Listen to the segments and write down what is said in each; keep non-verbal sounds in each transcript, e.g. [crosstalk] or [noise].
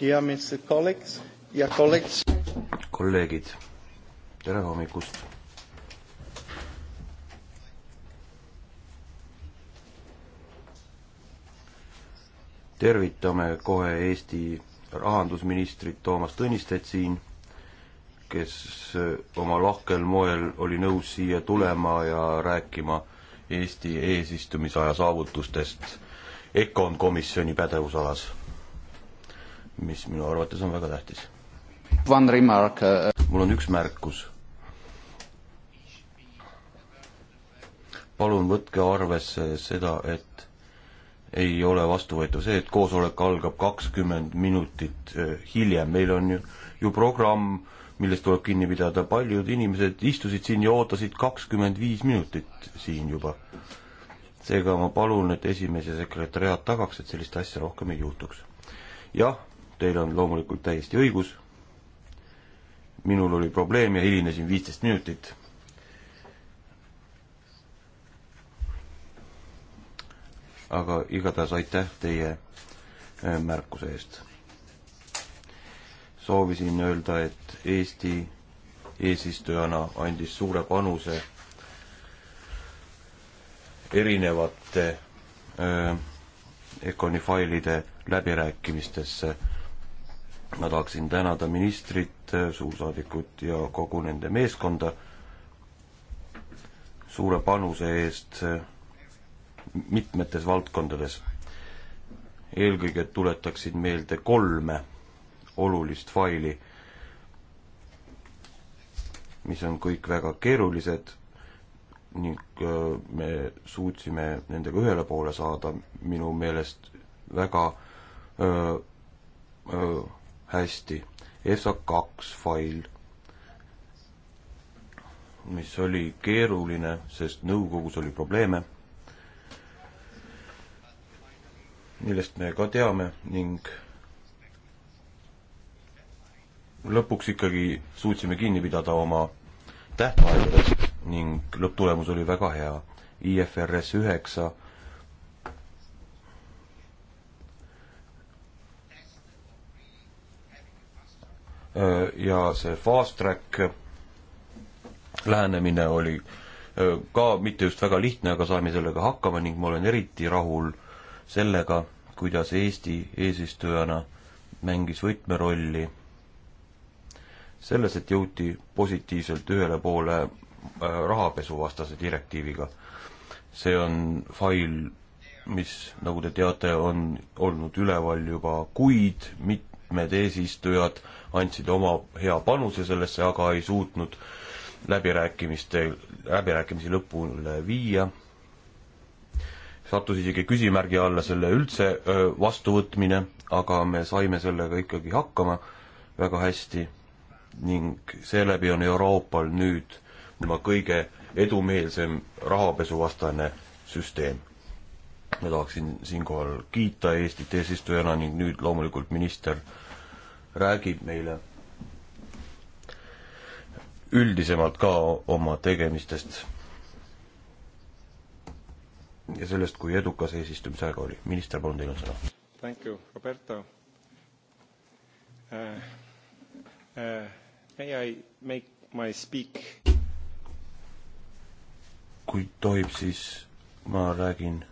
Dear Mr Colleagues, ja kolleegid. kolleegid, tere hommikust. tervitame kohe Eesti rahandusministrit Toomas Tõnistet siin, kes oma lahkel moel oli nõus siia tulema ja rääkima Eesti eesistumisaja saavutustest EKON komisjoni pädevusalas mis minu arvates on väga tähtis. Uh, mul on üks märkus. palun võtke arvesse seda, et ei ole vastuvõetav see, et koosolek algab kakskümmend minutit eh, hiljem, meil on ju, ju programm, millest tuleb kinni pidada, paljud inimesed istusid siin ja ootasid kakskümmend viis minutit siin juba. seega ma palun, et esimees ja sekretäriaat tagaks, et sellist asja rohkem ei juhtuks. jah teil on loomulikult täiesti õigus. minul oli probleem ja hilinesin viisteist minutit. aga igatahes aitäh teie äh, märkuse eest. soovisin öelda, et Eesti eesistujana andis suure panuse erinevate äh, Econi failide läbirääkimistesse ma tahaksin tänada ministrit, suursaadikut ja kogu nende meeskonda suure panuse eest mitmetes valdkondades. eelkõige tuletaksin meelde kolme olulist faili, mis on kõik väga keerulised ning äh, me suutsime nendega ühele poole saada minu meelest väga öö, äh, öö, äh, hästi. EFSA kaks fail, mis oli keeruline, sest nõukogus oli probleeme, millest me ka teame ning lõpuks ikkagi suutsime kinni pidada oma tähtaegadest ning lõpptulemus oli väga hea. IFRS üheksa Äh, ja see fast track lähenemine oli äh, ka mitte just väga lihtne, aga saime sellega hakkama ning ma olen eriti rahul sellega, kuidas Eesti eesistujana mängis võtmerolli selles, et jõuti positiivselt ühele poole äh, rahapesuvastase direktiiviga. see on fail, mis, nagu te teate, on olnud üleval juba kuid, mitmed eesistujad andsid oma hea panuse sellesse, aga ei suutnud läbirääkimiste, läbirääkimisi lõpule viia. sattus isegi küsimärgi alla selle üldse vastuvõtmine, aga me saime sellega ikkagi hakkama väga hästi ning seeläbi on Euroopal nüüd tema kõige edumeelsem rahapesuvastane süsteem. ma tahaksin siinkohal kiita Eestit eesistujana ning nüüd loomulikult minister räägib meile üldisemalt ka oma tegemistest ja sellest, kui edukas eesistumisaeg oli. minister, palun, teil on sõna. Thank you, Roberto uh,. Uh, may I make my speak? kui tohib, siis ma räägin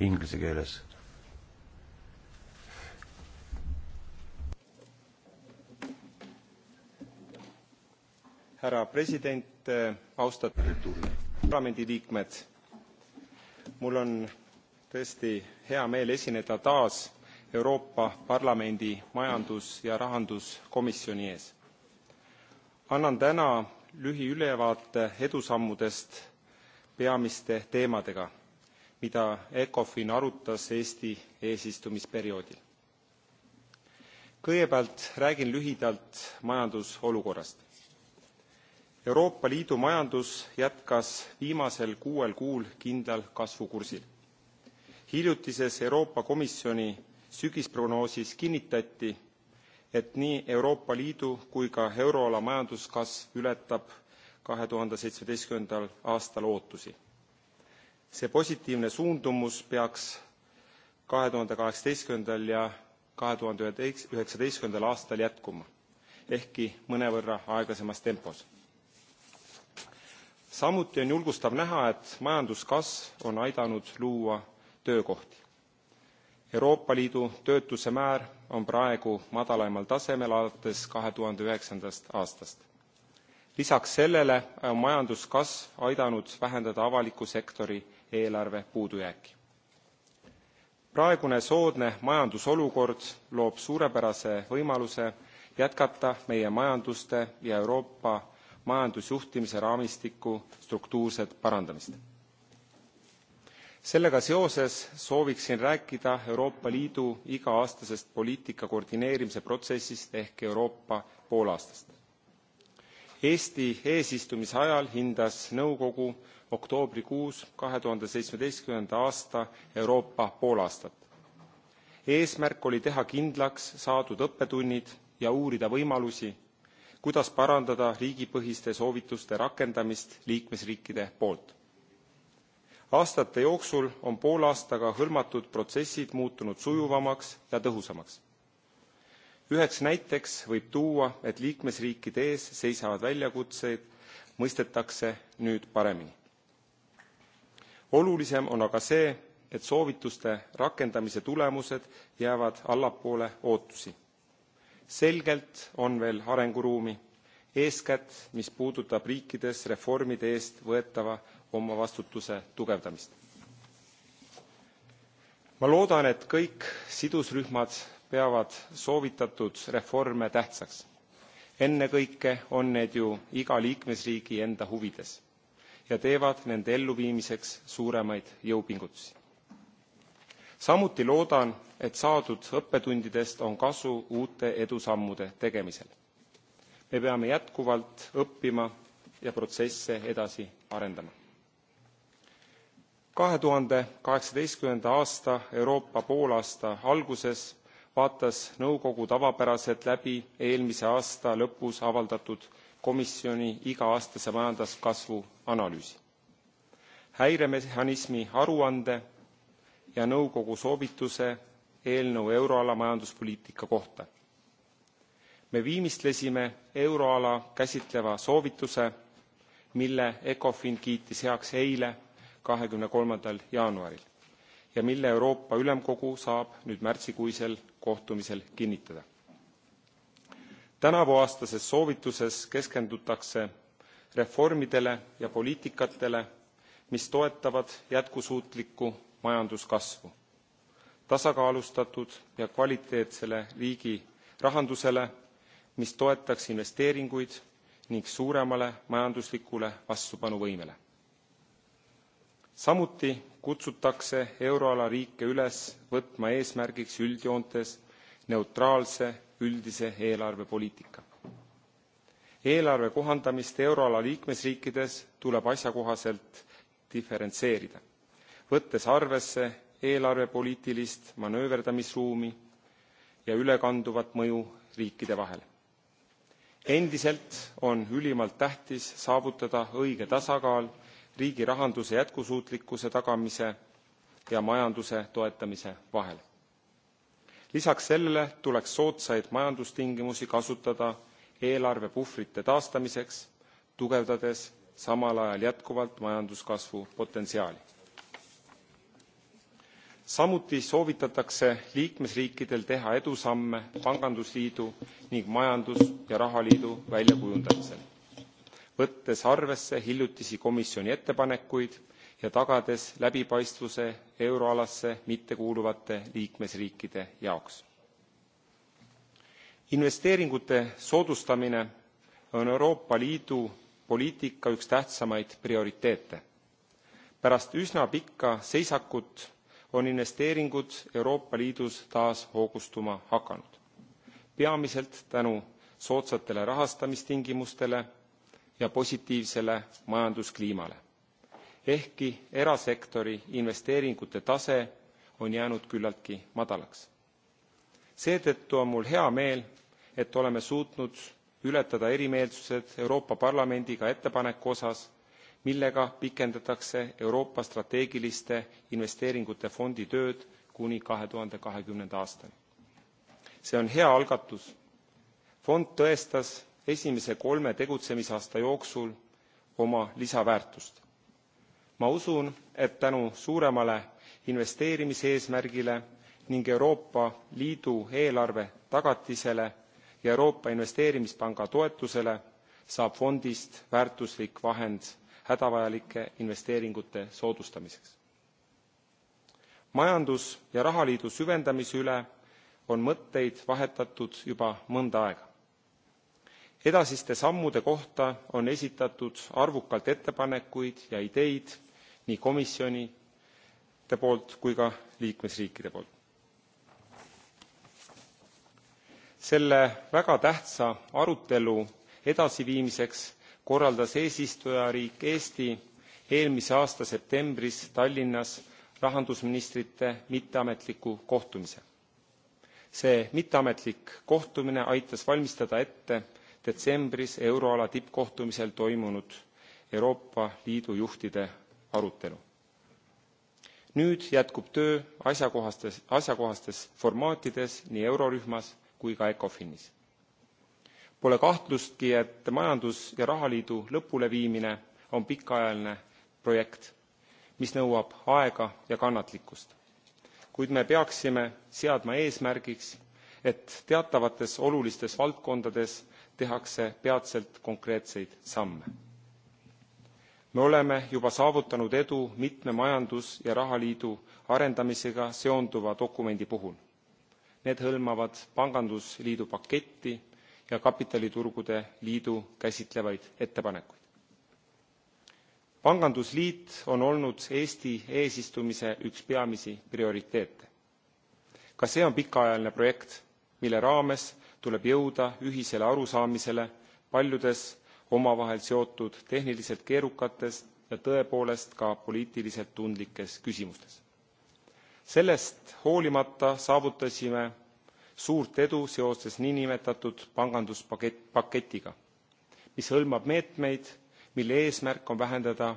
inglise keeles härra president eh, austatud parlamendiliikmed mul on tõesti hea meel esineda taas euroopa parlamendi majandus ja rahanduskomisjoni ees. annan täna lühiülevaate edusammudest peamiste teemadega mida ecofin arutas eesti eesistumisperioodil. kõigepealt räägin lühidalt majanduse olukorrast euroopa liidu majandus jätkas viimasel kuuel kuul kindlal kasvukursil. hiljutises euroopa komisjoni sügisprognoosis kinnitati et nii euroopa liidu kui ka euroala majanduskasv ületab 2017. aastal ootusi. see positiivne suundumus peaks 2018. ja 2019. aastal jätkuma ehkki mõnevõrra aeglasemas tempos samuti on julgustav näha et majanduskasv on aidanud luua töökohti euroopa liidu töötuse määr on praegu madalaimal tasemel alates 2009. aastast lisaks sellele on majanduskasv aidanud vähendada avaliku sektori eelarve puudujääki praegune soodne majandusolukord loob suurepärase võimaluse jätkata meie majanduste ja euroopa majandusjuhtimise raamistiku struktuurset parandamist. sellega seoses sooviksin rääkida euroopa liidu iga-aastasest poliitika koordineerimise protsessist ehk euroopa poolaastast. eesti eesistumise ajal hindas nõukogu oktoobrikuus 2017. aasta euroopa poolaastat. eesmärk oli teha kindlaks saadud õppetunnid ja uurida võimalusi kuidas parandada riigipõhiste soovituste rakendamist liikmesriikide poolt. aastate jooksul on poolaastaga hõlmatud protsessid muutunud sujuvamaks ja tõhusamaks. üheks näiteks võib tuua et liikmesriikide ees seisvaid väljakutseid mõistetakse nüüd paremini. olulisem on aga see et soovituste rakendamise tulemused jäävad allapoole ootusi selgelt on veel arenguruumi eeskätt mis puudutab riikides reformide eest võetava omavastutuse tugevdamist. ma loodan et kõik sidusrühmad peavad soovitatud reforme tähtsaks ennekõike on need ju iga liikmesriigi enda huvides ja teevad nende elluviimiseks suuremaid jõupingutusi samuti loodan et saadud õppetundidest on kasu uute edusammude tegemisel. me peame jätkuvalt õppima ja protsesse edasi arendama. 2018. aasta euroopa poolaasta alguses vaatas nõukogu tavapäraselt läbi eelmise aasta lõpus avaldatud komisjoni iga-aastase majanduskasvu analüüsi häiremehhanismi aruande ja nõukogu soovituse eelnõu euroala majanduspoliitika kohta. me viimistlesime euroala käsitleva soovituse mille ecofin kiitis heaks eile jaanuaril ja mille euroopa ülemkogu saab nüüd märtsikuisel kohtumisel kinnitada. tänavuaastases soovituses keskendutakse reformidele ja poliitikatele mis toetavad jätkusuutlikku majanduskasvu tasakaalustatud ja kvaliteetsele riigi rahandusele mis toetaks investeeringuid ning suuremale majanduslikule vastupanuvõimele. samuti kutsutakse euroala riike üles võtma eesmärgiks üldjoontes neutraalse üldise eelarvepoliitika. eelarve kohandamist euroala liikmesriikides tuleb asjakohaselt diferentseerida võttes arvesse eelarvepoliitilist manööverdamisruumi ja ülekanduvat mõju riikide vahel. endiselt on ülimalt tähtis saavutada õige tasakaal riigi rahanduse jätkusuutlikkuse tagamise ja majanduse toetamise vahel. lisaks sellele tuleks soodsaid majandustingimusi kasutada eelarvepuhvrite taastamiseks tugevdades samal ajal jätkuvalt majanduskasvu potentsiaali samuti soovitatakse liikmesriikidel teha edusamme pangandusliidu ning majandus ja rahaliidu väljakujundamisel võttes arvesse hiljutisi komisjoni ettepanekuid ja tagades läbipaistvuse euroalasse mittekuuluvate liikmesriikide jaoks. investeeringute soodustamine on euroopa liidu poliitika üks tähtsamaid prioriteete. pärast üsna pikka seisakut on investeeringud euroopa liidus taas hoogustuma hakanud peamiselt tänu soodsatele rahastamistingimustele ja positiivsele majanduskliimale ehkki erasektori investeeringute tase on jäänud küllaltki madalaks. seetõttu on mul hea meel et oleme suutnud ületada erimeelsused euroopa parlamendiga ettepaneku osas millega pikendatakse euroopa strateegiliste investeeringute fondi tööd kuni 2020. aastani. see on hea algatus. fond tõestas esimese kolme tegutsemisaasta jooksul oma lisaväärtust. ma usun et tänu suuremale investeerimiseesmärgile ning euroopa liidu eelarve tagatisele ja euroopa investeerimispanga toetusele saab fondist väärtuslik vahend hädavajalike investeeringute soodustamiseks. majandus ja rahaliidu süvendamise üle on mõtteid vahetatud juba mõnda aega. edasiste sammude kohta on esitatud arvukalt ettepanekuid ja ideid nii komisjonide poolt kui ka liikmesriikide poolt. selle väga tähtsa arutelu edasiviimiseks korraldas eesistujariik eesti eelmise aasta septembris tallinnas rahandusministrite mitteametliku kohtumise. see mitteametlik kohtumine aitas valmistada ette detsembris euroala tippkohtumisel toimunud euroopa liidu juhtide arutelu. nüüd jätkub töö asjakohastes formaatides nii eurorühmas kui ka ecofinis pole kahtlustki et majandus ja rahaliidu lõpuleviimine on pikaajaline projekt mis nõuab aega ja kannatlikkust kuid me peaksime seadma eesmärgiks et teatavates olulistes valdkondades tehakse peatselt konkreetseid samme. me oleme juba saavutanud edu mitme majandus ja rahaliidu arendamisega seonduva dokumendi puhul need hõlmavad pangandusliidu paketti ja kapitaliturgude liidu käsitlevaid ettepanekuid. pangandusliit on olnud eesti eesistumise üks peamisi prioriteete. ka see on pikaajaline projekt mille raames tuleb jõuda ühisele arusaamisele paljudes omavahel seotud tehniliselt keerukates ja tõepoolest ka poliitiliselt tundlikes küsimustes. sellest hoolimata saavutasime suurt edu seoses nn panganduspaketiga mis hõlmab meetmeid mille eesmärk on vähendada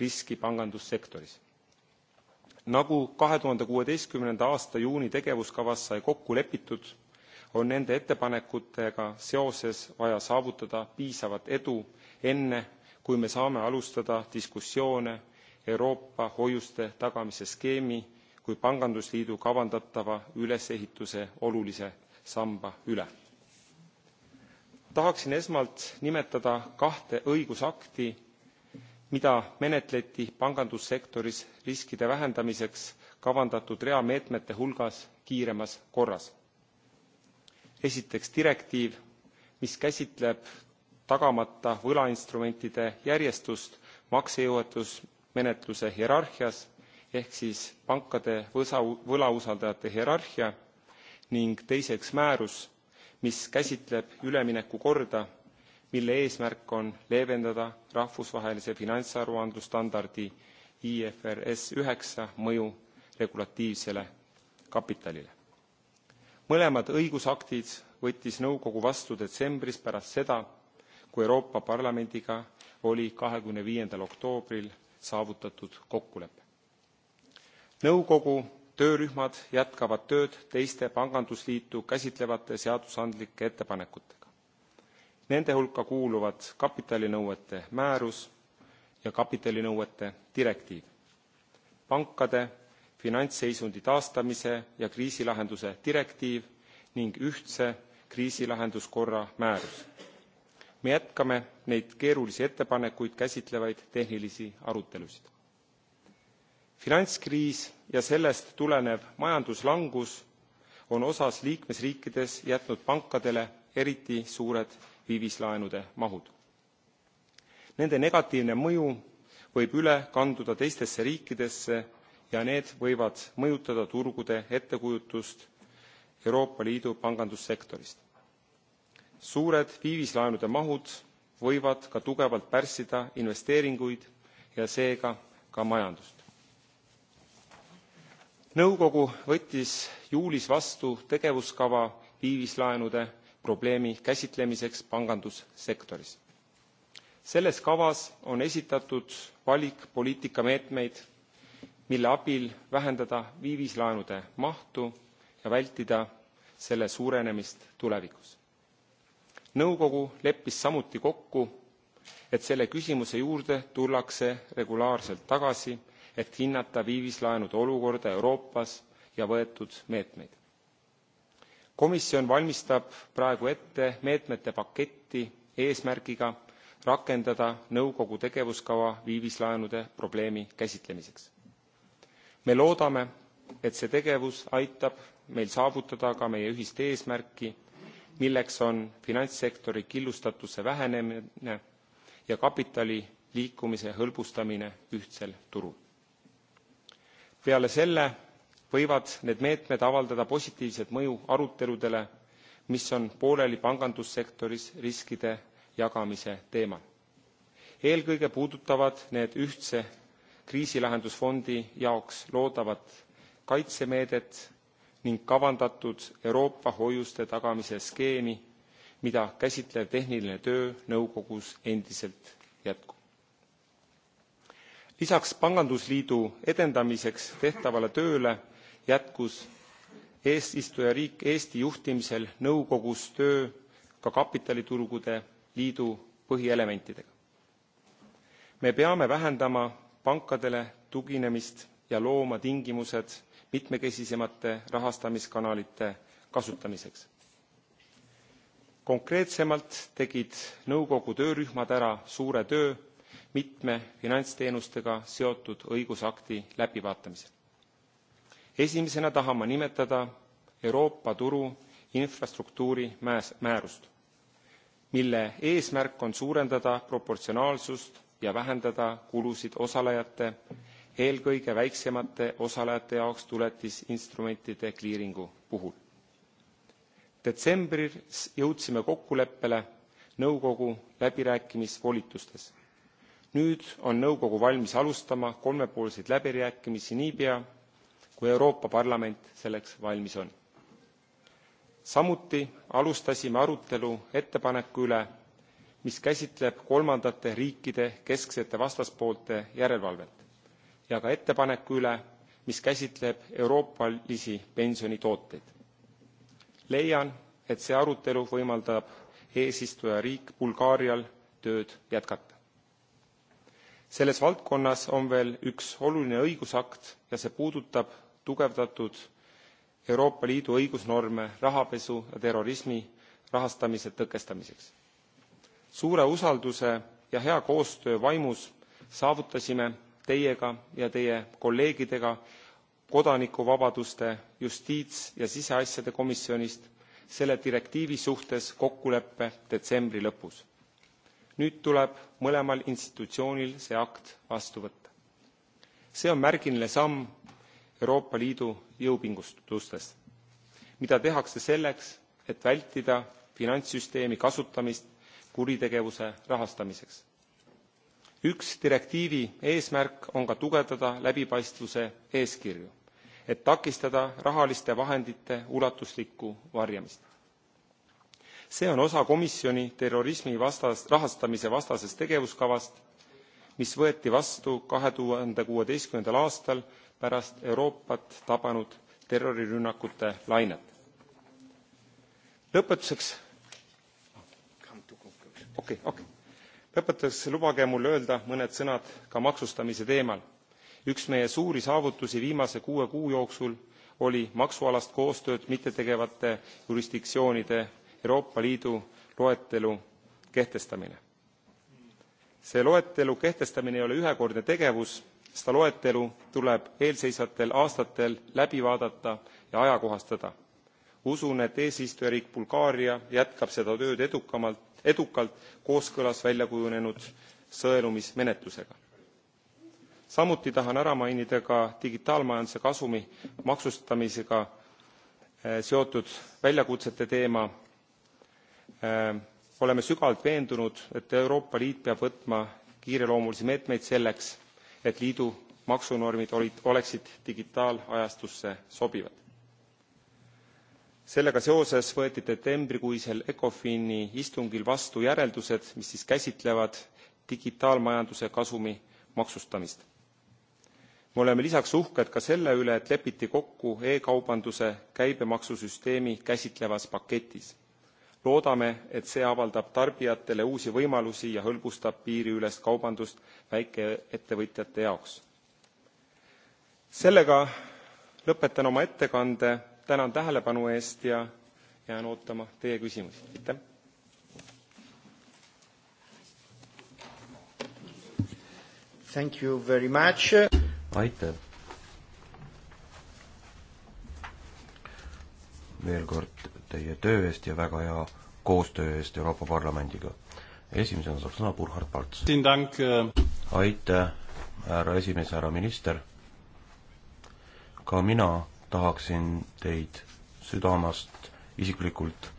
riski pangandussektoris. nagu 2016. aasta juuni tegevuskavas sai kokku lepitud on nende ettepanekutega seoses vaja saavutada piisavat edu enne kui me saame alustada diskussioone euroopa hoiuste tagamise skeemi kui pangandusliidu kavandatava ülesehituse olulise samba üle. tahaksin esmalt nimetada kahte õigusakti mida menetleti pangandussektoris riskide vähendamiseks kavandatud rea meetmete hulgas kiiremas korras. esiteks direktiiv mis käsitleb tagamata võlainstrumentide järjestust maksejõuetusmenetluse hierarhias ehk siis pankade võsa, võlausaldajate hierarhia ning teiseks määrus mis käsitleb üleminekukorda mille eesmärk on leevendada rahvusvahelise finantsaruandlusstandardi ifrs 9 mõju regulatiivsele kapitalile. mõlemad õigusaktid võttis nõukogu vastu detsembris pärast seda kui euroopa parlamendiga oli 25 oktoobril saavutatud kokkulepe nõukogu töörühmad jätkavad tööd teiste pangandusliitu käsitlevate seadusandlike ettepanekutega nende hulka kuuluvad kapitalinõuete määrus ja kapitalinõuete direktiiv pankade finantsseisundi taastamise ja kriisilahenduse direktiiv ning ühtse kriisilahenduskorra määrus. me jätkame neid keerulisi ettepanekuid käsitlevaid tehnilisi arutelusid finantskriis ja sellest tulenev majanduslangus on osas liikmesriikides jätnud pankadele eriti suured viivislaenude mahud. nende negatiivne mõju võib üle kanduda teistesse riikidesse ja need võivad mõjutada turgude ettekujutust euroopa liidu pangandussektorist. suured viivislaenude mahud võivad ka tugevalt pärssida investeeringuid ja seega ka majandust nõukogu võttis juulis vastu tegevuskava viivislaenude probleemi käsitlemiseks pangandussektoris. selles kavas on esitatud valik poliitikameetmeid mille abil vähendada viivislaenude mahtu ja vältida selle suurenemist tulevikus. nõukogu leppis samuti kokku et selle küsimuse juurde tullakse regulaarselt tagasi et hinnata viivislaenude olukorda euroopas ja võetud meetmeid. komisjon valmistab praegu ette meetmete paketti eesmärgiga rakendada nõukogu tegevuskava viivislaenude probleemi käsitlemiseks. me loodame et see tegevus aitab meil saavutada ka meie ühist eesmärki milleks on finantssektori killustatuse vähenemine ja kapitali liikumise hõlbustamine ühtsel turul peale selle võivad need meetmed avaldada positiivset mõju aruteludele mis on pooleli pangandussektoris riskide jagamise teemal. eelkõige puudutavad need ühtse kriisilahendusfondi jaoks loodavat kaitsemeedet ning kavandatud euroopa hoiuste tagamise skeemi mida käsitlev tehniline töö nõukogus endiselt jätkub lisaks pangandusliidu edendamiseks tehtavale tööle jätkus eesistujariik eesti juhtimisel nõukogus töö ka kapitaliturgude liidu põhielementidega. me peame vähendama pankadele tuginemist ja looma tingimused mitmekesisemate rahastamiskanalite kasutamiseks. konkreetsemalt tegid nõukogu töörühmad ära suure töö mitme finantsteenustega seotud õigusakti läbivaatamisel. esimesena tahan ma nimetada euroopa turu infrastruktuuri määrust mille eesmärk on suurendada proportsionaalsust ja vähendada kulusid osalejate eelkõige väiksemate osalejate jaoks tuletisinstrumentide kliiringu puhul. detsembris jõudsime kokkuleppele nõukogu läbirääkimisvolitustes nüüd on nõukogu valmis alustama kolmepoolseid läbirääkimisi niipea kui euroopa parlament selleks valmis on. samuti alustasime arutelu ettepaneku üle mis käsitleb kolmandate riikide kesksete vastaspoolte järelevalvet ja ka ettepaneku üle mis käsitleb euroopalisi pensionitooteid. leian et see arutelu võimaldab eesistujariik bulgaarial tööd jätkata selles valdkonnas on veel üks oluline õigusakt ja see puudutab tugevdatud euroopa liidu õigusnorme rahapesu ja terrorismi rahastamise tõkestamiseks. suure usalduse ja hea koostöö vaimus saavutasime teiega ja teie kolleegidega kodanikuvabaduste justiits ja siseasjade komisjonist selle direktiivi suhtes kokkuleppe detsembri lõpus nüüd tuleb mõlemal institutsioonil see akt vastu võtta. see on märgiline samm euroopa liidu jõupingutustes mida tehakse selleks et vältida finantssüsteemi kasutamist kuritegevuse rahastamiseks. üks direktiivi eesmärk on ka tugevdada läbipaistvuse eeskirju et takistada rahaliste vahendite ulatuslikku varjamist see on osa komisjoni terrorismi rahastamise vastasest tegevuskavast mis võeti vastu 2016. aastal pärast euroopat tabanud terrorirünnakute lainet. lõpetuseks, okay, okay. lõpetuseks lubage mul öelda mõned sõnad ka maksustamise teemal. üks meie suuri saavutusi viimase kuue kuu jooksul oli maksualast koostööd mittetegevate jurisdiktsioonide euroopa liidu loetelu kehtestamine. see loetelu kehtestamine ei ole ühekordne tegevus seda loetelu tuleb eelseisvatel aastatel läbi vaadata ja ajakohastada. usun et eesistujariik bulgaaria jätkab seda tööd edukalt kooskõlas väljakujunenud sõelumismenetlusega. samuti tahan ära mainida ka digitaalmajanduse kasumi maksustamisega eh, seotud väljakutsete teema Ehm, oleme sügavalt veendunud et euroopa liit peab võtma kiireloomulisi meetmeid selleks et liidu maksunormid oleksid digitaalajastusse sobivad. sellega seoses võeti detsembrikuisel ecofini istungil vastu järeldused mis käsitlevad digitaalmajanduse kasumi maksustamist. me oleme lisaks uhked ka selle üle et lepiti kokku e kaubanduse käibemaksusüsteemi käsitlevas paketis loodame et see avaldab tarbijatele uusi võimalusi ja hõlbustab piiriülest kaubandust väikeettevõtjate jaoks. sellega lõpetan oma ettekande tänan tähelepanu eest ja jään ootama teie küsimusi. aitäh! Thank you very much. aitäh! veel kord teie töö eest ja väga hea koostöö eest Euroopa Parlamendiga. esimesena saab sõna Burhard Parts. Äh, aitäh, härra esimees, härra minister. ka mina tahaksin teid südamest isiklikult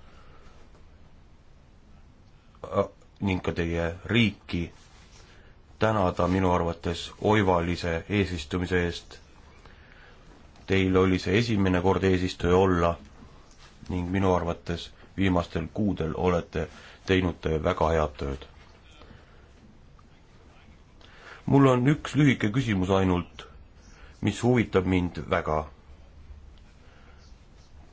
äh, ning ka teie riiki tänada minu arvates oivalise eesistumise eest. Teil oli see esimene kord eesistuja olla ning minu arvates viimastel kuudel olete teinud te väga head tööd. mul on üks lühike küsimus ainult, mis huvitab mind väga.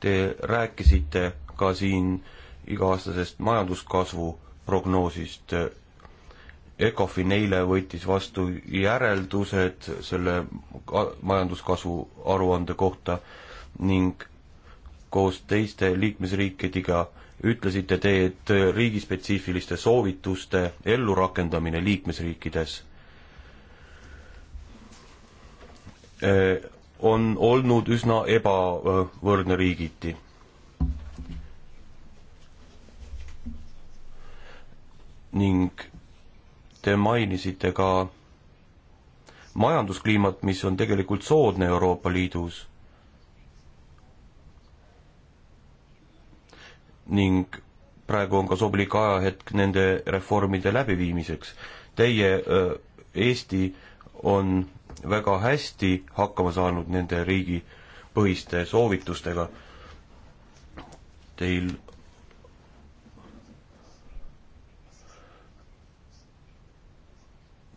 Te rääkisite ka siin iga-aastasest majanduskasvu prognoosist. ECOFIN eile võttis vastu järeldused selle majanduskasvu aruande kohta ning koos teiste liikmesriikidega ütlesite te, et riigispetsiifiliste soovituste ellurakendamine liikmesriikides eh, on olnud üsna ebavõrdne riigiti. ning te mainisite ka majanduskliimat, mis on tegelikult soodne Euroopa Liidus ning praegu on ka sobilik ajahetk nende reformide läbiviimiseks. Teie äh, Eesti on väga hästi hakkama saanud nende riigipõhiste soovitustega. Teil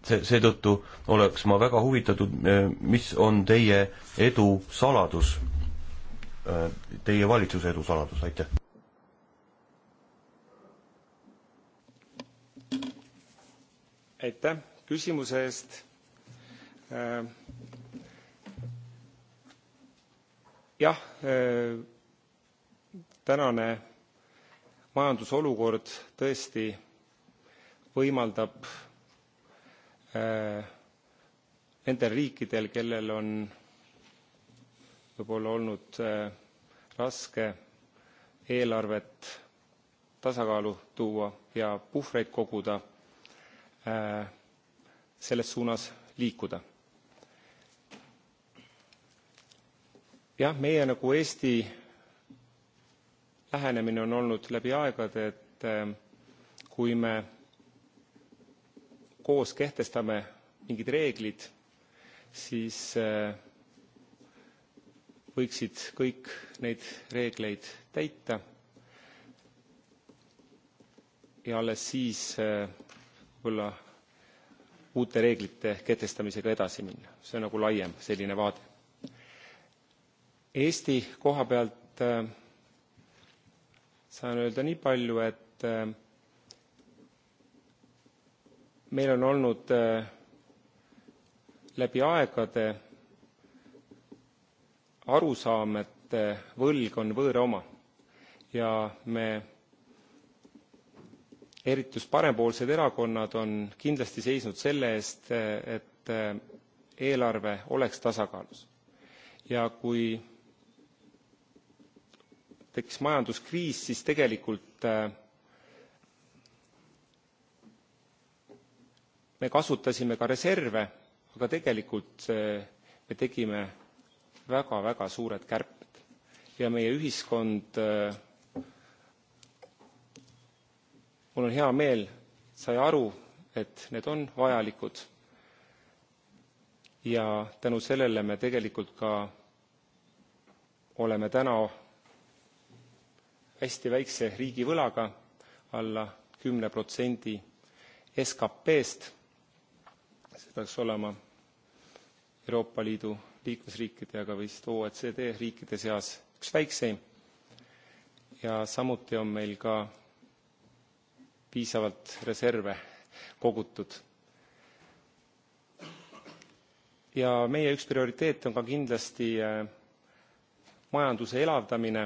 see, seetõttu oleks ma väga huvitatud, äh, mis on teie edu saladus, äh, teie valitsuse edu saladus, aitäh! aitäh küsimuse eest äh, jah äh, tänane majandusolukord tõesti võimaldab äh, nendel riikidel kellel on võibolla olnud raske eelarvet tasakaalu tuua ja puhvreid koguda Äh, selles suunas liikuda. jah meie nagu eesti lähenemine on olnud läbi aegade et äh, kui me koos kehtestame mingid reeglid siis äh, võiksid kõik neid reegleid täita ja alles siis võib-olla uute reeglite kehtestamisega edasi minna see on nagu laiem selline vaade. eesti koha pealt äh, saan öelda nii palju et äh, meil on olnud äh, läbi aegade arusaam et võlg on võõra oma ja me eriti just parempoolsed erakonnad on kindlasti seisnud selle eest et eelarve oleks tasakaalus ja kui tekkis majanduskriis siis tegelikult me kasutasime ka reserve aga tegelikult me tegime väga väga suured kärped ja meie ühiskond mul on hea meel sai aru et need on vajalikud ja tänu sellele me tegelikult ka oleme täna hästi väikse riigivõlaga alla kümne protsendi skpst see peaks olema euroopa liidu liikmesriikide ja ka vist oecd riikide seas üks väikseim ja samuti on meil ka piisavalt reserve kogutud ja meie üks prioriteete on ka kindlasti äh, majanduse elavdamine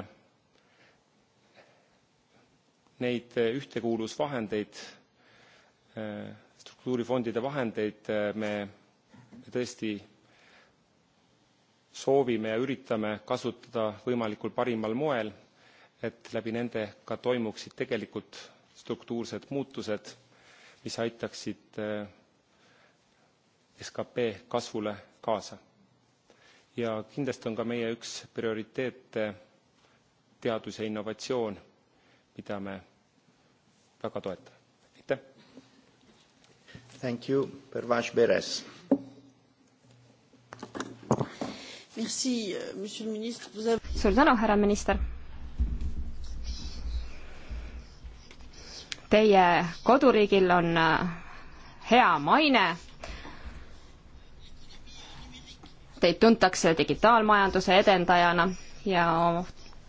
neid äh, ühtekuuluvusvahendeid äh, struktuurifondide vahendeid me tõesti soovime ja üritame kasutada võimalikult parimal moel et läbi nende ka toimuksid tegelikult struktuursed muutused, mis aitaksid äh, skp kasvule kaasa. ja kindlasti on ka meie üks prioriteete teadus ja innovatsioon, mida me väga toetame. aitäh! Thank you, Pervash Beres. Merci, euh, monsieur le ministre. Vous avez... Suur tänu, härra minister Teie koduriigil on äh, hea maine. Teid tuntakse digitaalmajanduse edendajana ja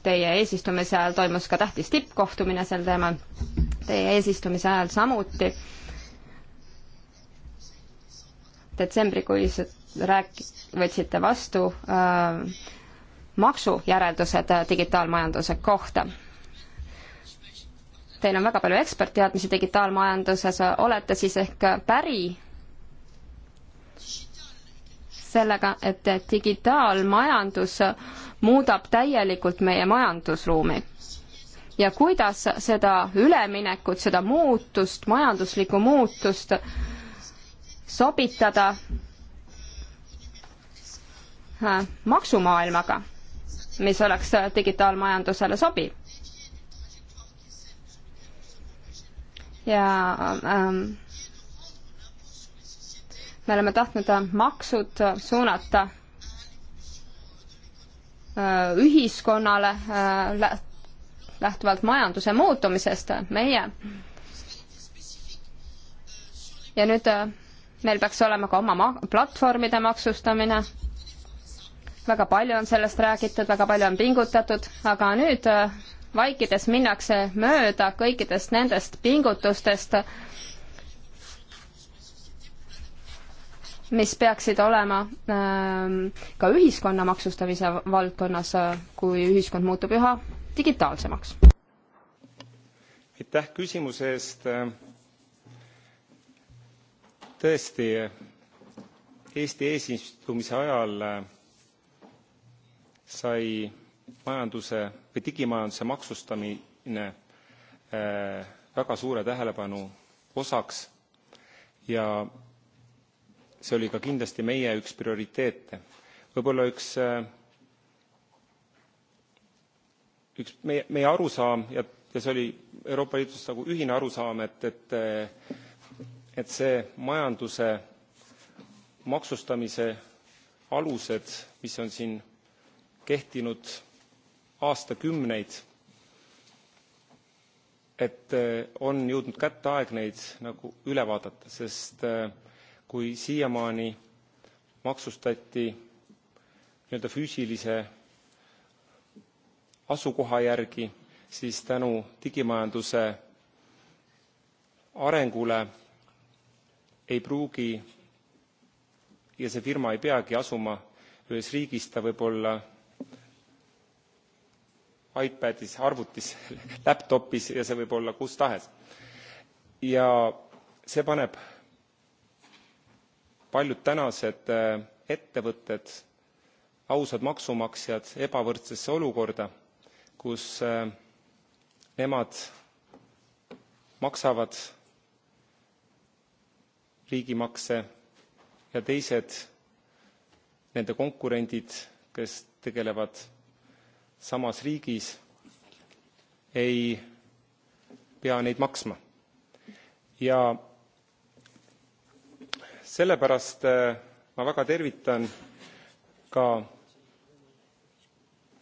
teie eesistumise ajal toimus ka tähtis tippkohtumine sel teemal. Teie eesistumise ajal samuti detsembrikuis rääk-, võtsite vastu äh, maksujäreldused digitaalmajanduse kohta teil on väga palju ekspertteadmisi digitaalmajanduses, olete siis ehk päri sellega, et digitaalmajandus muudab täielikult meie majandusruumi? ja kuidas seda üleminekut, seda muutust, majanduslikku muutust sobitada äh, maksumaailmaga, mis oleks digitaalmajandusele sobiv? ja ähm, me oleme tahtnud maksud suunata äh, ühiskonnale äh, läht, lähtuvalt majanduse muutumisest, meie ja nüüd äh, meil peaks olema ka oma ma-, platvormide maksustamine, väga palju on sellest räägitud, väga palju on pingutatud, aga nüüd äh, vaikides minnakse mööda kõikidest nendest pingutustest, mis peaksid olema ähm, ka ühiskonna maksustamise valdkonnas, kui ühiskond muutub üha digitaalsemaks? aitäh küsimuse eest. tõesti, Eesti eesistumise ajal sai majanduse või digimajanduse maksustamine äh, väga suure tähelepanu osaks ja see oli ka kindlasti meie üks prioriteete. võib-olla üks äh, üks meie meie arusaam ja ja see oli euroopa liidus nagu ühine arusaam et et äh, et see majanduse maksustamise alused mis on siin kehtinud aastakümneid et äh, on jõudnud kätte aeg neid nagu üle vaadata sest äh, kui siiamaani maksustati nii-öelda füüsilise asukoha järgi siis tänu digimajanduse arengule ei pruugi ja see firma ei peagi asuma ühes riigis ta võib olla ipadis arvutis [laughs] laptopis ja see võib olla kus tahes ja see paneb paljud tänased äh, ettevõtted ausad maksumaksjad ebavõrdsesse olukorda kus äh, nemad maksavad riigimakse ja teised nende konkurendid kes tegelevad samas riigis ei pea neid maksma ja sellepärast äh, ma väga tervitan ka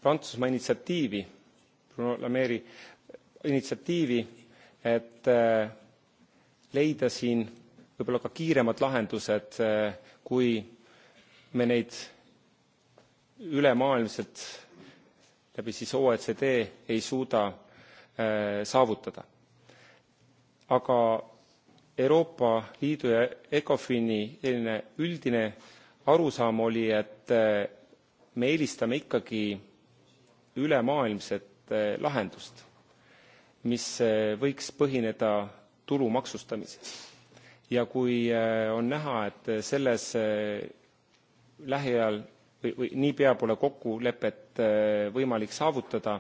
prantsusmaa initsiatiivi bruno le maire'i initsiatiivi et äh, leida siin võib-olla ka kiiremad lahendused äh, kui me neid ülemaailmselt läbi siis OECD ei suuda äh, saavutada. aga Euroopa Liidu ja ECOFIN-i selline üldine arusaam oli, et äh, me eelistame ikkagi ülemaailmset äh, lahendust, mis võiks põhineda tulu maksustamisel. ja kui on näha, et selles lähiajal või, või niipea pole kokkulepet äh, võimalik saavutada,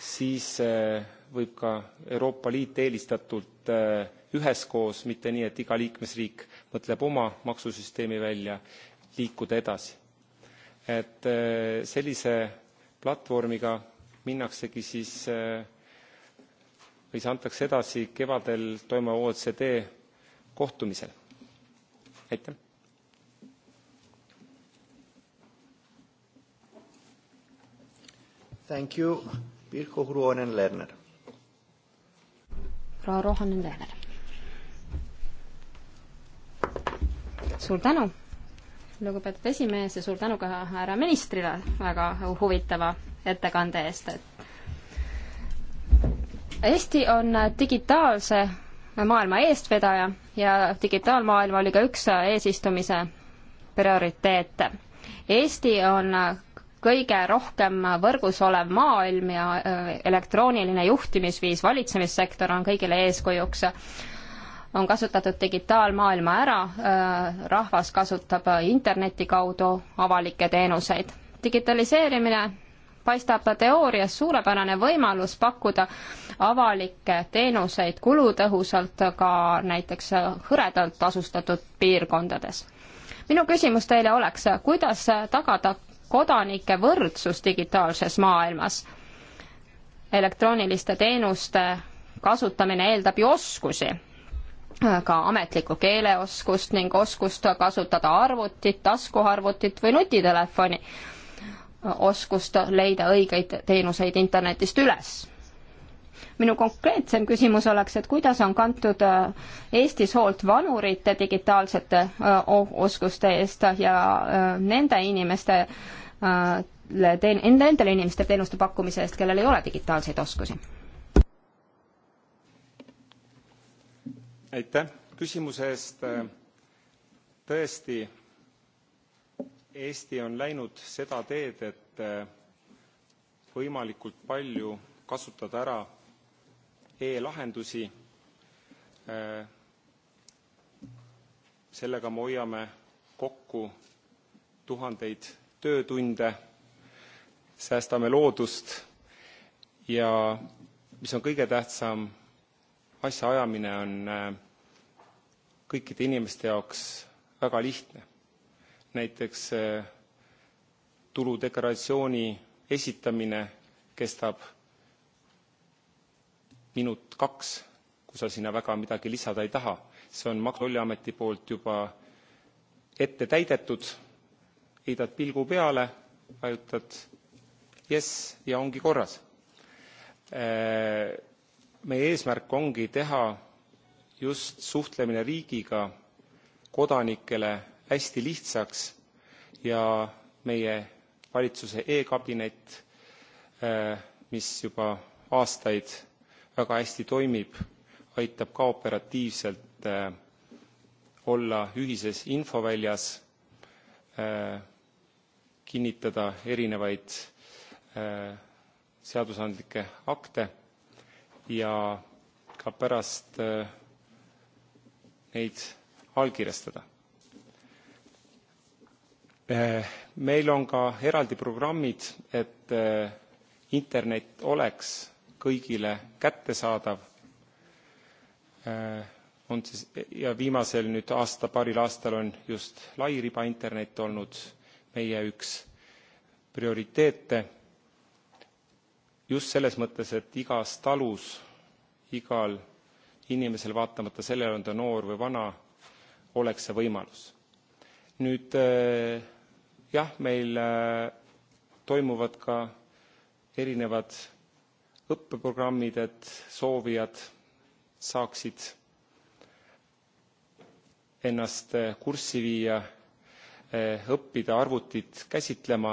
siis äh, võib ka Euroopa Liit eelistatult äh, üheskoos, mitte nii, et iga liikmesriik mõtleb oma maksusüsteemi välja, liikuda edasi. et sellise platvormiga minnaksegi siis või see antakse edasi kevadel toimuva OECD kohtumisel. aitäh! Thank you, Pirko Ruonen-Lerner. proua Ruonen-Lerner. suur tänu, lugupeetud esimees ja suur tänu ka härra ministrile väga huvitava ettekande eest, et Eesti on digitaalse maailma eestvedaja ja digitaalmaailm oli ka üks eesistumise prioriteete. Eesti on kõige rohkem võrgus olev maailm ja äh, elektrooniline juhtimisviis, valitsemissektor on kõigile eeskujuks. on kasutatud digitaalmaailma ära, äh, rahvas kasutab interneti kaudu avalikke teenuseid. digitaliseerimine paistab teoorias suurepärane võimalus pakkuda avalikke teenuseid kulutõhusalt ka näiteks hõredalt asustatud piirkondades minu küsimus teile oleks, kuidas tagada kodanike võrdsus digitaalses maailmas. elektrooniliste teenuste kasutamine eeldab ju oskusi, ka ametlikku keeleoskust ning oskust kasutada arvutit, taskuarvutit või nutitelefoni, oskust leida õigeid teenuseid internetist üles minu konkreetsem küsimus oleks, et kuidas on kantud äh, Eestis hoolt vanurite digitaalsete äh, oskuste eest ja äh, nende inimeste Äh, teen-, nendele inimestele teenuste pakkumise eest, kellel ei ole digitaalseid oskusi? aitäh küsimuse eest. tõesti, Eesti on läinud seda teed, et äh, võimalikult palju kasutada ära e-lahendusi. Äh, sellega me hoiame kokku tuhandeid töötunde säästame loodust ja mis on kõige tähtsam asjaajamine on äh, kõikide inimeste jaoks väga lihtne näiteks äh, tuludeklaratsiooni esitamine kestab minut kaks kui sa sinna väga midagi lisada ei taha see on maksu ja tolliameti poolt juba ette täidetud heidad pilgu peale vajutad jess ja ongi korras äh, meie eesmärk ongi teha just suhtlemine riigiga kodanikele hästi lihtsaks ja meie valitsuse e kabinet äh, mis juba aastaid väga hästi toimib aitab ka operatiivselt äh, olla ühises infoväljas kinnitada erinevaid äh, seadusandlikke akte ja ka pärast äh, neid allkirjastada. Äh, meil on ka eraldi programmid et internet oleks kõigile kättesaadav on siis ja viimasel nüüd aasta paaril aastal on just lairibainternet olnud meie üks prioriteete just selles mõttes et igas talus igal inimesel vaatamata sellele on ta noor või vana oleks see võimalus nüüd eh, jah meil eh, toimuvad ka erinevad õppeprogrammid et soovijad saaksid ennast eh, kurssi viia Eh, õppida arvutit käsitlema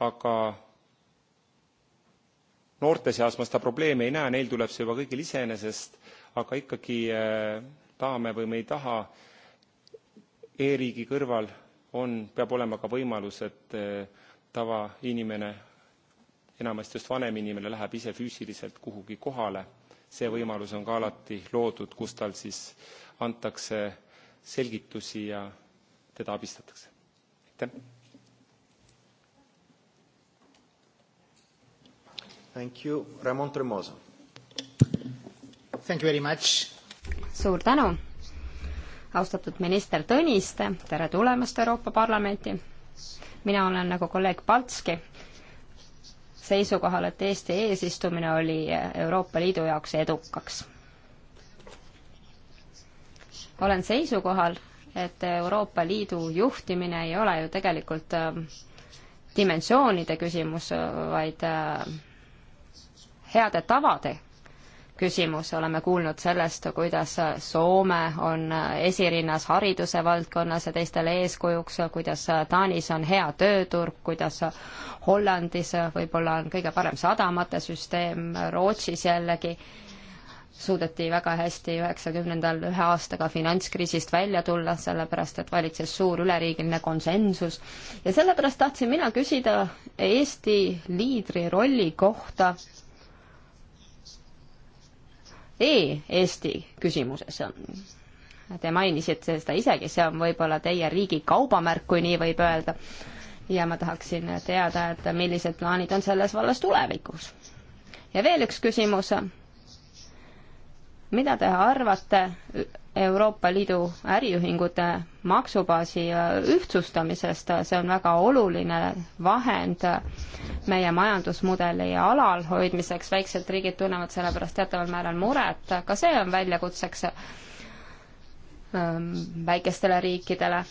aga noorte seas ma seda probleemi ei näe neil tuleb see juba kõigil iseenesest aga ikkagi eh, tahame või me ei taha e riigi kõrval on peab olema ka võimalus et eh, tavainimene enamasti just vanem inimene läheb ise füüsiliselt kuhugi kohale see võimalus on ka alati loodud kus tal siis antakse selgitusi ja teda abistatakse aitäh. Thank you, Ramon Tremosa. Thank you very much. suur tänu, austatud minister Tõniste, tere tulemast Euroopa Parlamenti. mina olen nagu kolleeg Paltski seisukohal, et Eesti eesistumine oli Euroopa Liidu jaoks edukaks. olen seisukohal, et Euroopa Liidu juhtimine ei ole ju tegelikult ähm, dimensioonide küsimus, vaid äh, heade tavade küsimus, oleme kuulnud sellest, kuidas Soome on äh, esirinnas hariduse valdkonnas ja teistele eeskujuks, kuidas äh, Taanis on hea tööturg, kuidas Hollandis võib-olla on kõige parem sadamate süsteem, Rootsis jällegi suudeti väga hästi üheksakümnendal ühe aastaga finantskriisist välja tulla, sellepärast et valitses suur üleriigiline konsensus. ja sellepärast tahtsin mina küsida Eesti liidri rolli kohta e-Eesti küsimuses. Te mainisite seda isegi, see on võib-olla teie riigi kaubamärk, kui nii võib öelda. ja ma tahaksin teada, et millised plaanid on selles vallas tulevikuks. ja veel üks küsimus mida te arvate Euroopa Liidu äriühingute maksubaasi äh, ühtsustamisest, see on väga oluline vahend meie majandusmudeli alalhoidmiseks, väiksed riigid tunnevad selle pärast teataval määral muret, ka see on väljakutseks ähm, väikestele riikidele,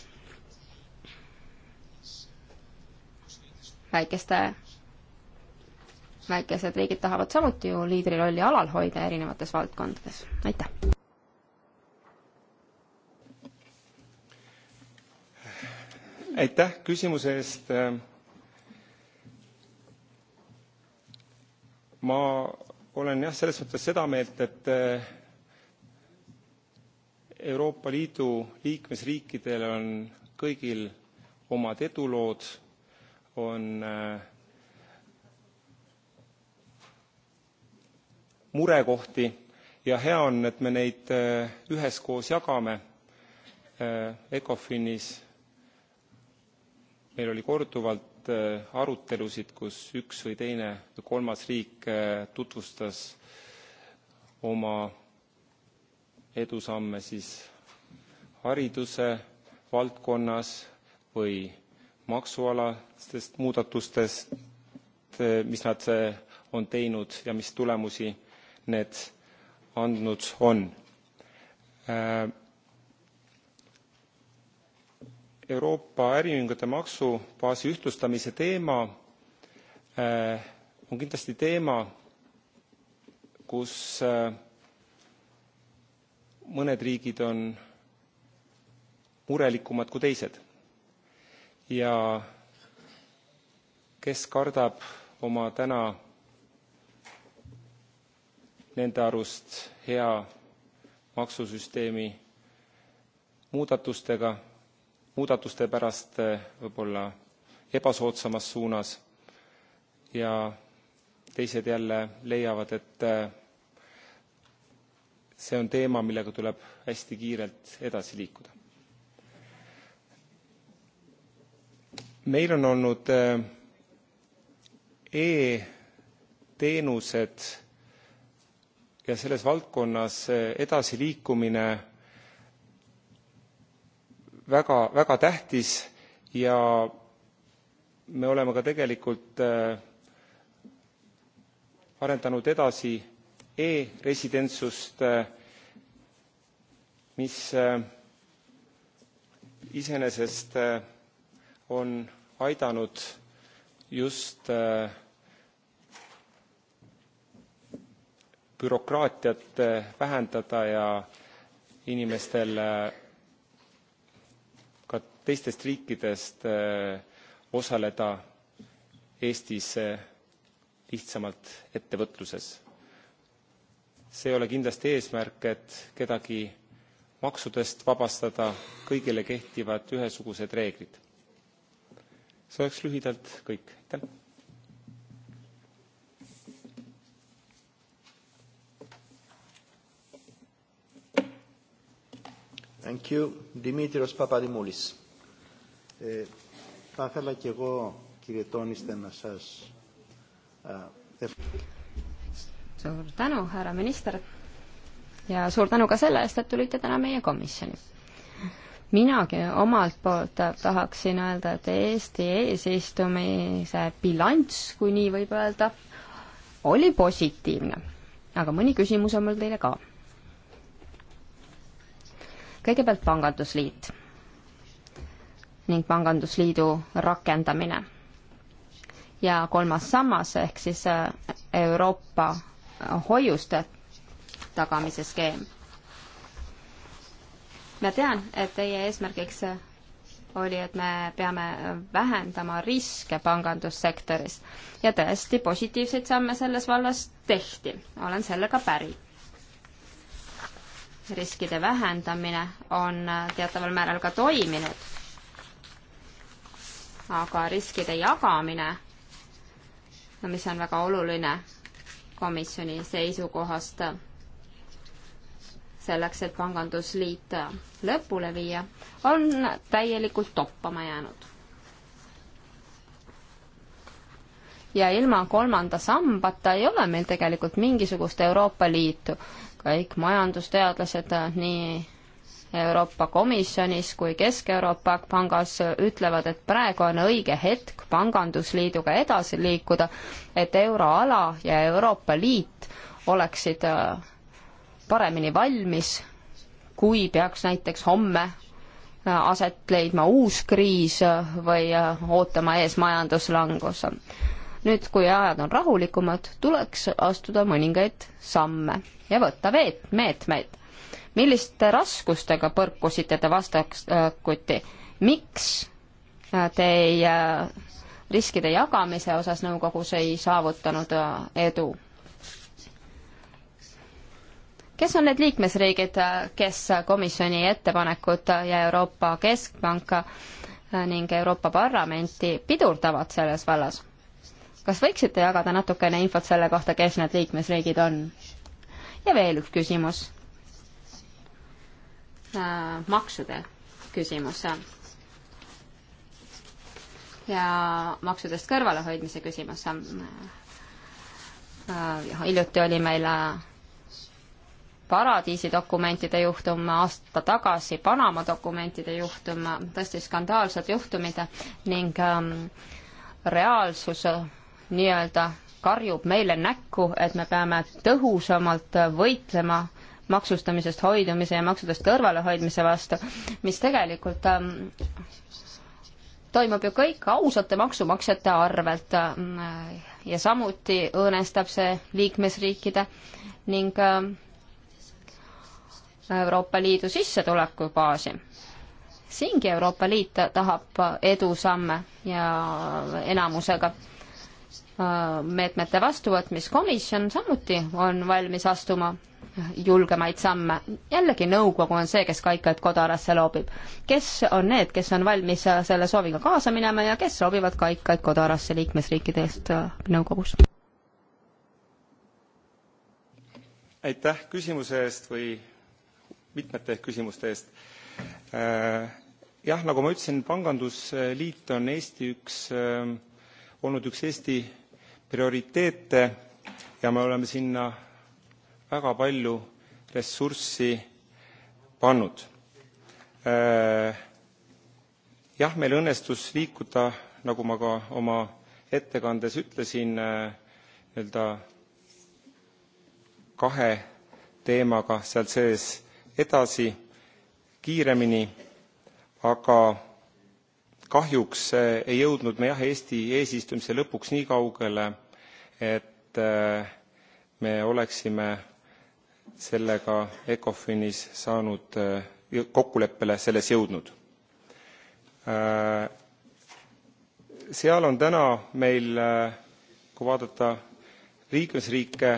väikeste väikesed riigid tahavad samuti ju liidrirolli alal hoida erinevates valdkondades. aitäh! aitäh küsimuse eest! ma olen jah, selles mõttes seda meelt, et eh, Euroopa Liidu liikmesriikidel on kõigil omad edulood, on äh, murekohti ja hea on et me neid äh, üheskoos jagame äh, ecofinis meil oli korduvalt äh, arutelusid kus üks või teine või kolmas riik tutvustas oma edusamme siis hariduse valdkonnas või maksualastest muudatustest mis nad on teinud ja mis tulemusi need andnud on. Äh, euroopa äriühingute maksubaasi ühtlustamise teema äh, on kindlasti teema kus äh, mõned riigid on murelikumad kui teised ja kes kardab oma täna nende arust hea maksusüsteemi muudatustega muudatuste pärast eh, võib-olla ebasoodsamas suunas ja teised jälle leiavad et eh, see on teema millega tuleb hästi kiirelt edasi liikuda. meil on olnud e eh, teenused ja selles valdkonnas eh, edasiliikumine väga väga tähtis ja me oleme ka tegelikult eh, arendanud edasi e residentsust eh, mis iseenesest on aidanud just bürokraatiat eh, vähendada ja inimestel eh, ka teistest riikidest eh, osaleda eestis lihtsamalt ettevõtluses. see ei ole kindlasti eesmärk et kedagi maksudest vabastada kõigile kehtivad ühesugused reeglid. see oleks lühidalt kõik. aitäh! Thank you. Δημήτριος Παπαδημούλης. Ε, θα ήθελα και εγώ, κύριε Τόνιστε, να σας suur tänu, härra minister ja suur tänu ka selle eest, et tulite täna meie komisjoni. minagi omalt poolt tahaksin öelda, et Eesti eesistumise bilanss, kui nii võib öelda, oli positiivne. aga mõni küsimus on mul teile ka kõigepealt Pangandusliit ning Pangandusliidu rakendamine. ja kolmas sammas ehk siis äh, Euroopa äh, hoiuste tagamise skeem. ma tean, et teie eesmärgiks oli, et me peame vähendama riske pangandussektoris ja tõesti positiivseid samme selles vallas tehti, olen sellega päri riskide vähendamine on äh, teataval määral ka toiminud. aga riskide jagamine, no mis on väga oluline komisjoni seisukohast selleks, et pangandusliit lõpule viia, on täielikult toppama jäänud. ja ilma kolmanda sambata ei ole meil tegelikult mingisugust Euroopa Liitu kõik majandusteadlased äh, nii Euroopa Komisjonis kui Kesk-Euroopa Pangas ütlevad, et praegu on õige hetk pangandusliiduga edasi liikuda, et euroala ja Euroopa Liit oleksid äh, paremini valmis, kui peaks näiteks homme äh, aset leidma uus kriis või ootama ees majanduslangus nüüd, kui ajad on rahulikumad, tuleks astuda mõningaid samme ja võtta veet-, meetmeid. milliste raskustega põrkusite te vastakuti, äh, miks äh, te ei äh, riskide jagamise osas nõukogus ei saavutanud edu? kes on need liikmesriigid, kes komisjoni ettepanekud ja Euroopa Keskpanka ning Euroopa Parlamenti pidurdavad selles vallas? kas võiksite jagada natukene infot selle kohta, kes need liikmesriigid on? ja veel üks küsimus äh,. maksude küsimus. ja maksudest kõrvalehoidmise küsimus äh,. hiljuti oli meil äh, paradiisi dokumentide juhtum, aasta tagasi Panama dokumentide juhtum, tõesti skandaalsed juhtumid ning ähm, reaalsus nii-öelda karjub meile näkku, et me peame tõhusamalt võitlema maksustamisest hoidumise ja maksudest kõrvalehoidmise vastu, mis tegelikult ähm, toimub ju kõik ausate maksumaksjate arvelt äh, ja samuti õõnestab see liikmesriikide ning äh, Euroopa Liidu sissetulekubaasi. siingi Euroopa Liit tahab edusamme ja enamusega Äh, meetmete vastuvõtmiskomisjon samuti on valmis astuma julgemaid samme. jällegi nõukogu on see, kes kaikaid kodarasse loobib. kes on need, kes on valmis äh, selle sooviga kaasa minema ja kes soovivad kaikaid kodarasse liikmesriikide eest äh, nõukogus? aitäh küsimuse eest või mitmete küsimuste eest. jah, nagu ma ütlesin, pangandusliit on Eesti üks olnud üks Eesti prioriteete ja me oleme sinna väga palju ressurssi pannud. Äh, jah, meil õnnestus liikuda, nagu ma ka oma ettekandes ütlesin, äh, nii-öelda kahe teemaga seal sees edasi kiiremini, aga kahjuks ei jõudnud me jah eesti eesistumise lõpuks nii kaugele et äh, me oleksime sellega ecofinis saanud äh, kokkuleppele selles jõudnud. Äh, seal on täna meil kui vaadata liikmesriike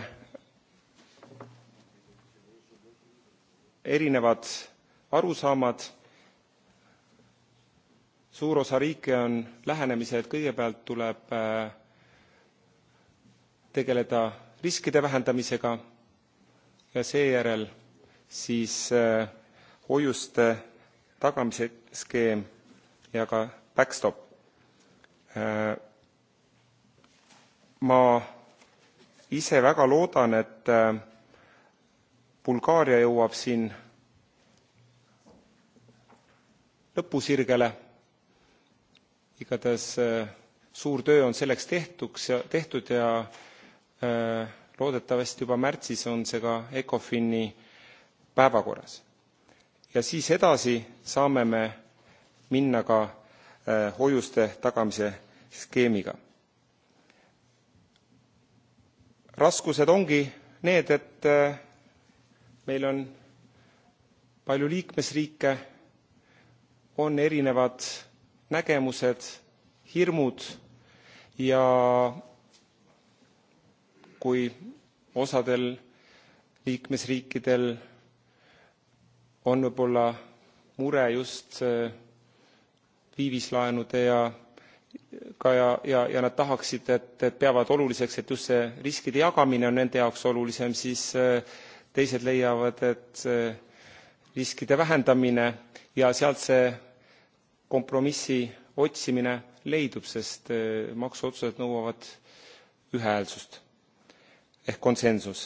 erinevad arusaamad suur osa riike on lähenemisel et kõigepealt tuleb äh, tegeleda riskide vähendamisega ja seejärel siis äh, hoiuste tagamise skeem ja ka backstop. Äh, ma ise väga loodan et bulgaaria jõuab siin lõpusirgele igatahes äh, suur töö on selleks tehtuks ja tehtud ja äh, loodetavasti juba märtsis on see ka ECOFIN-i päevakorras. ja siis edasi saame me minna ka äh, hoiuste tagamise skeemiga. raskused ongi need, et meil on palju liikmesriike, on erinevad nägemused hirmud ja kui osadel liikmesriikidel on võibolla mure just äh, viivislaenude ja ka ja ja ja nad tahaksid et et peavad oluliseks et just see riskide jagamine on nende jaoks olulisem siis äh, teised leiavad et äh, riskide vähendamine ja sealt see kompromissi otsimine leidub sest äh, maksuotsused nõuavad ühehäälsust ehk konsensus.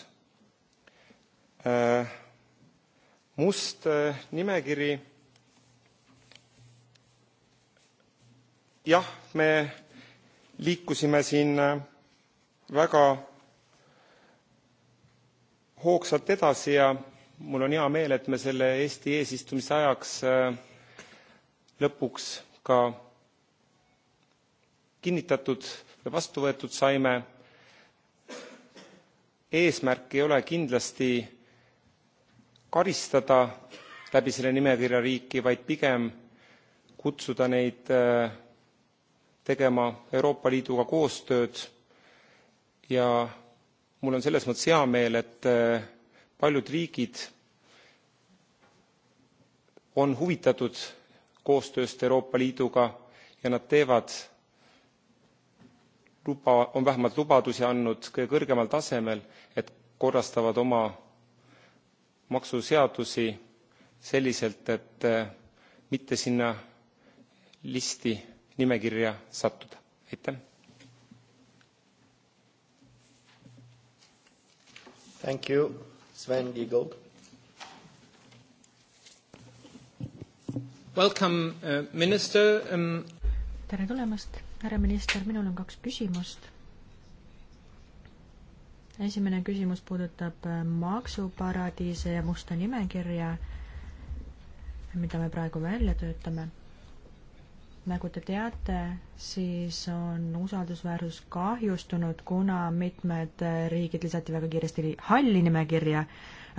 Äh, must äh, nimekiri jah me liikusime siin väga hoogsalt edasi ja mul on hea meel et me selle eesti eesistumise ajaks lõpuks ka kinnitatud ja vastu võetud saime eesmärk ei ole kindlasti karistada läbi selle nimekirja riiki vaid pigem kutsuda neid äh, tegema euroopa liiduga koostööd ja mul on selles mõttes hea meel et äh, paljud riigid on huvitatud koostööst euroopa liiduga ja nad teevad luba on vähemalt lubadusi andnud kõige kõrgemal tasemel et korrastavad oma maksuseadusi selliselt et eh, mitte sinna listi nimekirja sattuda aitäh Thank you. Sven Giegold. Welcome uh,, minister um.... tere tulemast, härra minister, minul on kaks küsimust. esimene küsimus puudutab äh, maksuparadiise ja musta nimekirja, mida me praegu välja töötame nagu te teate, siis on usaldusväärsus kahjustunud, kuna mitmed riigid lisati väga kiiresti halli nimekirja,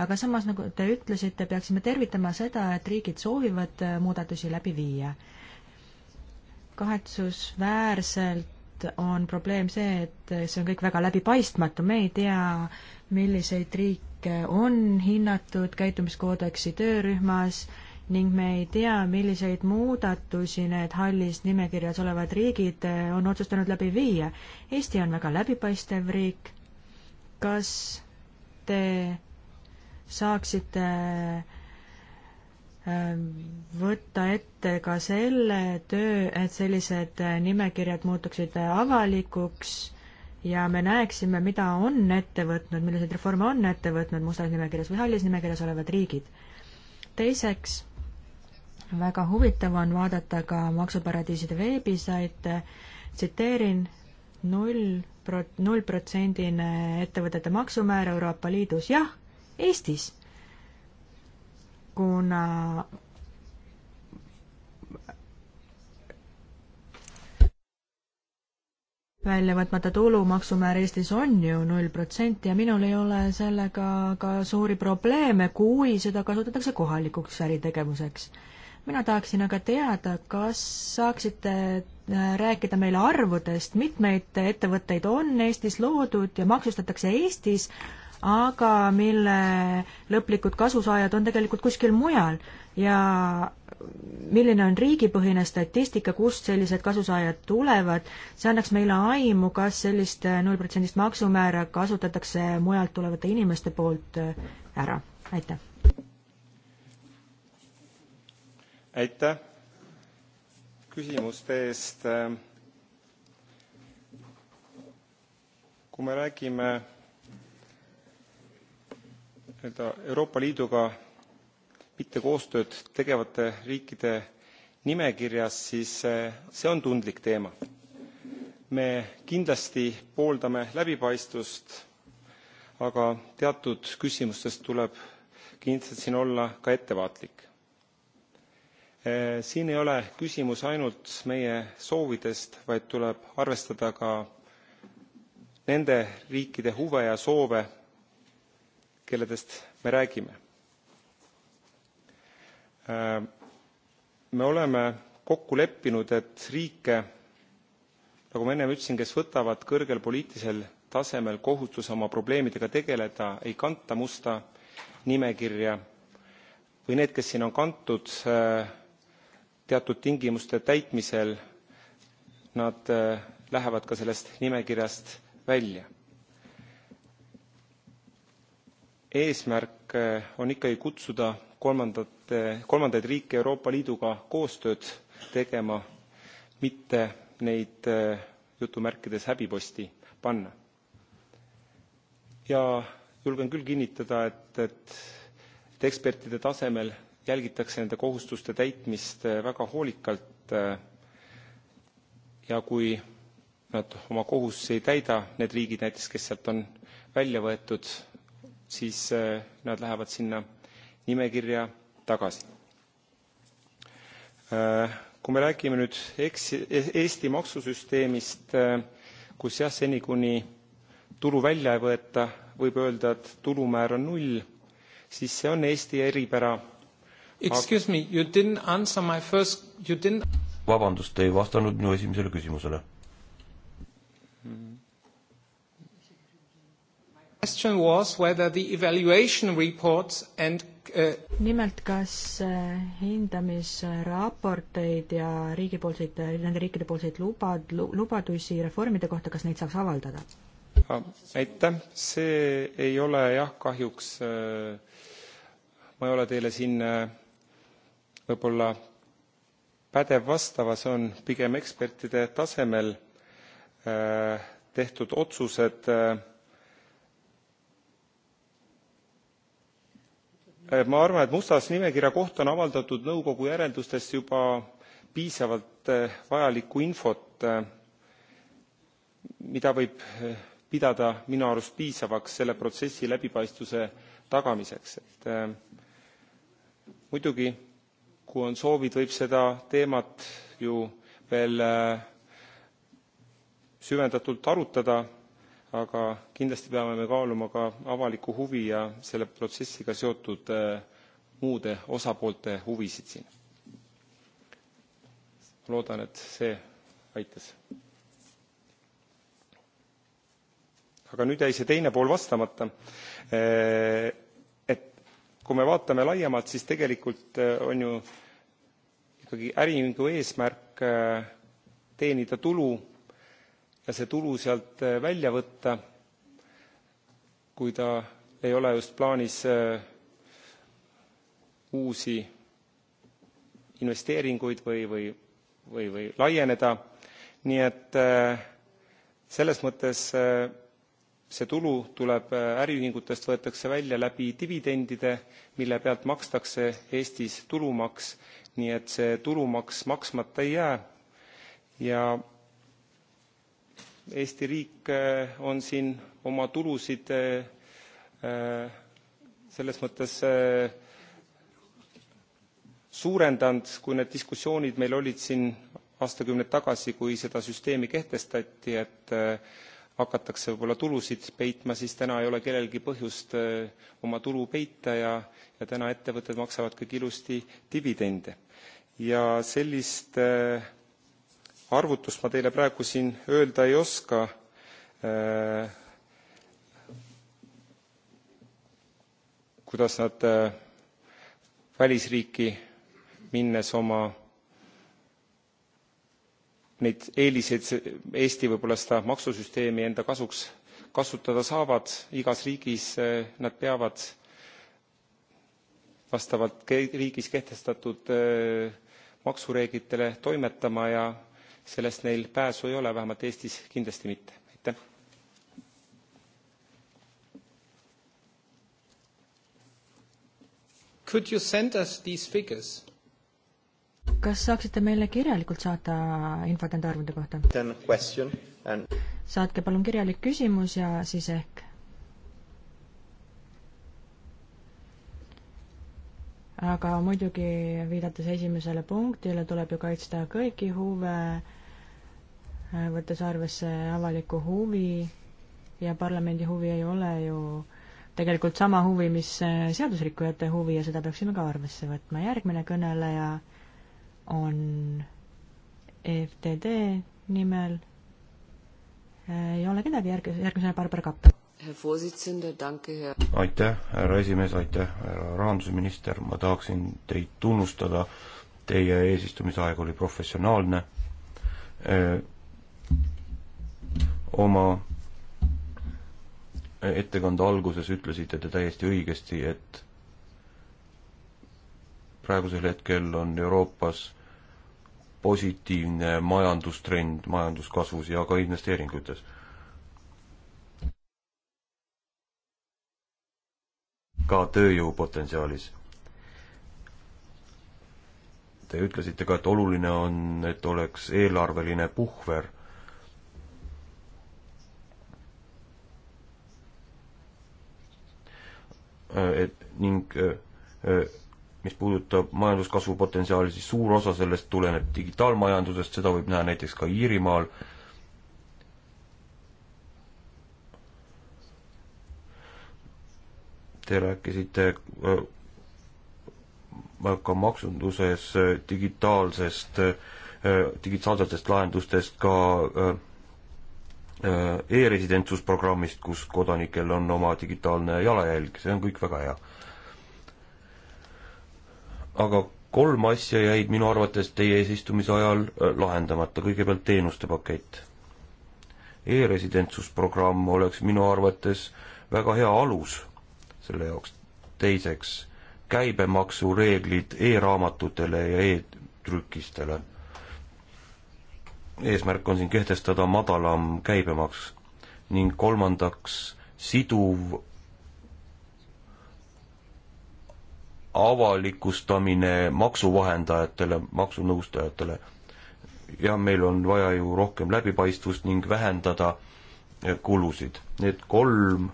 aga samas, nagu te ütlesite, peaksime tervitama seda, et riigid soovivad muudatusi läbi viia. kahetsusväärselt on probleem see, et see on kõik väga läbipaistmatu, me ei tea, milliseid riike on hinnatud käitumiskoodeksi töörühmas, ning me ei tea, milliseid muudatusi need hallis nimekirjas olevad riigid eh, on otsustanud läbi viia. Eesti on väga läbipaistev riik. kas te saaksite eh, võtta ette ka selle töö, et sellised eh, nimekirjad muutuksid avalikuks ja me näeksime, mida on ette võtnud, milliseid reforme on ette võtnud mustas nimekirjas või hallis nimekirjas olevad riigid. teiseks väga huvitav on vaadata ka maksuparadiiside veebisaite, tsiteerin, null prot-, nullprotsendine ettevõtete maksumäär Euroopa Liidus, jah, Eestis. kuna välja võtmata tulu maksumäär Eestis on ju null protsenti ja minul ei ole sellega ka suuri probleeme, kui seda kasutatakse kohalikuks äritegevuseks mina tahaksin aga teada, kas saaksite äh, rääkida meile arvudest, mitmeid ettevõtteid on Eestis loodud ja maksustatakse Eestis, aga mille lõplikud kasusaajad on tegelikult kuskil mujal ja milline on riigipõhine statistika, kust sellised kasusaajad tulevad, see annaks meile aimu, kas sellist äh, nullprotsendist maksumäära kasutatakse mujalt tulevate inimeste poolt äh, ära, aitäh aitäh küsimuste eest. kui me räägime nii-öelda euroopa liiduga mitte koostööd tegevate riikide nimekirjas siis see on tundlik teema. me kindlasti pooldame läbipaistvust aga teatud küsimustes tuleb kindlasti siin olla ka ettevaatlik. Äh, siin ei ole küsimus ainult meie soovidest vaid tuleb arvestada ka nende riikide huve ja soove kelledest me räägime. Äh, me oleme kokku leppinud et riike nagu ma ennem ütlesin kes võtavad kõrgel poliitilisel tasemel kohustuse oma probleemidega tegeleda ei kanta musta nimekirja või need kes sinna on kantud äh, teatud tingimuste täitmisel nad äh, lähevad ka sellest nimekirjast välja. eesmärk äh, on ikkagi kutsuda kolmandate äh, kolmandaid riike euroopa liiduga koostööd tegema mitte neid jutumärkides häbiposti panna. ja julgen küll kinnitada et, et et ekspertide tasemel jälgitakse nende kohustuste täitmist äh, väga hoolikalt äh, ja kui nad oma kohustusi ei täida need riigid näiteks kes sealt on välja võetud siis äh, nad lähevad sinna nimekirja tagasi. kui me räägime nüüd eesti maksusüsteemist kus jah seni kuni tulu välja ei võeta võib öelda et tulumäär on null siis see on eesti eripära Excuse me, you didn't answer my first, you didn't vabandust, te ei vastanud minu esimesele küsimusele. Question was whether the evaluation reports and uh... nimelt, kas äh, hindamisraporteid ja riigipoolseid, nende riikide poolseid lubad, lubadusi reformide kohta, kas neid saaks avaldada? Ah, aitäh, see ei ole jah, kahjuks äh,, ma ei ole teile siin äh, võib-olla pädev vastavas on pigem ekspertide tasemel äh, tehtud otsused äh, äh, ma arvan et mustas nimekirja kohta on avaldatud nõukogu järeldustes juba piisavalt vajalikku infot mida võib pidada minu arust piisavaks selle protsessi läbipaistvuse tagamiseks. muidugi kui on soovid, võib seda teemat ju veel äh, süvendatult arutada, aga kindlasti peame me kaaluma ka avalikku huvi ja selle protsessiga seotud äh, muude osapoolte huvisid siin. loodan, et see aitas. aga nüüd jäi see teine pool vastamata äh, kui me vaatame laiemalt siis tegelikult äh, on ju ikkagi äriühingu eesmärk äh, teenida tulu ja see tulu sealt äh, välja võtta kui ta ei ole just plaanis uusi investeeringuid või või või või laieneda nii et selles mõttes see tulu tuleb äh, äriühingutest võetakse välja läbi dividendide mille pealt makstakse eestis tulumaks nii et see tulumaks maksmata ei jää ja eesti riik äh, on siin oma tulusid äh, selles mõttes suurendanud kui need diskussioonid meil olid siin aastakümneid tagasi kui seda süsteemi kehtestati et hakatakse võib-olla tulusid peitma siis täna ei ole kellelgi põhjust eh, oma tulu peita ja ja täna ettevõtted maksavad kõik ilusti dividende ja sellist eh, arvutust ma teile praegu siin öelda ei oska eh, kuidas nad välisriiki minnes oma neid eeliseid eesti võib-olla seda maksusüsteemi enda kasuks kasutada saavad igas riigis eh, nad peavad vastavalt riigis kehtestatud eh, maksureeglitele toimetama ja sellest neil pääsu ei ole vähemalt eestis kindlasti mitte. aitäh! Could you send us these figures? kas saaksite meile kirjalikult saata infot enda arvude kohta? And... saatke palun kirjalik küsimus ja siis ehk aga muidugi, viidates esimesele punktile, tuleb ju kaitsta kõiki huve, võttes arvesse avalikku huvi ja parlamendi huvi ei ole ju tegelikult sama huvi, mis seadusrikkujate huvi ja seda peaksime ka arvesse võtma. järgmine kõneleja on EFTD nimel ei ole kedagi, järg-, järgmisena Barbara Kapp. aitäh, härra esimees, aitäh, härra rahandusminister, ma tahaksin teid tunnustada, teie eesistumisaeg oli professionaalne, äh, oma ettekande alguses ütlesite te täiesti õigesti, et praegusel hetkel on Euroopas positiivne majandustrend majanduskasvus ja ka investeeringutes. ka tööjõupotentsiaalis. Te ütlesite ka, et oluline on, et oleks eelarveline puhver äh, et ning äh, äh, mis puudutab majanduskasvu potentsiaali, siis suur osa sellest tuleneb digitaalmajandusest, seda võib näha näiteks ka Iirimaal. Te rääkisite äh, ka maksunduses äh, digitaalsest, äh, digitaalsetest lahendustest, ka e-residentsusprogrammist, kus kodanikel on oma digitaalne jalajälg, see on kõik väga hea aga kolm asja jäid minu arvates teie eesistumise ajal äh, lahendamata, kõigepealt teenuste pakett e. e-residentsusprogramm oleks minu arvates väga hea alus selle jaoks. teiseks, käibemaksureeglid e-raamatutele ja e-trükistele. eesmärk on siin kehtestada madalam käibemaks ning kolmandaks, siduv avalikustamine maksuvahendajatele, maksunõustajatele. jah, meil on vaja ju rohkem läbipaistvust ning vähendada eh, kulusid. Need kolm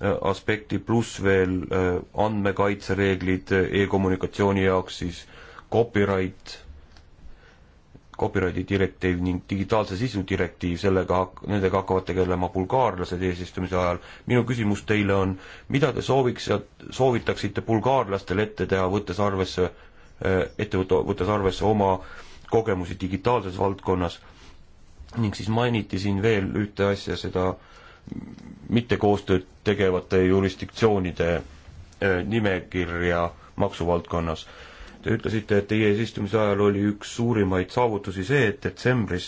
eh, aspekti pluss veel eh, andmekaitsereeglid e-kommunikatsiooni jaoks, siis copyright copyrighti direktiiv ning digitaalse sisu direktiiv, sellega, nendega hakkavad tegelema bulgaarlased eesistumise ajal. minu küsimus teile on, mida te sooviks, soovitaksite bulgaarlastel ette teha, võttes arvesse, äh, ette võtta, võttes arvesse oma kogemusi digitaalses valdkonnas ning siis mainiti siin veel ühte asja, seda mitte koostööd tegevate jurisdiktsioonide äh, nimekirja maksuvaldkonnas Te ütlesite, et teie eesistumise ajal oli üks suurimaid saavutusi see, et detsembris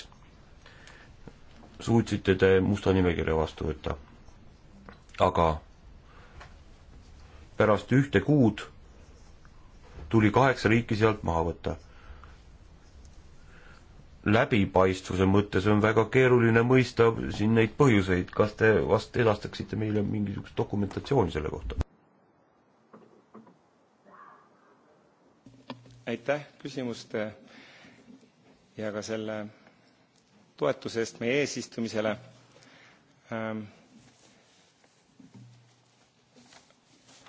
suutsite te musta nimekirja vastu võtta. aga pärast ühte kuud tuli kaheksa riiki sealt maha võtta. läbipaistvuse mõttes on väga keeruline mõista siin neid põhjuseid, kas te vast edastaksite meile mingisugust dokumentatsiooni selle kohta? aitäh küsimuste ja ka selle toetuse eest meie eesistumisele ähm,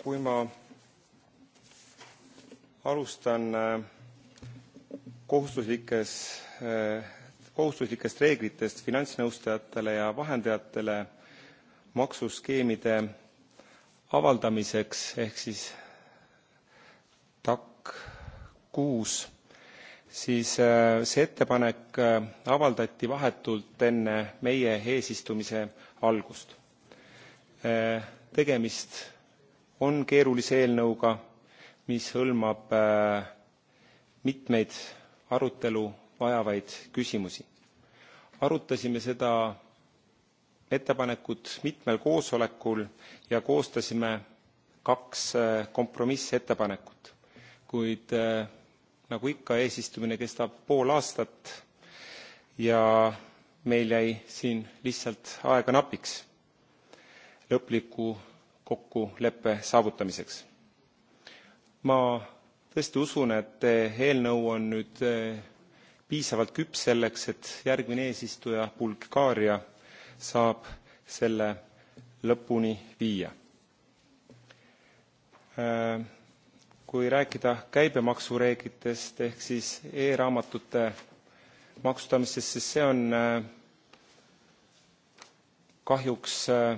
kui ma alustan äh, kohustuslikes äh, kohustuslikest reeglitest finantsnõustajatele ja vahendajatele maksuskeemide avaldamiseks ehk siis tac kuus siis äh, see ettepanek äh, avaldati vahetult enne meie eesistumise algust. Äh, tegemist on keerulise eelnõuga mis hõlmab mitmeid arutelu vajavaid küsimusi. arutasime seda ettepanekut mitmel koosolekul ja koostasime kaks kompromissettepanekut kuid nagu ikka eesistumine kestab pool aastat ja meil jäi siin lihtsalt aega napiks lõpliku kokkuleppe saavutamiseks. ma tõesti usun et eelnõu on nüüd eh, piisavalt küps selleks et järgmine eesistuja bulgaaria saab selle lõpuni viia. Eh, kui rääkida käibemaksureeglitest ehk siis e raamatute maksustamisest siis see on äh, kahjuks äh,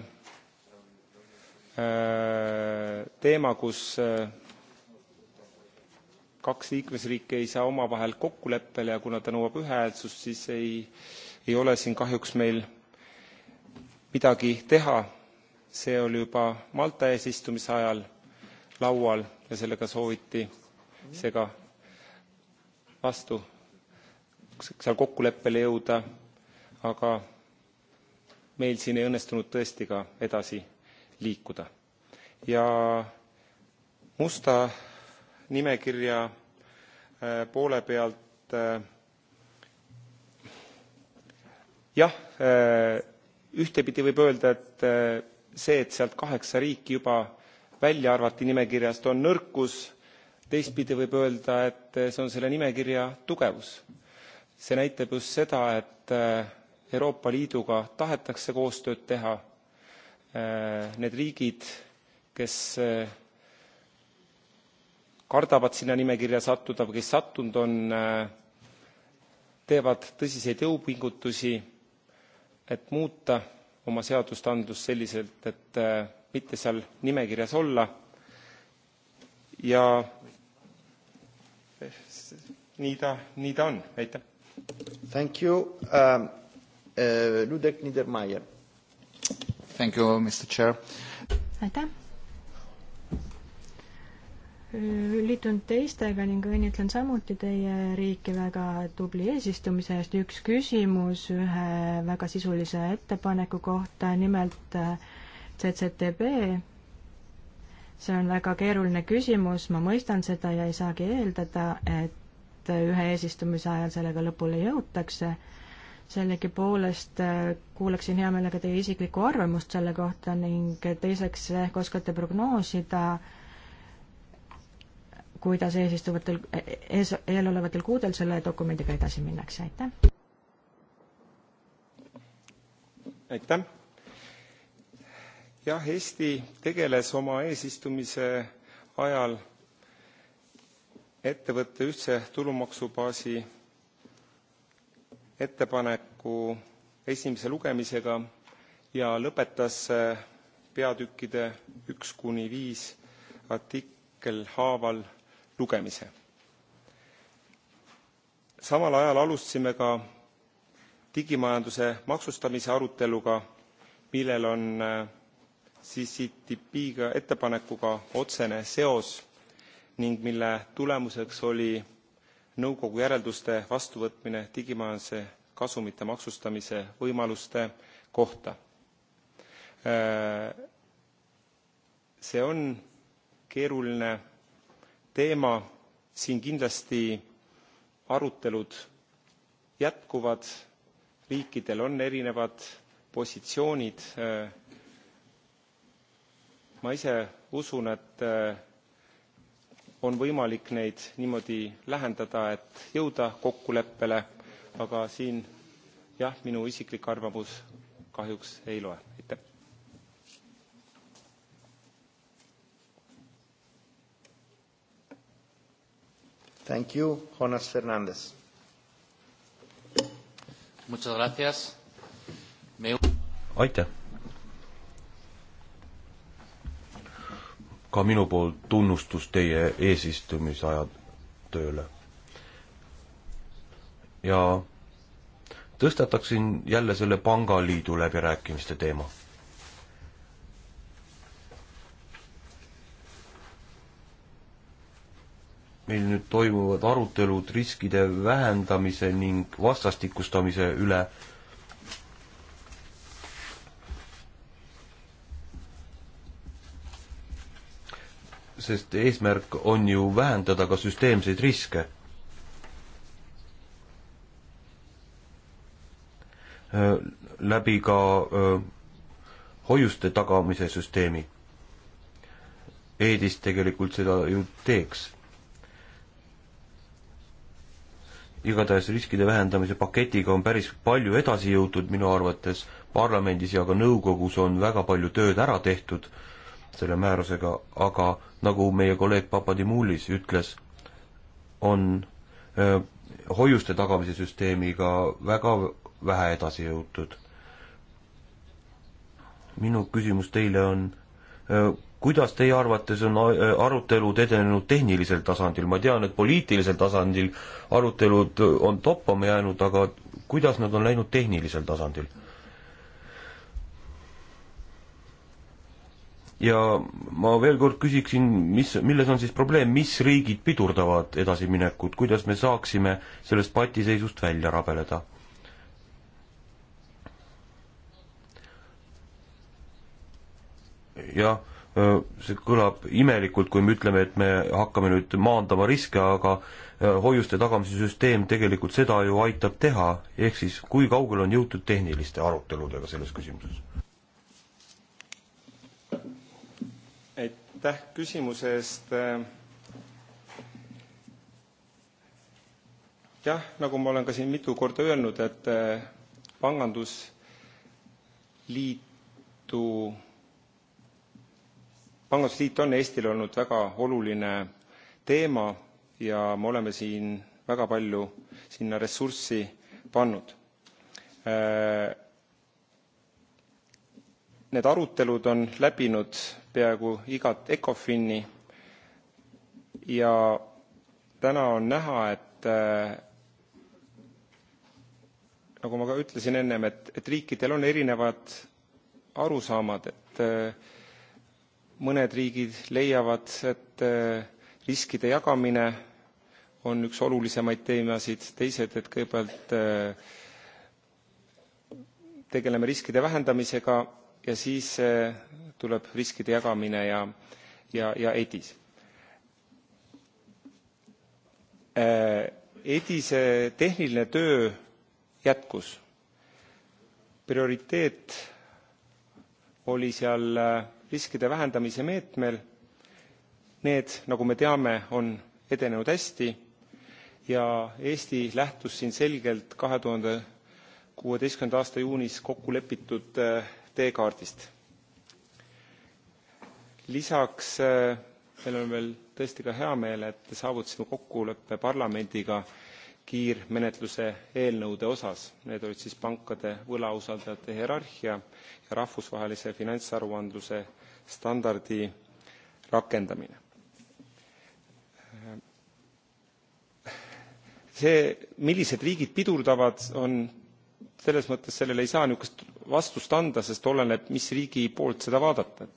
äh, teema kus kaks liikmesriiki ei saa omavahel kokkuleppele ja kuna ta nõuab ühehäälsust siis ei ei ole siin kahjuks meil midagi teha see oli juba malta eesistumise ajal laual ja sellega sooviti seega vastu seal kokkuleppele jõuda aga meil siin ei õnnestunud tõesti ka edasi liikuda ja musta nimekirja äh, poole pealt äh, jah äh, ühtepidi võib öelda et see et sealt kaheksa riiki juba välja arvati nimekirjast on nõrkus teistpidi võib öelda et see on selle nimekirja tugevus. see näitab just seda et eh, euroopa liiduga tahetakse koostööd teha eh, need riigid kes eh, kardavad sinna nimekirja sattuda või kes sattunud on teevad tõsiseid jõupingutusi et muuta oma seadustandlust selliselt et mitte seal nimekirjas olla ja nii ta, nii ta on, aitäh. Thank you um,. Uh, Ludek Niedermayer. Thank you, Mr Chair. aitäh. liitun teistega ning õnnitlen samuti teie riiki väga tubli eesistumise eest. üks küsimus ühe väga sisulise ettepaneku kohta, nimelt äh, CCTB, see on väga keeruline küsimus, ma mõistan seda ja ei saagi eeldada, et ühe eesistumise ajal sellega lõpule jõutakse. sellegipoolest äh, kuulaksin hea meelega teie isiklikku arvamust selle kohta ning teiseks ehk oskate prognoosida, kuidas eesistuvatel, ees, eelolevatel kuudel selle dokumendiga edasi minnakse, aitäh! aitäh! jah, Eesti tegeles oma eesistumise ajal ettevõtte ühtse tulumaksubaasi ettepaneku esimese lugemisega ja lõpetas peatükkide üks kuni viis artikkel haaval lugemise. samal ajal alustasime ka digimajanduse maksustamise aruteluga millel on äh, cctb ettepanekuga otsene seos ning mille tulemuseks oli nõukogu järelduste vastuvõtmine digimajanduse kasumite maksustamise võimaluste kohta. Äh, see on keeruline teema siin kindlasti arutelud jätkuvad riikidel on erinevad positsioonid äh, ma ise usun et äh, on võimalik neid niimoodi lähendada et jõuda kokkuleppele aga siin jah minu isiklik arvamus kahjuks ei loe. aitäh! Thank you, Jonas Fernández. Muchas gracias. Me... aitäh ka minu poolt tunnustus teie eesistumisaja tööle. ja tõstataksin jälle selle pangaliidu läbirääkimiste teema. meil nüüd toimuvad arutelud riskide vähendamise ning vastastikustamise üle sest eesmärk on ju vähendada ka süsteemseid riske. Äh, läbi ka äh, hoiuste tagamise süsteemi. Eedis tegelikult seda ju teeks. igatahes riskide vähendamise paketiga on päris palju edasi jõutud minu arvates, parlamendis ja ka nõukogus on väga palju tööd ära tehtud selle määrusega, aga nagu meie kolleeg Papadimulis ütles, on öö, hoiuste tagamise süsteemiga väga vähe edasi jõutud. minu küsimus teile on, kuidas teie arvates on arutelud edenenud tehnilisel tasandil, ma tean, et poliitilisel tasandil arutelud on toppama jäänud, aga kuidas nad on läinud tehnilisel tasandil? ja ma veel kord küsiksin, mis, milles on siis probleem, mis riigid pidurdavad edasiminekut, kuidas me saaksime sellest patiseisust välja rabeleda? jah, see kõlab imelikult, kui me ütleme, et me hakkame nüüd maandama riske, aga hoiuste tagamise süsteem tegelikult seda ju aitab teha, ehk siis kui kaugele on jõutud tehniliste aruteludega selles küsimuses? aitäh küsimuse eest. jah, nagu ma olen ka siin mitu korda öelnud, et eh, pangandusliitu, pangandusliit on Eestile olnud väga oluline teema ja me oleme siin väga palju sinna ressurssi pannud. Eh, need arutelud on läbinud peaaegu igat ECOFIN-i ja täna on näha, et äh, nagu ma ka ütlesin ennem, et, et riikidel on erinevad arusaamad, et äh, mõned riigid leiavad, et äh, riskide jagamine on üks olulisemaid teemasid, teised, et kõigepealt tegeleme riskide vähendamisega ja siis eh, tuleb riskide jagamine ja, ja, ja edis. edise eh, tehniline töö jätkus. prioriteet oli seal eh, riskide vähendamise meetmel. Need, nagu me teame, on edenenud hästi ja Eesti lähtus siin selgelt kahe tuhande kuueteistkümnenda aasta juunis kokku lepitud teekaardist. lisaks äh, meil on veel tõesti ka hea meel et saavutasime kokkuleppe parlamendiga kiirmenetluse eelnõude osas need olid siis pankade võlausaldajate hierarhia ja rahvusvahelise finantsaruandluse standardi rakendamine. see millised riigid pidurdavad on selles mõttes sellele ei saa niisugust vastust anda sest oleneb mis riigi poolt seda vaadata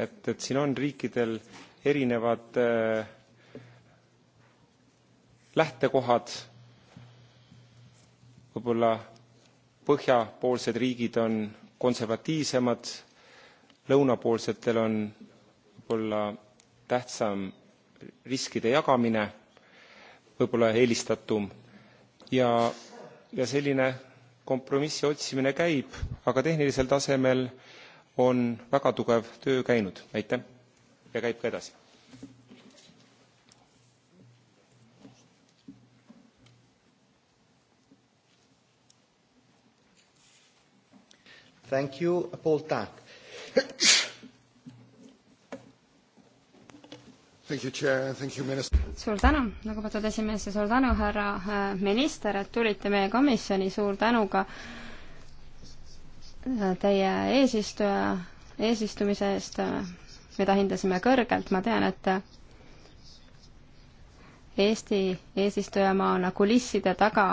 et et siin on riikidel erinevad äh, lähtekohad võibolla põhjapoolsed riigid on konservatiivsemad lõunapoolsetel on võibolla tähtsam riskide jagamine võibolla eelistatum ja ja selline kompromissi otsimine käib aga tehnilisel tasemel on väga tugev töö käinud aitäh ja käib ka edasi. Thank you, Paul Tack. suur tänu, lugupeetud esimees ja suur tänu, härra äh, minister, et tulite meie komisjoni, suur tänu ka äh, teie eesistuja, eesistumise eest, äh, mida hindasime kõrgelt, ma tean, et Eesti eesistujamaana kulisside taga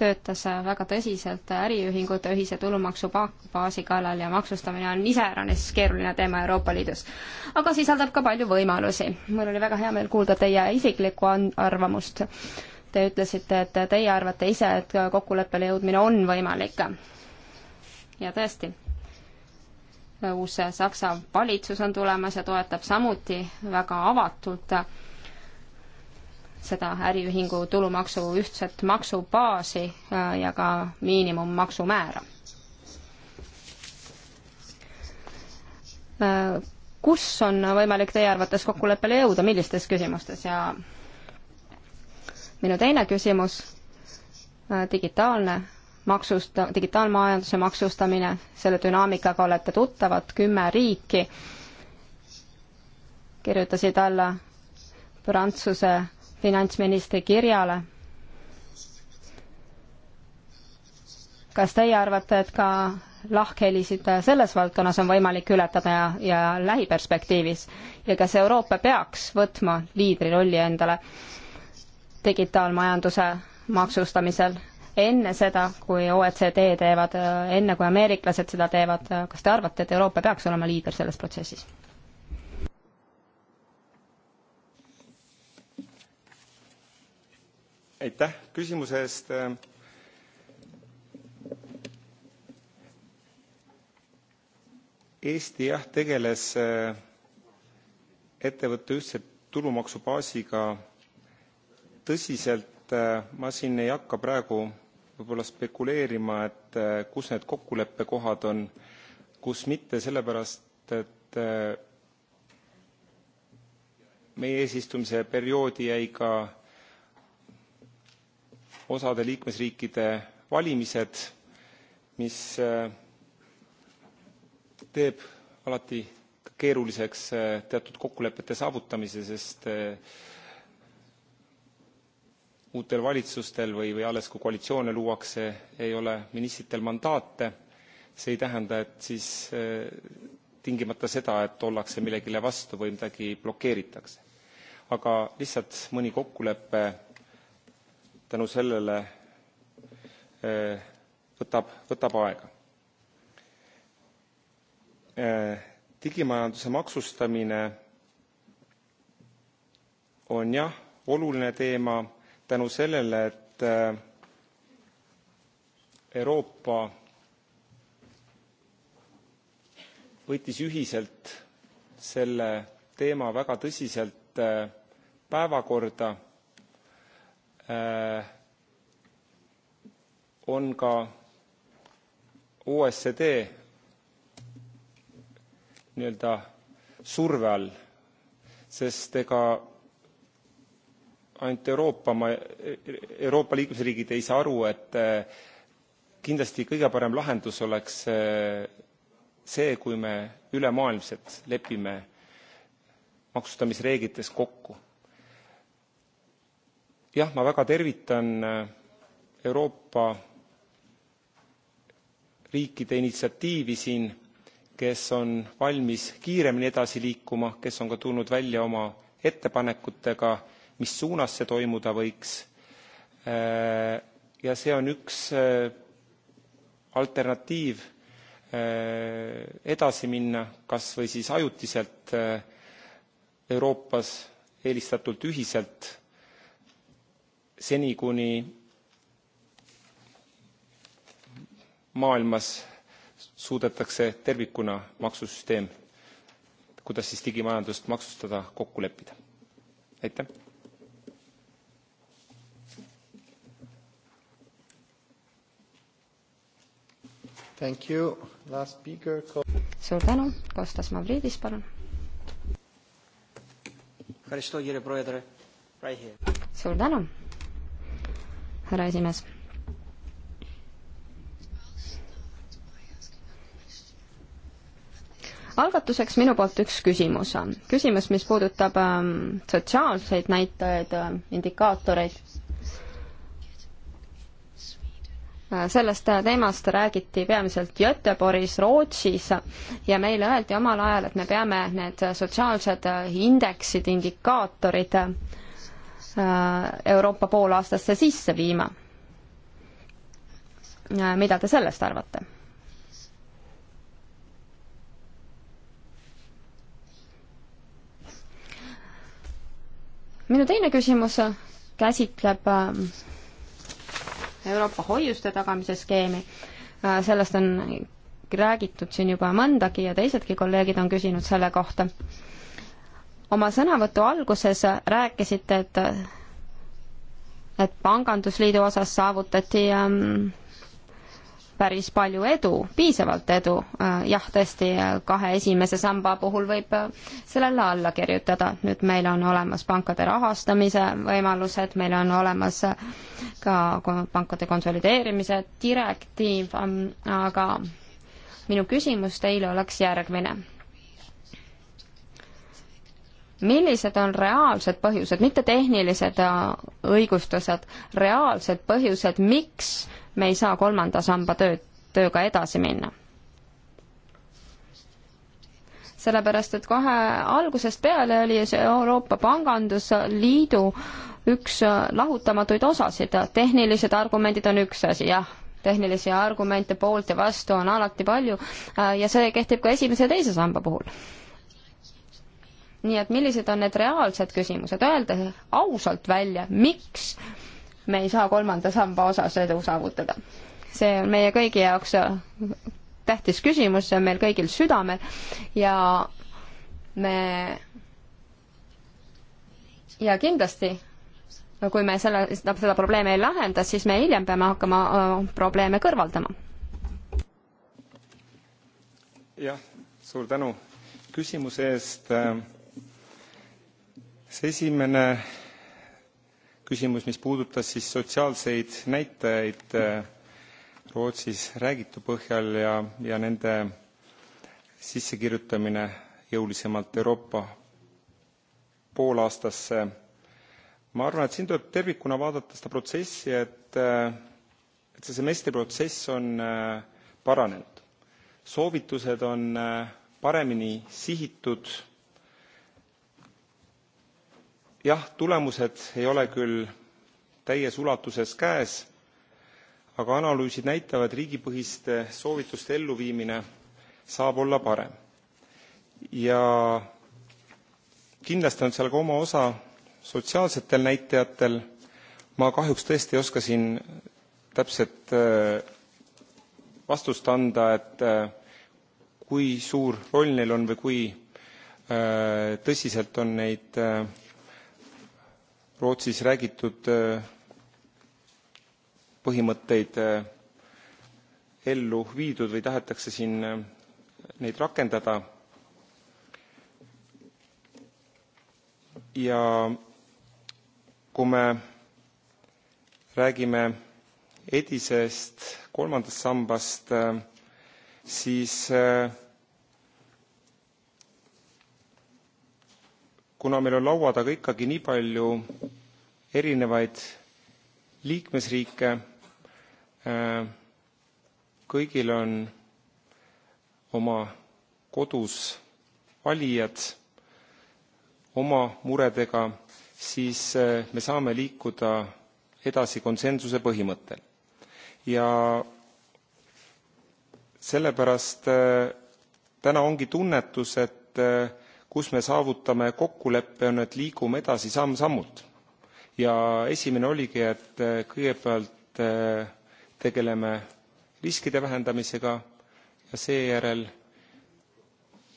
töötas väga tõsiselt äriühingute ühise tulumaksubaasi kallal ja maksustamine on iseäranis keeruline teema Euroopa Liidus. aga sisaldab ka palju võimalusi. mul oli väga hea meel kuulda teie isiklikku arvamust. Te ütlesite, et teie arvate ise, et kokkuleppele jõudmine on võimalik. ja tõesti, uus Saksa valitsus on tulemas ja toetab samuti väga avatult seda äriühingu tulumaksu ühtset maksubaasi äh, ja ka miinimummaksumäära. Äh, kus on võimalik teie arvates kokkuleppele jõuda, millistes küsimustes ja minu teine küsimus, äh, digitaalne maksust, digitaalmajanduse maksustamine, selle dünaamikaga olete tuttavad, kümme riiki kirjutasid alla Prantsuse finantsministri kirjale. kas teie arvate, et ka lahkhelisid selles valdkonnas on võimalik ületada ja, ja lähiperspektiivis ja kas Euroopa peaks võtma liidrirolli endale digitaalmajanduse maksustamisel enne seda, kui OECD teevad, enne kui ameeriklased seda teevad, kas te arvate, et Euroopa peaks olema liider selles protsessis? aitäh küsimuse eest. Eesti jah, tegeles eh, ettevõtte ühtse tulumaksubaasiga tõsiselt, eh, ma siin ei hakka praegu võib-olla spekuleerima, et eh, kus need kokkuleppekohad on, kus mitte, sellepärast et meie eesistumise perioodi jäi ka osade liikmesriikide valimised mis äh, teeb alati keeruliseks äh, teatud kokkulepete saavutamise sest äh, uutel valitsustel või või alles kui koalitsioone luuakse ei ole ministritel mandaate see ei tähenda et siis tingimata seda et ollakse millegile vastu või midagi blokeeritakse aga lihtsalt mõni kokkulepe tänu sellele eh, võtab võtab aega eh, digimajanduse maksustamine on jah oluline teema tänu sellele et eh, euroopa võttis ühiselt selle teema väga tõsiselt päevakorda Äh, on ka oecd nii-öelda surve all sest ega ainult euroopa ma euroopa liikmesriigid ei saa aru et äh, kindlasti kõige parem lahendus oleks äh, see kui me ülemaailmselt lepime maksustamisreeglites kokku jah ma väga tervitan äh, euroopa riikide initsiatiivi siin kes on valmis kiiremini edasi liikuma kes on ka tulnud välja oma ettepanekutega mis suunas see toimuda võiks äh, ja see on üks äh, alternatiiv edasi minna kas või siis ajutiselt euroopas eelistatult ühiselt seni kuni maailmas suudetakse tervikuna maksusüsteem kuidas siis digimajandust maksustada kokku leppida aitäh Thank you. Last speaker, suur tänu, Kostas Mavridis, palun. suur tänu härra esimees. algatuseks minu poolt üks küsimus. küsimus, mis puudutab ähm, sotsiaalseid näitajaid äh,, indikaatoreid äh,. sellest äh, teemast räägiti peamiselt Göteborgis, Rootsis ja meile öeldi omal ajal, et me peame need sotsiaalsed äh, indeksid, indikaatorid äh, Äh, Euroopa poolaastasse sisse viima. Äh, mida te sellest arvate? minu teine küsimus käsitleb äh, Euroopa hoiuste tagamise skeemi. sellest on räägitud siin juba mõndagi ja teisedki kolleegid on küsinud selle kohta oma sõnavõtu alguses rääkisite, et et pangandusliidu osas saavutati ähm, päris palju edu, piisavalt edu. Äh, jah, tõesti, kahe esimese samba puhul võib äh, sellele alla kirjutada. nüüd meil on olemas pankade rahastamise võimalused, meil on olemas äh, ka pankade konsolideerimise direktiiv, ähm, aga minu küsimus teile oleks järgmine millised on reaalsed põhjused, mitte tehnilised äh, õigustused, reaalsed põhjused, miks me ei saa kolmanda samba tööd, tööga edasi minna? sellepärast, et kohe algusest peale oli see Euroopa Pangandusliidu üks äh, lahutamatuid osasid, tehnilised argumendid on üks asi, jah, tehnilisi argumente poolt ja vastu on alati palju äh, ja see kehtib ka esimese ja teise samba puhul nii et millised on need reaalsed küsimused, öelda ausalt välja, miks me ei saa kolmanda samba osas edu saavutada. see on meie kõigi jaoks äh, tähtis küsimus, see on meil kõigil südamel ja me ja kindlasti kui me selle, seda probleemi ei lahenda, siis me hiljem peame hakkama äh, probleeme kõrvaldama. jah, suur tänu küsimuse eest ähm see esimene küsimus mis puudutas siis sotsiaalseid näitajaid äh, rootsis räägitu põhjal ja ja nende sissekirjutamine jõulisemalt euroopa poolaastasse ma arvan et siin tuleb tervikuna vaadata seda protsessi et äh, et see semestriprotsess on äh, paranenud soovitused on paremini sihitud jah tulemused ei ole küll täies ulatuses käes aga analüüsid näitavad riigipõhiste soovituste elluviimine saab olla parem ja kindlasti on seal ka oma osa sotsiaalsetel näitajatel ma kahjuks tõesti ei oska siin täpset äh, vastust anda et äh, kui suur roll neil on või kui äh, tõsiselt on neid Rootsis räägitud äh, põhimõtteid äh, ellu viidud või tahetakse siin äh, neid rakendada. ja kui me räägime edisest kolmandast sambast siis kuna meil on laua taga ikkagi nii palju erinevaid liikmesriike, äh, kõigil on oma kodus valijad oma muredega, siis äh, me saame liikuda edasi konsensuse põhimõttel. ja sellepärast äh, täna ongi tunnetus, et kus me saavutame kokkuleppe, on, et liigume edasi samm-sammult ja esimene oligi et äh, kõigepealt äh, tegeleme riskide vähendamisega ja seejärel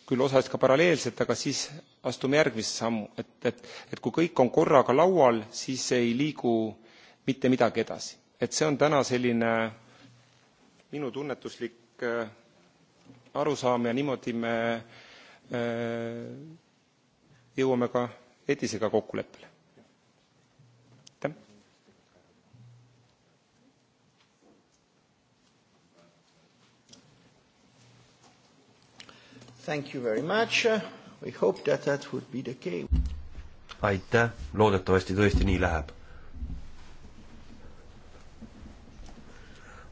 küll osaliselt ka paralleelselt aga siis astume järgmise sammu et et et kui kõik on korraga laual siis ei liigu mitte midagi edasi et see on täna selline minu tunnetuslik äh, arusaam ja niimoodi me jõuame ka etisega kokkuleppele Thank you very much. We hope that that would be the case. aitäh, loodetavasti tõesti nii läheb.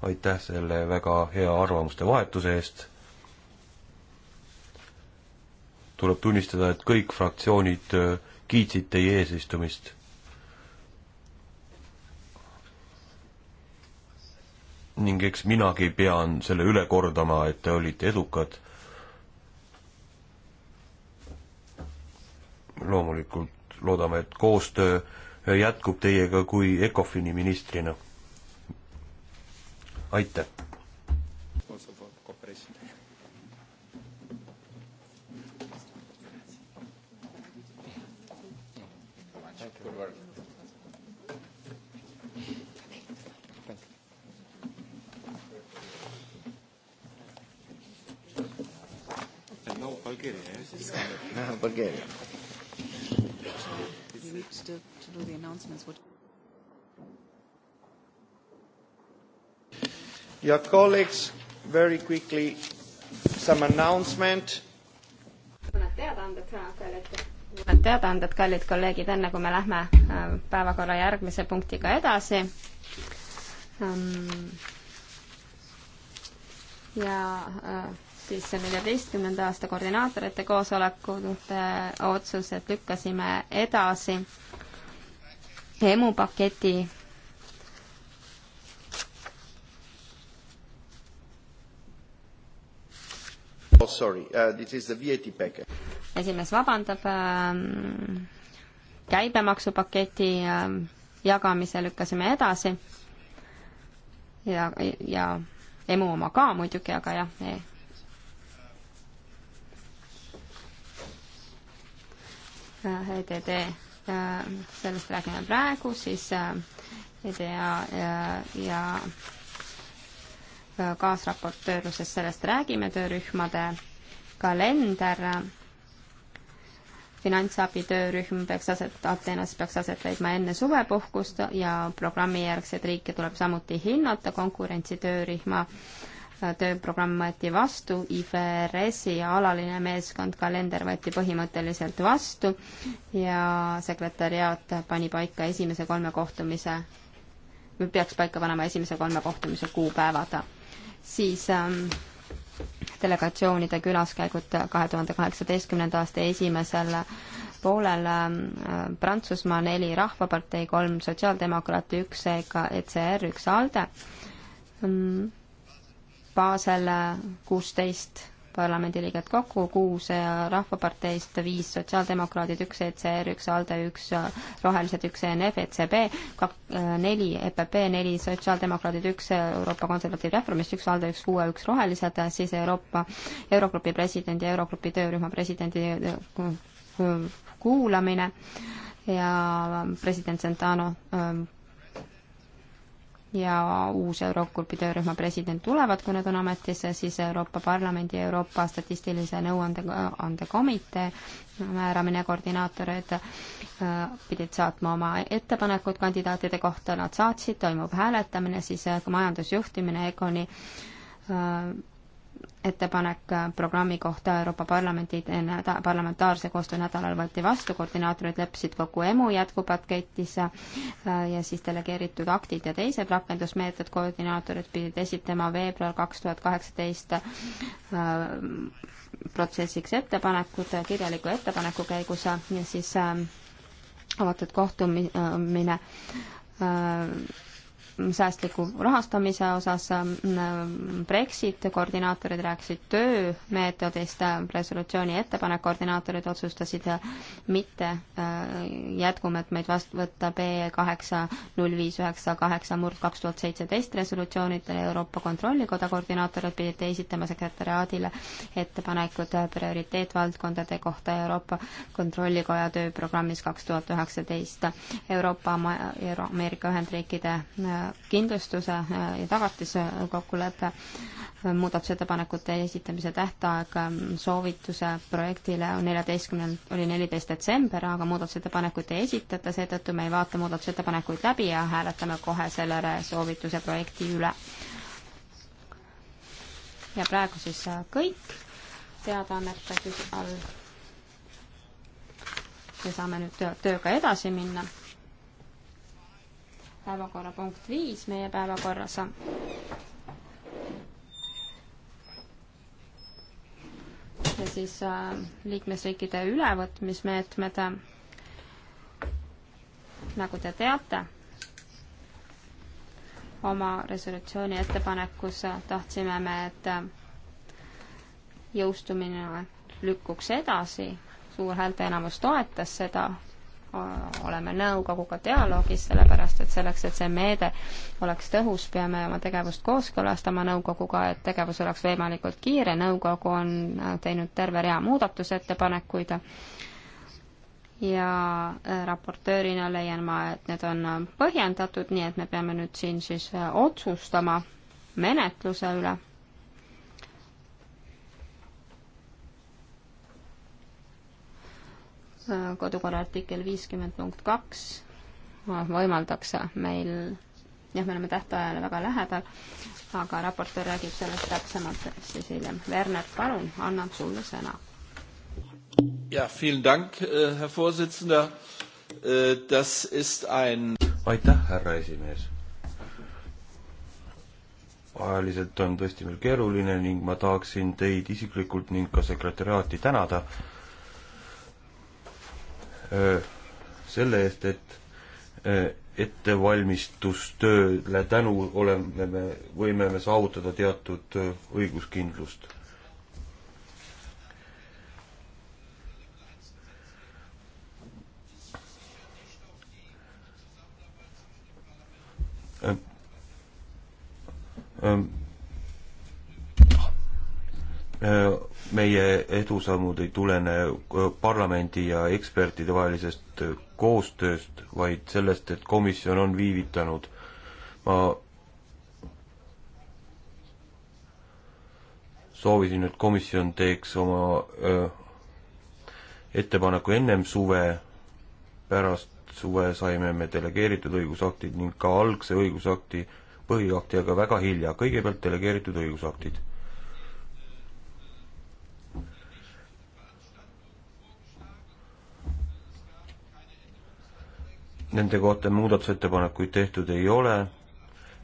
aitäh selle väga hea arvamuste vahetuse eest. tuleb tunnistada, et kõik fraktsioonid äh, kiitsid teie eesistumist ning eks minagi pean selle üle kordama, et te olite edukad loomulikult loodame, et koostöö jätkub teiega kui ECOFIN-i ministrina. aitäh! Bulgaria. No, Bulgaria. Eh? [laughs] need to, to do the announcements. What... Your colleagues, very quickly, some announcement. mõned teadaanded, mõned teadaanded, kallid kolleegid, enne kui me lähme äh, päevakorra järgmise punktiga edasi um,. ja uh, siis neljateistkümnenda aasta koordinaatorite koosolekute otsused lükkasime edasi emupaketi oh, sorry. Uh, this is the VAT package. esimees vabandab ähm,, käibemaksupaketi ähm, jagamise lükkasime edasi ja, ja emu oma ka muidugi, aga jah, EDD, sellest räägime praegu, siis äh, EDA äh, ja, ja äh, kaasraportööruses sellest räägime, töörühmade kalender, finantsabi töörühm peaks aset, Ateenas peaks aset leidma enne suvepuhkust ja programmijärgseid riike tuleb samuti hinnata konkurentsi töörühma äh, tööprogramm võeti vastu, IFRS-i alaline meeskond, kalender võeti põhimõtteliselt vastu ja sekretäriaat pani paika esimese kolme kohtumise, peaks paika panema esimese kolme kohtumise kuupäevad. siis ähm, delegatsioonide külaskäigud kahe tuhande kaheksateistkümnenda aasta esimesel poolel ähm, äh, Prantsusmaa neli Rahvapartei, kolm Sotsiaaldemokraati, üks EKA, ECR, üks ALDE. Mm. Baasel kuusteist parlamendiliiget kokku, kuus Rahvaparteist, viis Sotsiaaldemokraadid, üks ECR, üks ALDE, üks Rohelised, üks ENF, ECB, neli EPP, neli Sotsiaaldemokraadid, üks Euroopa Konservatiiv Reformist, üks ALDE, üks kuue, üks Rohelised, siis Euroopa Eurogrupi presidendi, Eurogrupi töörühma presidendi kuulamine ja president Centano ja uus Eurogrupi töörühma president tulevad, kui nad on ametisse, siis Euroopa Parlamendi ja Euroopa Statistilise Nõuandekomitee määramine koordinaatorid äh, pidid saatma oma ettepanekud kandidaatide kohta, nad saatsid, toimub hääletamine, siis äh, majandusjuhtimine, EGONi äh, ettepanek äh, programmi kohta Euroopa Parlamendi näda-, parlamentaarse koostöö nädalal võeti vastu, koordinaatorid leppisid kokku EMU jätkupaketis äh, ja siis delegeeritud aktid ja teised rakendusmeetod, koordinaatorid pidid esitama veebruar kaks tuhat kaheksateist äh, protsessiks ettepanekud kirjaliku ettepaneku käigus ja siis avatud kohtumine säästliku rahastamise osas ähm, Brexit, koordinaatorid rääkisid töömeetodist, äh, resolutsiooni ettepanek, koordinaatorid otsustasid äh, mitte äh, jätkumeetmeid vastu võtta BE kaheksa null viis üheksa kaheksa murd kaks tuhat seitseteist resolutsioonidele Euroopa Kontrollikoda koordinaatorid pidid esitama sekretäriaadile ettepanekud prioriteetvaldkondade kohta Euroopa Kontrollikoja tööprogrammis kaks tuhat üheksateist Euroopa, Euro-, Ameerika Ühendriikide kindlustuse äh, ja tagatise kokkulepe, äh, muudatusettepanekute esitamise tähtaeg ähm, soovituse projektile on neljateistkümnendal, oli neliteist detsember, aga muudatusettepanekuid ei esitata, seetõttu me ei vaata muudatusettepanekuid läbi ja hääletame kohe selle soovituse projekti üle. ja praegu siis äh, kõik teadaannete all. me saame nüüd töö, tööga edasi minna päevakorrapunkt viis meie päevakorras. ja siis äh, liikmesriikide ülevõtmismeetmed äh,. nagu te teate, oma resolutsiooni ettepanekus äh, tahtsime me, et äh, jõustumine lükkuks edasi, suur häälteenamus toetas seda oleme nõukoguga dialoogis, sellepärast et selleks, et see meede oleks tõhus, peame oma tegevust kooskõlastama nõukoguga, et tegevus oleks võimalikult kiire, nõukogu on äh, teinud terve rea muudatusettepanekuid ja äh, raportöörina leian ma, et need on äh, põhjendatud, nii et me peame nüüd siin siis otsustama menetluse üle kodukorra artikkel viiskümmend punkt kaks võimaldaks meil, jah, me oleme tähtajale väga lähedal, aga raportöör räägib sellest täpsemalt siis hiljem. Werner, palun, annan sulle sõna. jah, vielen dank, härra äh, Vorsitzender. Äh, das ist ein aitäh, härra esimees. ajaliselt on tõesti meil keeruline ning ma tahaksin teid isiklikult ning ka sekretäriaati tänada äh, selle eest, et ettevalmistustööle tänu oleme me, võime me saavutada teatud õiguskindlust. Um, um meie edusammud ei tulene äh, parlamendi ja ekspertide vahelisest äh, koostööst, vaid sellest, et komisjon on viivitanud. ma soovisin, et komisjon teeks oma öö, äh, ettepaneku ennem suve, pärast suve saime me delegeeritud õigusaktid ning ka algse õigusakti põhiakti, aga väga hilja, kõigepealt delegeeritud õigusaktid Nende kohta muudatusettepanekuid tehtud ei ole,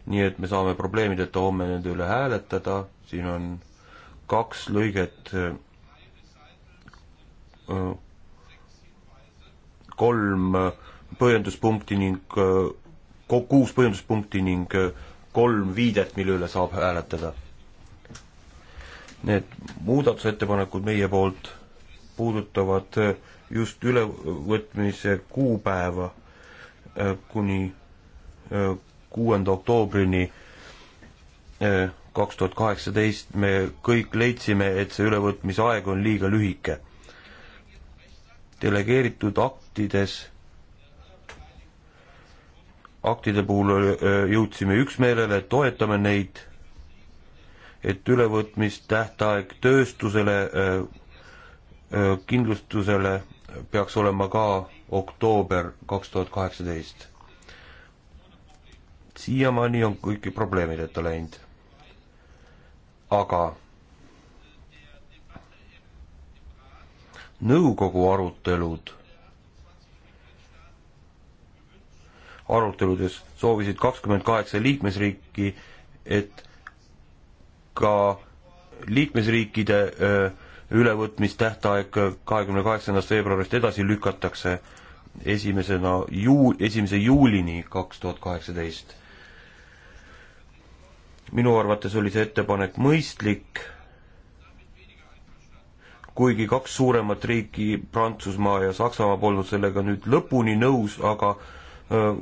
nii et me saame probleemideta homme nende üle hääletada, siin on kaks lõiget, äh, kolm põhjenduspunkti ning, äh, kuus põhjenduspunkti ning äh, kolm viidet, mille üle saab hääletada. Need muudatusettepanekud meie poolt puudutavad just ülevõtmise kuupäeva Äh, kuni äh, kuuenda oktoobrini äh, kaks tuhat kaheksateist me kõik leidsime, et see ülevõtmisaeg on liiga lühike. delegeeritud aktides, aktide puhul jõudsime üksmeelele, et toetame neid, et ülevõtmistähtaeg tööstusele, kindlustusele peaks olema ka oktoober kaks tuhat kaheksateist. siiamaani on kõik probleemideta läinud. aga nõukogu arutelud, aruteludes soovisid kakskümmend kaheksa liikmesriiki, et ka liikmesriikide öö, ülevõtmistähtaeg kahekümne kaheksandast veebruarist edasi lükatakse esimesena juu-, esimese juulini kaks tuhat kaheksateist. minu arvates oli see ettepanek mõistlik, kuigi kaks suuremat riiki, Prantsusmaa ja Saksamaa, polnud sellega nüüd lõpuni nõus, aga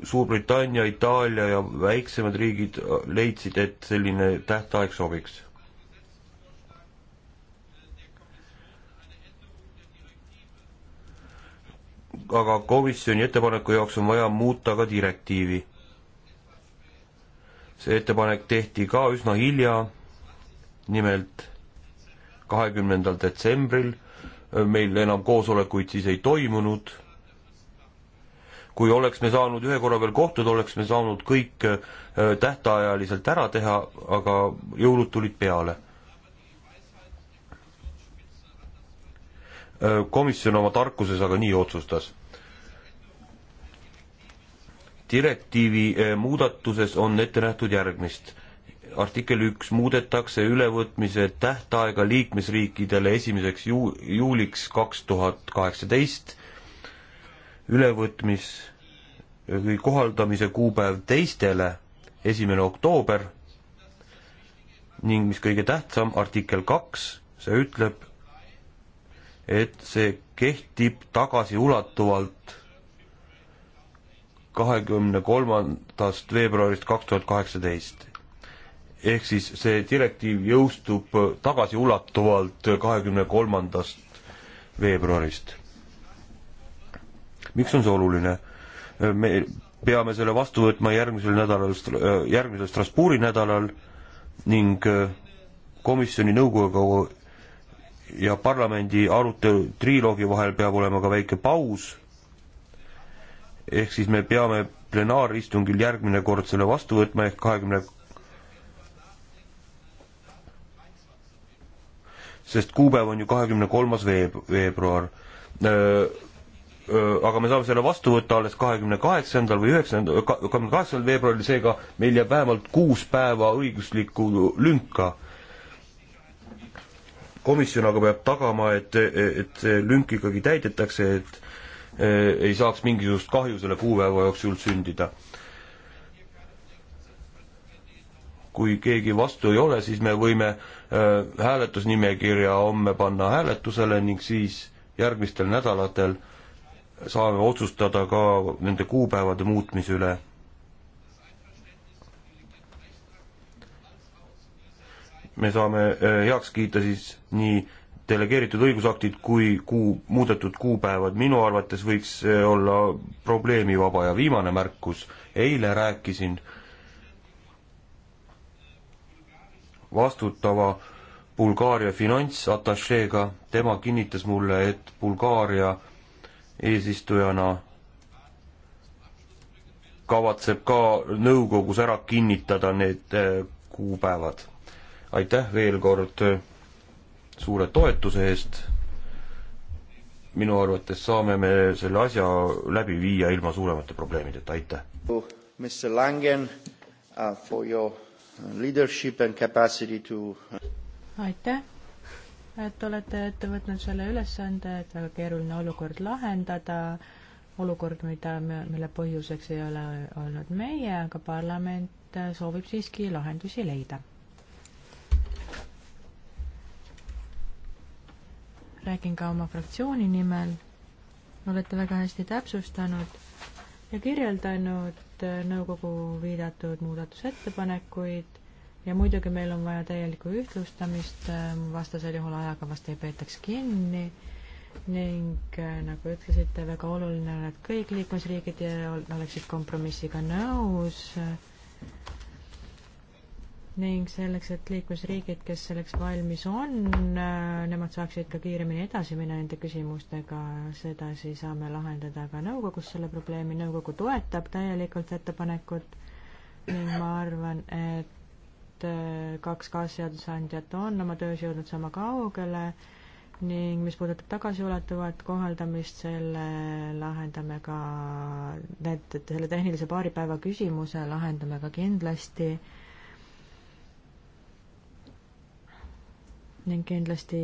Suurbritannia, Itaalia ja väiksemad riigid leidsid, et selline tähtaeg sobiks aga komisjoni ettepaneku jaoks on vaja muuta ka direktiivi. see ettepanek tehti ka üsna hilja, nimelt kahekümnendal detsembril, meil enam koosolekuid siis ei toimunud, kui oleks me saanud ühe korra veel kohtuda, oleks me saanud kõik äh, tähtajaliselt ära teha, aga jõulud tulid peale Äh, komisjon oma tarkuses aga nii otsustas. direktiivi äh, muudatuses on ette nähtud järgmist. artikkel üks muudetakse ülevõtmise tähtaega liikmesriikidele esimeseks ju-, juuliks kaks tuhat kaheksateist, ülevõtmis või kohaldamise kuupäev teistele esimene oktoober ning mis kõige tähtsam, artikkel kaks, see ütleb, et see kehtib tagasiulatuvalt kahekümne kolmandast veebruarist kaks tuhat kaheksateist. ehk siis see direktiiv jõustub tagasiulatuvalt kahekümne kolmandast veebruarist. miks on see oluline? me peame selle vastu võtma järgmisel nädalal, järgmisel Strasbourgi nädalal ning komisjoni nõukoguga ja parlamendi arutelu triloogi vahel peab olema ka väike paus, ehk siis me peame plenaaristungil järgmine kord selle vastu võtma ehk kahekümne 20... sest kuupäev on ju kahekümne kolmas veeb-, veebruar. Äh, äh, aga me saame selle vastu võtta alles kahekümne kaheksandal või üheksandal, kahekümne kaheksandal veebruaril, seega meil jääb vähemalt kuus päeva õiguslikku lünka komisjon aga peab tagama, et, et see lünk ikkagi täidetakse, et eh, ei saaks mingisugust kahju selle kuupäeva jooksul sündida. kui keegi vastu ei ole, siis me võime eh, hääletusnimekirja homme panna hääletusele ning siis järgmistel nädalatel saame otsustada ka nende kuupäevade muutmise üle me saame äh, heaks kiita siis nii delegeeritud õigusaktid kui kuu, muudetud kuupäevad, minu arvates võiks see äh, olla probleemivaba ja viimane märkus, eile rääkisin vastutava Bulgaaria finantsatašeega, tema kinnitas mulle, et Bulgaaria eesistujana kavatseb ka nõukogus ära kinnitada need äh, kuupäevad aitäh veel kord äh, suure toetuse eest. minu arvates saame me selle asja läbi viia ilma suuremate probleemideta, aitäh. Mr Langen uh, for your leadership and capacity to uh, aitäh, et olete ette võtnud selle ülesande, et väga keeruline olukord lahendada, olukord, mida me, mille põhjuseks ei ole olnud meie, aga parlament soovib siiski lahendusi leida räägin ka oma fraktsiooni nimel, olete väga hästi täpsustanud ja kirjeldanud nõukogu viidatud muudatusettepanekuid ja muidugi meil on vaja täielikku ühtlustamist, äh, vastasel juhul ajakavast ei peetaks kinni ning äh, nagu ütlesite, väga oluline on, et kõik liikmesriigid oleksid kompromissiga nõus ning selleks, et liikmesriigid, kes selleks valmis on, äh, nemad saaksid ka kiiremini edasi minna nende küsimustega, sedasi saame lahendada ka nõukogus selle probleemi, nõukogu toetab täielikult ettepanekut ning ma arvan, et äh, kaks kaasseadusandjat on oma töös jõudnud sama kaugele ning mis puudutab tagasiulatuvat kohaldamist, selle lahendame ka, need, selle tehnilise paari päeva küsimuse lahendame ka kindlasti ning kindlasti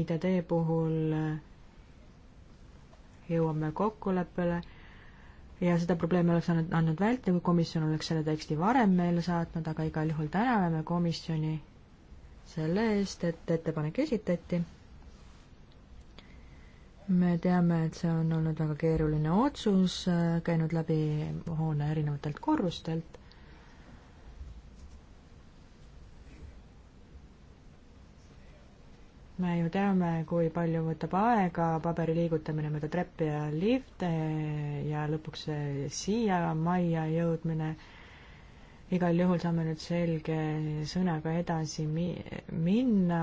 IDD puhul äh, jõuame kokkuleppele ja seda probleemi oleks andnud, andnud vältida, kui komisjon oleks selle teksti varem meile saatnud, aga igal juhul täname komisjoni selle eest, et ettepanek esitati. me teame, et see on olnud väga keeruline otsus, äh, käinud läbi hoone erinevatelt korrustelt me ju teame, kui palju võtab aega paberi liigutamine mööda treppe ja lifte ja lõpuks siia majja jõudmine. igal juhul saame nüüd selge sõnaga edasi mi-, minna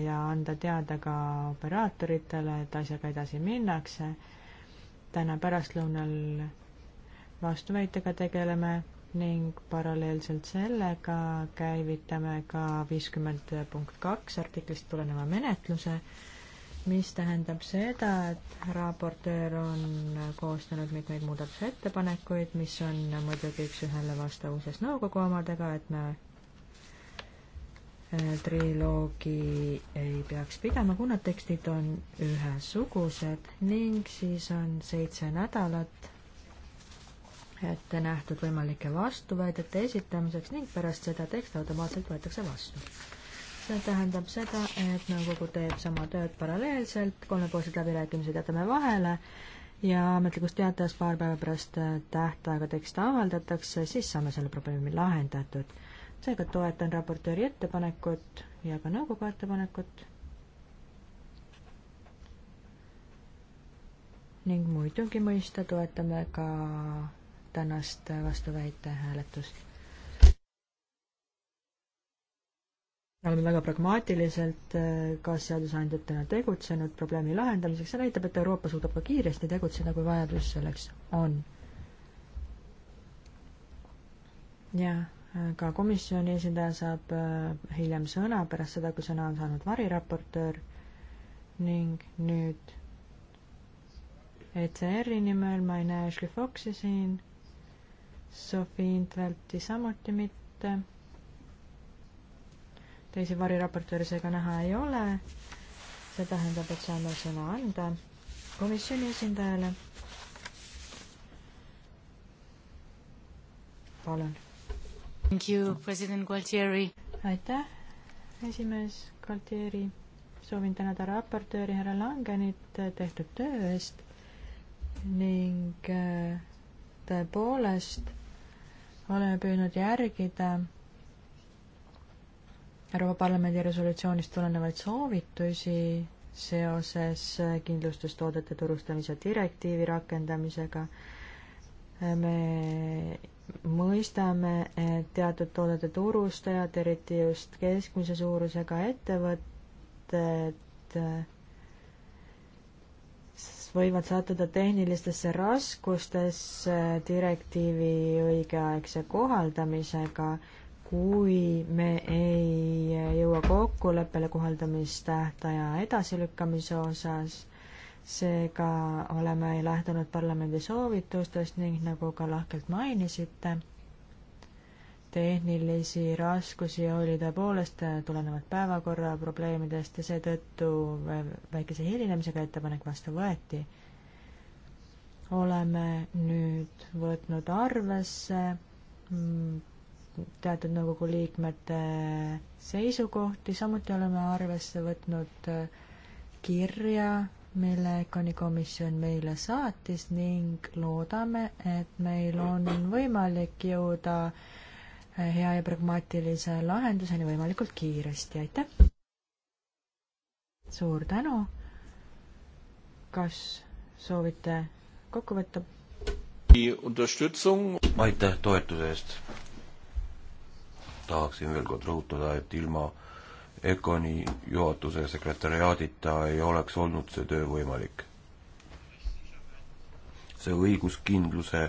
ja anda teada ka operaatoritele, et asjaga edasi minnakse. täna pärastlõunal vastuväitega tegeleme ning paralleelselt sellega käivitame ka viiskümmend punkt kaks artiklist tuleneva menetluse, mis tähendab seda, et raportöör on koostanud mitmeid muudatusettepanekuid, mis on muidugi üks-ühele vastavuses nõukogu omadega, et me äh, triloogi ei peaks pidama, kuna tekstid on ühesugused ning siis on seitse nädalat ette nähtud võimalike vastuväidete esitamiseks ning pärast seda tekst automaatselt võetakse vastu. see tähendab seda, et nõukogu teeb sama tööd paralleelselt, kolmepoolsed läbirääkimised jätame vahele ja ametlikus teates paar päeva pärast äh, tähtaega tekst avaldatakse, siis saame selle probleemi lahendatud. seega toetan raportööri ettepanekut ja ka nõukogu ettepanekut. ning muidugi mõista toetame ka tänast vastuväitehääletust. me oleme väga pragmaatiliselt äh, ka seadusandjatena tegutsenud probleemi lahendamiseks, see näitab, et Euroopa suudab ka kiiresti tegutseda, kui vajadus selleks on. jah, äh, ka komisjoni esindaja saab äh, hiljem sõna pärast seda, kui sõna on saanud variraportöör ning nüüd ECR-i nimel ma ei näe Ashley Foxi siin Sofi Intvelti samuti mitte. teisi variraportööre seega näha ei ole. see tähendab, et saame sõna anda komisjoni esindajale. palun. Thank you, president Gualtieri. aitäh, esimees Gualtieri. soovin tänada raportööri härra Langenit tehtud töö eest ning äh, tõepoolest oleme püüdnud järgida Euroopa Parlamendi resolutsioonist tulenevaid soovitusi seoses kindlustustoodete turustamise direktiivi rakendamisega. me mõistame, et teatud toodete turustajad, eriti just keskmise suurusega ettevõtted, võivad sattuda tehnilistesse raskustesse direktiivi õigeaegse kohaldamisega, kui me ei jõua kokkuleppele kohaldamistähtaja edasilükkamise osas. seega oleme lähtunud parlamendi soovitustest ning nagu ka lahkelt mainisite tehnilisi raskusi oli tõepoolest tulenevalt päevakorra probleemidest ja seetõttu väikese hilinemisega ettepanek vastu võeti. oleme nüüd võtnud arvesse mm, teatud nõukogu liikmete seisukohti, samuti oleme arvesse võtnud äh, kirja, mille EKONi komisjon meile saatis ning loodame, et meil on võimalik jõuda äh, hea ja pragmaatilise lahenduseni võimalikult kiiresti, aitäh! suur tänu! kas soovite kokku võtta? aitäh toetuse eest! tahaksin veel kord rõhutada, et ilma EKONi juhatuse sekretäriaadita ei oleks olnud see töö võimalik. see õiguskindluse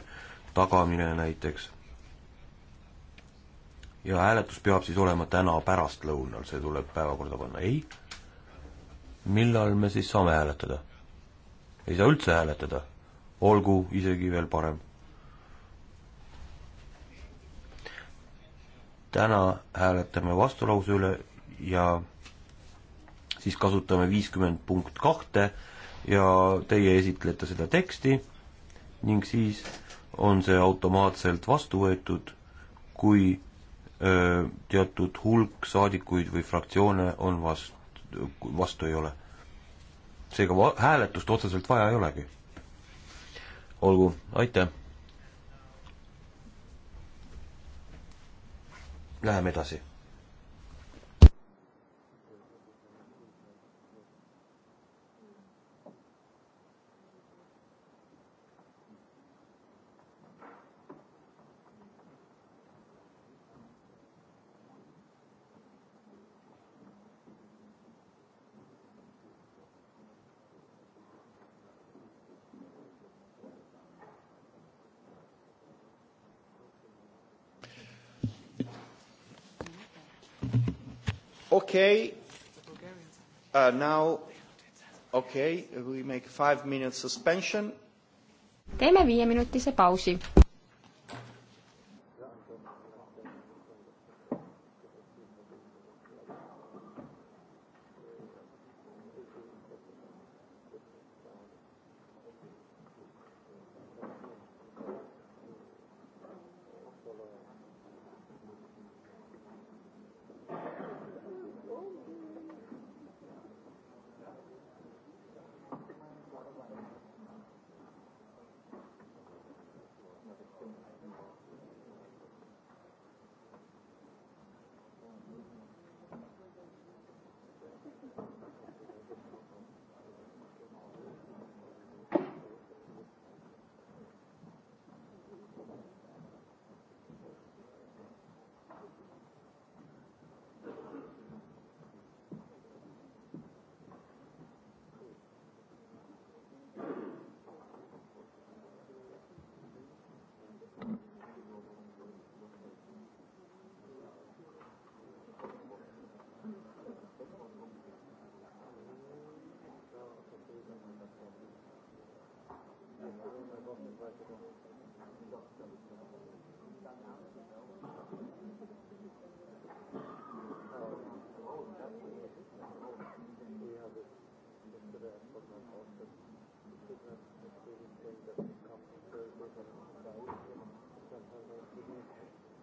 tagamine näiteks ja hääletus peab siis olema täna pärastlõunal, see tuleb päevakorda panna, ei? millal me siis saame hääletada? ei saa üldse hääletada, olgu isegi veel parem. täna hääletame vastulause üle ja siis kasutame viiskümmend punkt kahte ja teie esitlete seda teksti ning siis on see automaatselt vastu võetud, kui teatud hulk saadikuid või fraktsioone on vastu, vastu ei ole. seega va-, hääletust otseselt vaja ei olegi. olgu, aitäh. Läheme edasi Okay. Uh, now, okay, we make five minutes suspension. teeme viieminutise pausi.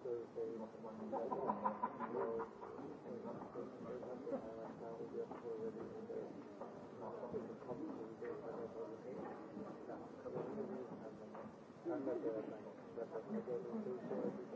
Thursday was one that and not right now we are already in the committee whatever the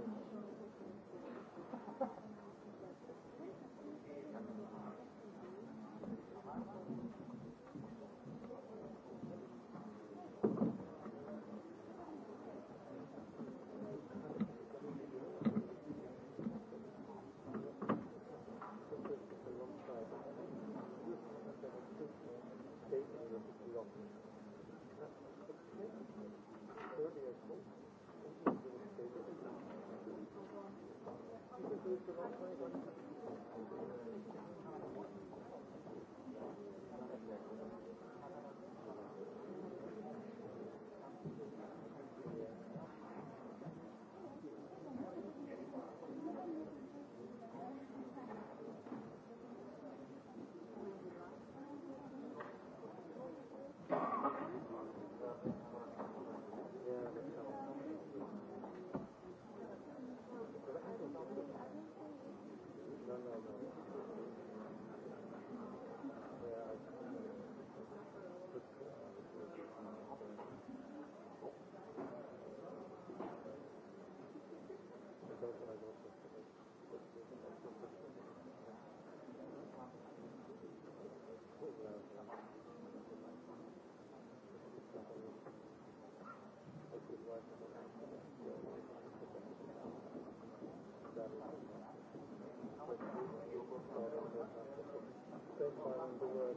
underworld.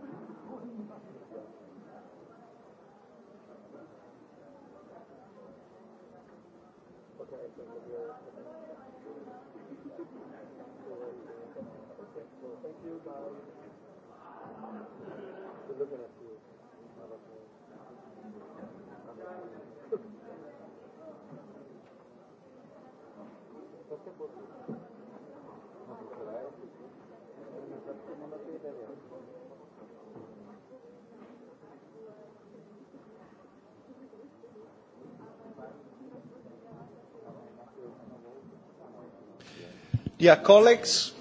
Dear colleagues,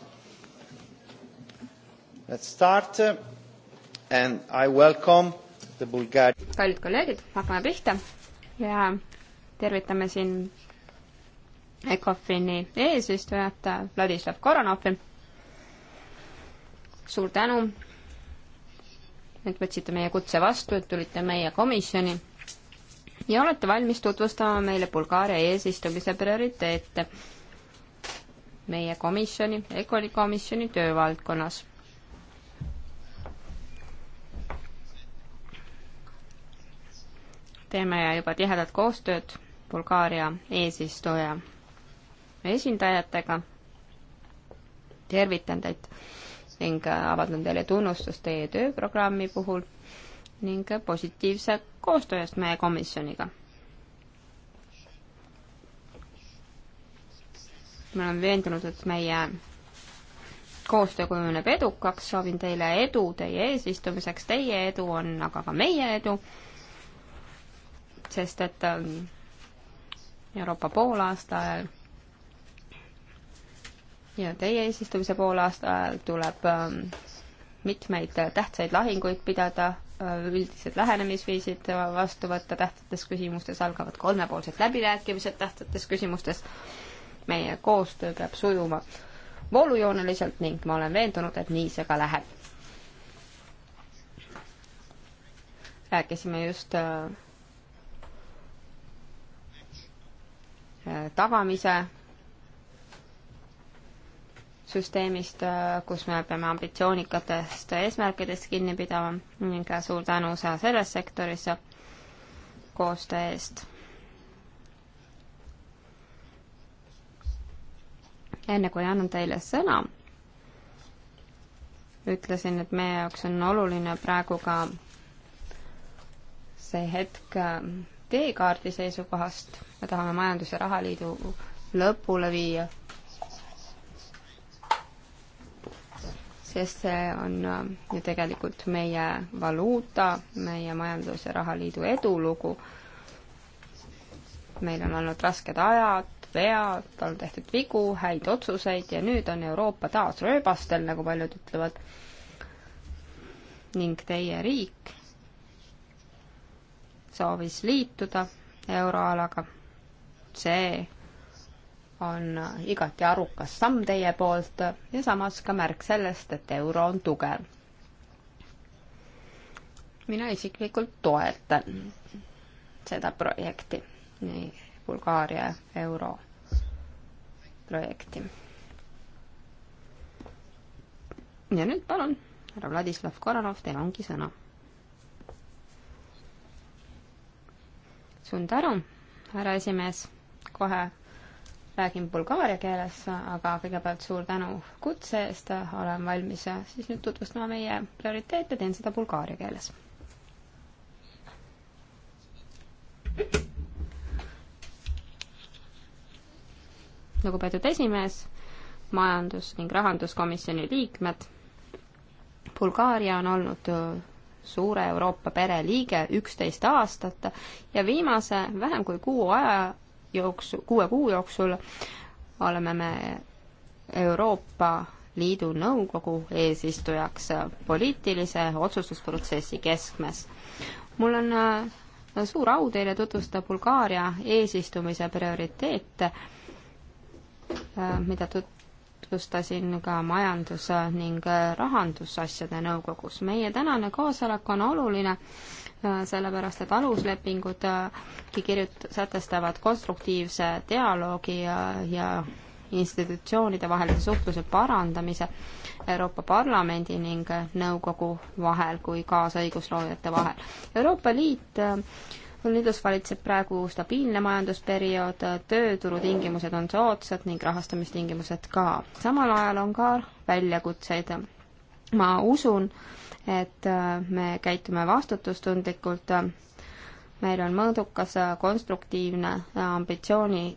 let's start and I welcome the Bulgari. kallid kolleegid, hakkame pihta ja tervitame siin ECOFIN-i eesistujat Vladislav Koronovi. suur tänu, et võtsite meie kutse vastu, et tulite meie komisjoni ja olete valmis tutvustama meile Bulgaaria eesistumise prioriteete meie komisjoni, ECOLi komisjoni töövaldkonnas. teeme juba tihedat koostööd Bulgaaria eesistuja esindajatega. tervitan teid ning avaldan teile tunnustust teie tööprogrammi puhul ning positiivse koostöö eest meie komisjoniga me oleme veendunud, et meie koostöö kujuneb edukaks, soovin teile edu teie eesistumiseks, teie edu on aga ka meie edu, sest et ähm, Euroopa poolaasta ajal ja teie eesistumise poolaasta ajal tuleb ähm, mitmeid tähtsaid lahinguid pidada, äh, üldised lähenemisviisid vastu võtta tähtsates küsimustes, algavad kolmepoolsed läbirääkimised tähtsates küsimustes meie koostöö peab sujuma voolujooneliselt ning ma olen veendunud, et nii see ka läheb. rääkisime just äh, äh, tagamise süsteemist, äh, kus me peame ambitsioonikatest eesmärkidest kinni pidama ning suur tänu sellele sektorisse koostöö eest enne kui annan teile sõna, ütlesin, et meie jaoks on oluline praegu ka see hetk äh, teekaardi seisukohast, me tahame Majandus- ja Rahaliidu lõpule viia, sest see on äh, ju tegelikult meie valuuta, meie Majandus- ja Rahaliidu edulugu, meil on olnud rasked ajad, vead, on tehtud vigu, häid otsuseid ja nüüd on Euroopa taas rööbastel, nagu paljud ütlevad. ning teie riik soovis liituda euroalaga. see on igati arukas samm teie poolt ja samas ka märk sellest, et euro on tugev. mina isiklikult toetan seda projekti. nii Bulgaaria europrojekti. ja nüüd palun, härra Vladislav Korolov, teil ongi sõna. suur tänu, härra esimees, kohe räägin bulgaaria keeles, aga kõigepealt suur tänu kutse eest, olen valmis siis nüüd tutvustama meie prioriteete, teen seda bulgaaria keeles. lugupeetud esimees, majandus- ning rahanduskomisjoni liikmed. Bulgaaria on olnud suure Euroopa pere liige üksteist aastat ja viimase vähem kui kuu aja jooksul, kuue kuu jooksul oleme me Euroopa Liidu Nõukogu eesistujaks poliitilise otsustusprotsessi keskmes. mul on suur au teile tutvustada Bulgaaria eesistumise prioriteete Äh, mida tutvustasin ka majandus- ning äh, rahandusasjade nõukogus. meie tänane koosolek on oluline, äh, sellepärast et aluslepingud kirjut-, sätestavad konstruktiivse dialoogi ja, ja institutsioonide vahelise suhtluse parandamise Euroopa Parlamendi ning nõukogu vahel kui kaasõigusloojate vahel. Euroopa Liit liidus valitseb praegu stabiilne majandusperiood, tööturutingimused on soodsad ning rahastamistingimused ka. samal ajal on ka väljakutseid. ma usun, et me käitume vastutustundlikult, meil on mõõdukas, konstruktiivne, ambitsiooni,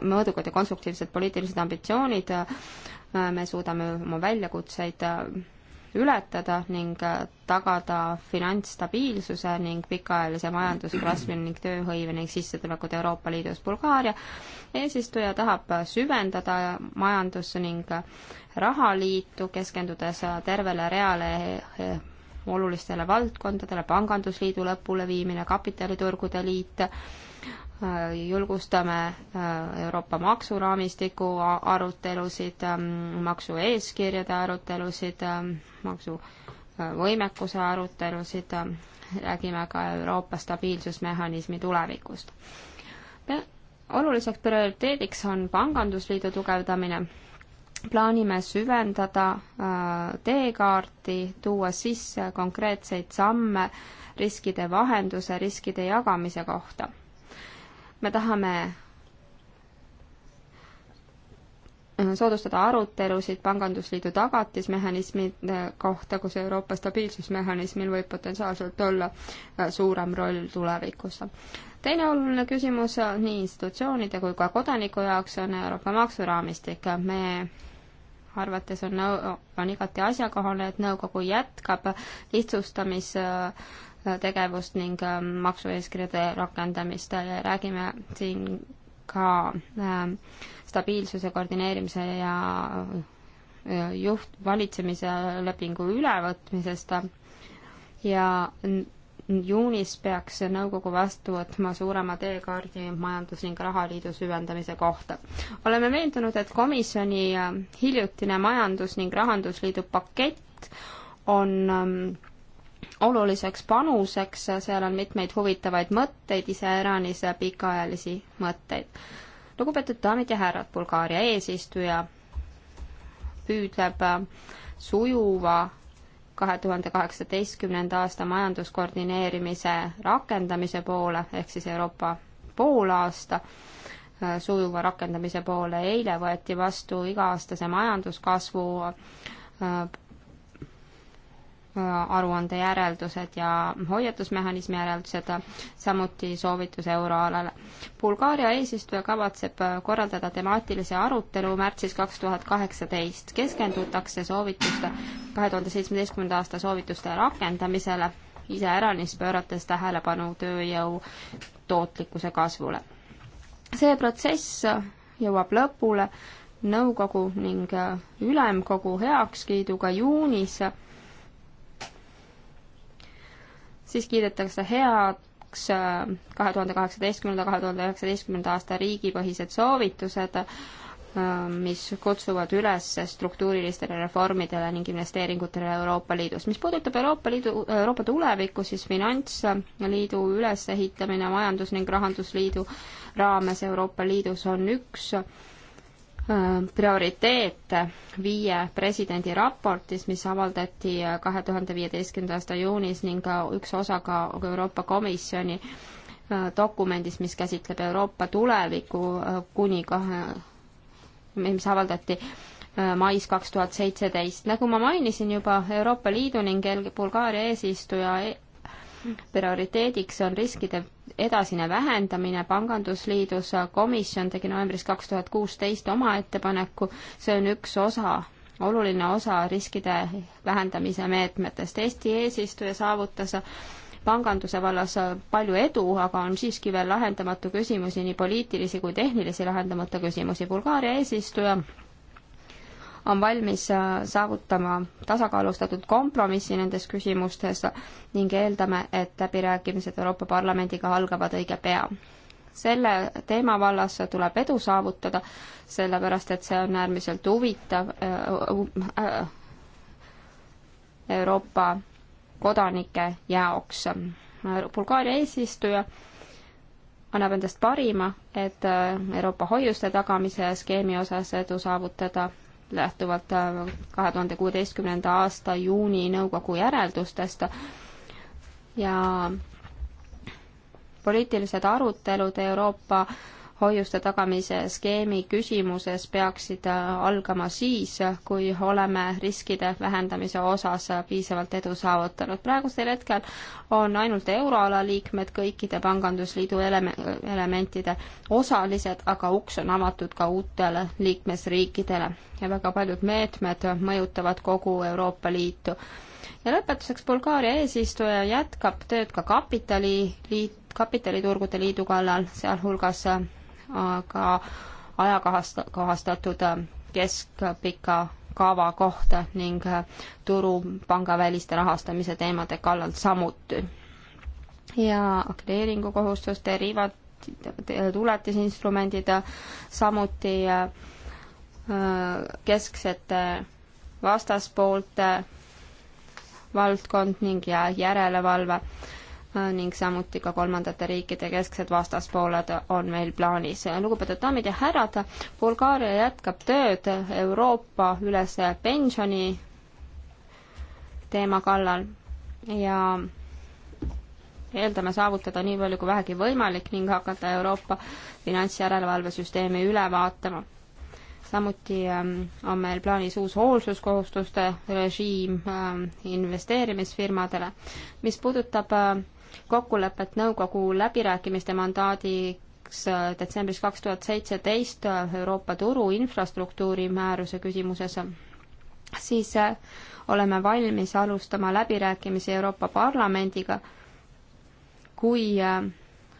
mõõdukad ja konstruktiivsed poliitilised ambitsioonid, me suudame oma väljakutseid ületada ning äh, tagada finantsstabiilsuse ning pikaajalise majanduskasvi ning tööhõive ning sissetulekud Euroopa Liidus. Bulgaaria eesistuja tahab süvendada majandus- ning äh, rahaliitu, keskendudes äh, tervele reale olulistele valdkondadele, pangandusliidu lõpuleviimine, kapitaliturgude liit, Äh, julgustame äh, Euroopa maksuraamistiku arutelusid, ähm, maksueeskirjade arutelusid, ähm, maksuvõimekuse äh, arutelusid, ähm, räägime ka Euroopa stabiilsusmehhanismi tulevikust. oluliseks prioriteediks on pangandusliidu tugevdamine, plaanime süvendada teekaarti, tuua sisse konkreetseid samme riskide vahenduse, riskide jagamise kohta me tahame äh, soodustada arutelusid Pangandusliidu tagatismehhanismide kohta, kus Euroopa stabiilsusmehhanismil võib potentsiaalselt olla äh, suurem roll tulevikus. teine oluline küsimus äh, nii institutsioonide kui ka kodaniku jaoks on Euroopa maksuraamistik. me arvates on, on igati asjakohane, et nõukogu jätkab lihtsustamis tegevust ning äh, maksueeskirjade rakendamist ja räägime siin ka äh, stabiilsuse koordineerimise ja juht, valitsemise lepingu ülevõtmisest ja juunis peaks nõukogu vastu võtma suurema teekaardi majandus- ning rahaliidu süvendamise kohta. oleme veendunud, et komisjoni äh, hiljutine majandus- ning rahandusliidu pakett on ähm, oluliseks panuseks, seal on mitmeid huvitavaid mõtteid, iseäranis pikaajalisi mõtteid. lugupeetud daamid ja härrad, Bulgaaria eesistuja püüdleb sujuva kahe tuhande kaheksateistkümnenda aasta majanduskoordineerimise rakendamise poole, ehk siis Euroopa poolaasta äh, sujuva rakendamise poole. eile võeti vastu iga-aastase majanduskasvu äh, aruande järeldused ja hoiatusmehhanismi järeldused, samuti soovitus euroalale. Bulgaaria eesistuja kavatseb korraldada temaatilise arutelu märtsis kaks tuhat kaheksateist. keskendutakse soovituste, kahe tuhande seitsmeteistkümnenda aasta soovituste rakendamisele, iseäranis pöörates tähelepanu tööjõu tootlikkuse kasvule. see protsess jõuab lõpule nõukogu ning ülemkogu heakskiiduga juunis siis kiidetakse heaks äh, kahe tuhande kaheksateistkümnenda, kahe tuhande üheksateistkümnenda aasta riigipõhised soovitused, äh, mis kutsuvad üles struktuurilistele reformidele ning investeeringutele Euroopa Liidus. mis puudutab Euroopa Liidu, Euroopa tulevikku, siis finantsliidu ülesehitamine Majandus- ning Rahandusliidu raames Euroopa Liidus on üks Äh, prioriteete viie presidendi raportis, mis avaldati äh, kahe tuhande viieteistkümnenda aasta juunis ning üks osa ka Euroopa Komisjoni äh, dokumendis, mis käsitleb Euroopa tulevikku kuni kahe, mis avaldati mais kaks tuhat seitseteist. nagu ma mainisin juba, Euroopa Liidu ning Bulgaaria eesistuja e-, prioriteediks on riskide edasine vähendamine Pangandusliidus. komisjon tegi novembris kaks tuhat kuusteist oma ettepaneku, see on üks osa oluline osa riskide vähendamise meetmetest. Eesti eesistuja saavutas panganduse vallas palju edu, aga on siiski veel lahendamatu küsimusi, nii poliitilisi kui tehnilisi lahendamata küsimusi. Bulgaaria eesistuja on valmis äh, saavutama tasakaalustatud kompromissi nendes küsimustes ning eeldame, et läbirääkimised Euroopa Parlamendiga algavad õige pea. selle teema vallas tuleb edu saavutada, sellepärast et see on äärmiselt huvitav äh, äh, um, Euroopa kodanike jaoks. Bulgaaria eesistuja annab endast parima, et Euroopa hoiuste tagamise skeemi osas edu saavutada lähtuvalt äh, kahe tuhande kuueteistkümnenda aasta juuni nõukogu järeldustest ja poliitilised arutelud Euroopa hoiuste tagamise skeemi küsimuses peaksid äh, algama siis, kui oleme riskide vähendamise osas piisavalt edu saavutanud. praegusel hetkel on ainult euroala liikmed kõikide pangandusliidu eleme-, elementide osalised, aga uks on avatud ka uutele liikmesriikidele ja väga paljud meetmed mõjutavad kogu Euroopa Liitu ja lõpetuseks Bulgaaria eesistuja jätkab tööd ka kapitaliliit, kapitaliturgude liidu kallal, sealhulgas ka ajakohastatud äh, keskpika kava kohta ning äh, turu pangaväliste rahastamise teemade kallal samuti. ja akreeringukohustuste riivad, tuletisinstrumendid, samuti äh, kesksete vastaspoolte valdkond ning ja järelevalve ning samuti ka kolmandate riikide kesksed vastaspooled on meil plaanis. lugupeetud daamid ja härrad, Bulgaaria jätkab tööd Euroopa ülese pensioni teema kallal ja eeldame saavutada nii palju kui vähegi võimalik ning hakata Euroopa finantsjärelevalvesüsteemi üle vaatama. samuti ähm, on meil plaanis uus hoolsuskohustuste režiim ähm, investeerimisfirmadele. mis puudutab äh, kokkulepet nõukogu läbirääkimiste mandaadiks äh, detsembris kaks tuhat seitseteist äh, Euroopa turu infrastruktuuri määruse küsimuses, siis äh, oleme valmis alustama läbirääkimisi Euroopa Parlamendiga, kui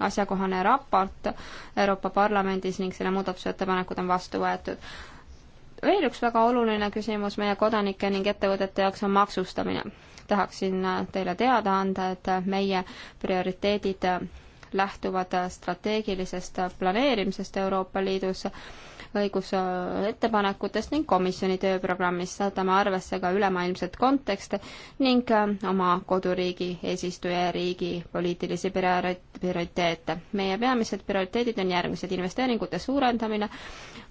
asjakohane raport Euroopa Parlamendis ning selle muudatusettepanekud on vastu võetud veel üks väga oluline küsimus meie kodanike ning ettevõtete jaoks on maksustamine. tahaksin äh, teile teada anda, et äh, meie prioriteedid äh, lähtuvad strateegilisest planeerimisest Euroopa Liidus õigusettepanekutest ning komisjoni tööprogrammist. saadame arvesse ka ülemaailmset konteksti ning äh, oma koduriigi eesistuja riigi poliitilisi prioriteete. meie peamised prioriteedid on järgmised. investeeringute suurendamine,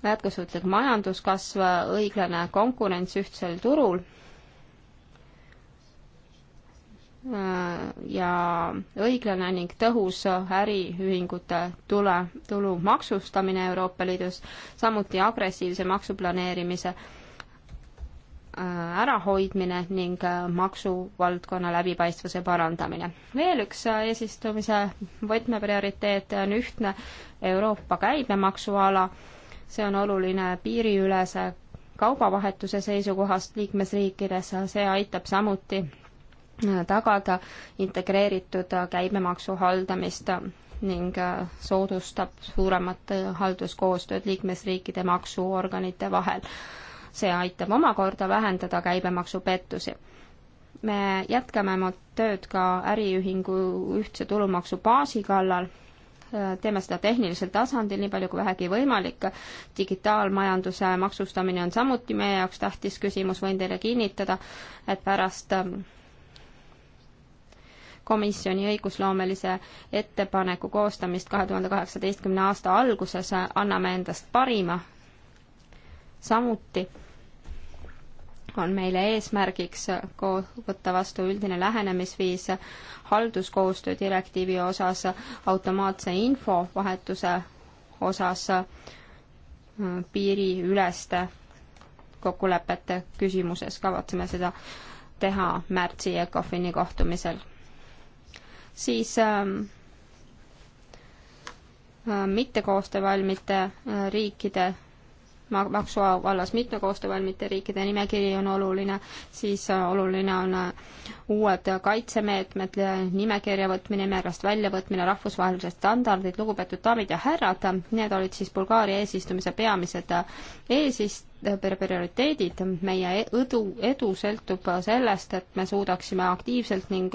jätkusuutlik majanduskasv, õiglane konkurents ühtsel turul Äh, ja õiglane ning tõhus äriühingute tule, tulu maksustamine Euroopa Liidus, samuti agressiivse maksuplaneerimise äh, ärahoidmine ning äh, maksuvaldkonna läbipaistvuse parandamine. veel üks eesistumise võtmeprioriteet on ühtne Euroopa käibemaksuala. see on oluline piiriülese kaubavahetuse seisukohast liikmesriikides, see aitab samuti tagada integreeritud käibemaksu haldamist ning soodustab suuremat halduskoostööd liikmesriikide maksuorganite vahel. see aitab omakorda vähendada käibemaksupettusi. me jätkame oma tööd ka äriühingu ühtse tulumaksubaasi kallal, teeme seda tehnilisel tasandil, nii palju kui vähegi võimalik. digitaalmajanduse maksustamine on samuti meie jaoks tähtis küsimus, võin teile kinnitada, et pärast ähm, komisjoni õigusloomelise ettepaneku koostamist kahe tuhande kaheksateistkümne aasta alguses, anname endast parima. samuti on meile eesmärgiks koos, võtta vastu üldine lähenemisviis halduskoostöö direktiivi osas, automaatse infovahetuse osas, piiriüleste kokkulepete küsimuses, kavatseme seda teha märtsi ECOFIN-i kohtumisel siis ähm, äh, mittekoostöövalmite äh, riikide maksu vallas mitme koostöövalmite riikide nimekiri on oluline, siis äh, oluline on äh, uued kaitsemeetmed, äh, nimekirja võtmine, nimekirjast väljavõtmine, rahvusvahelised standardid, lugupeetud daamid ja härrad, need olid siis Bulgaaria eesistumise peamised eesist-, prioriteedid, meie edu, edu sõltub sellest, et me suudaksime aktiivselt ning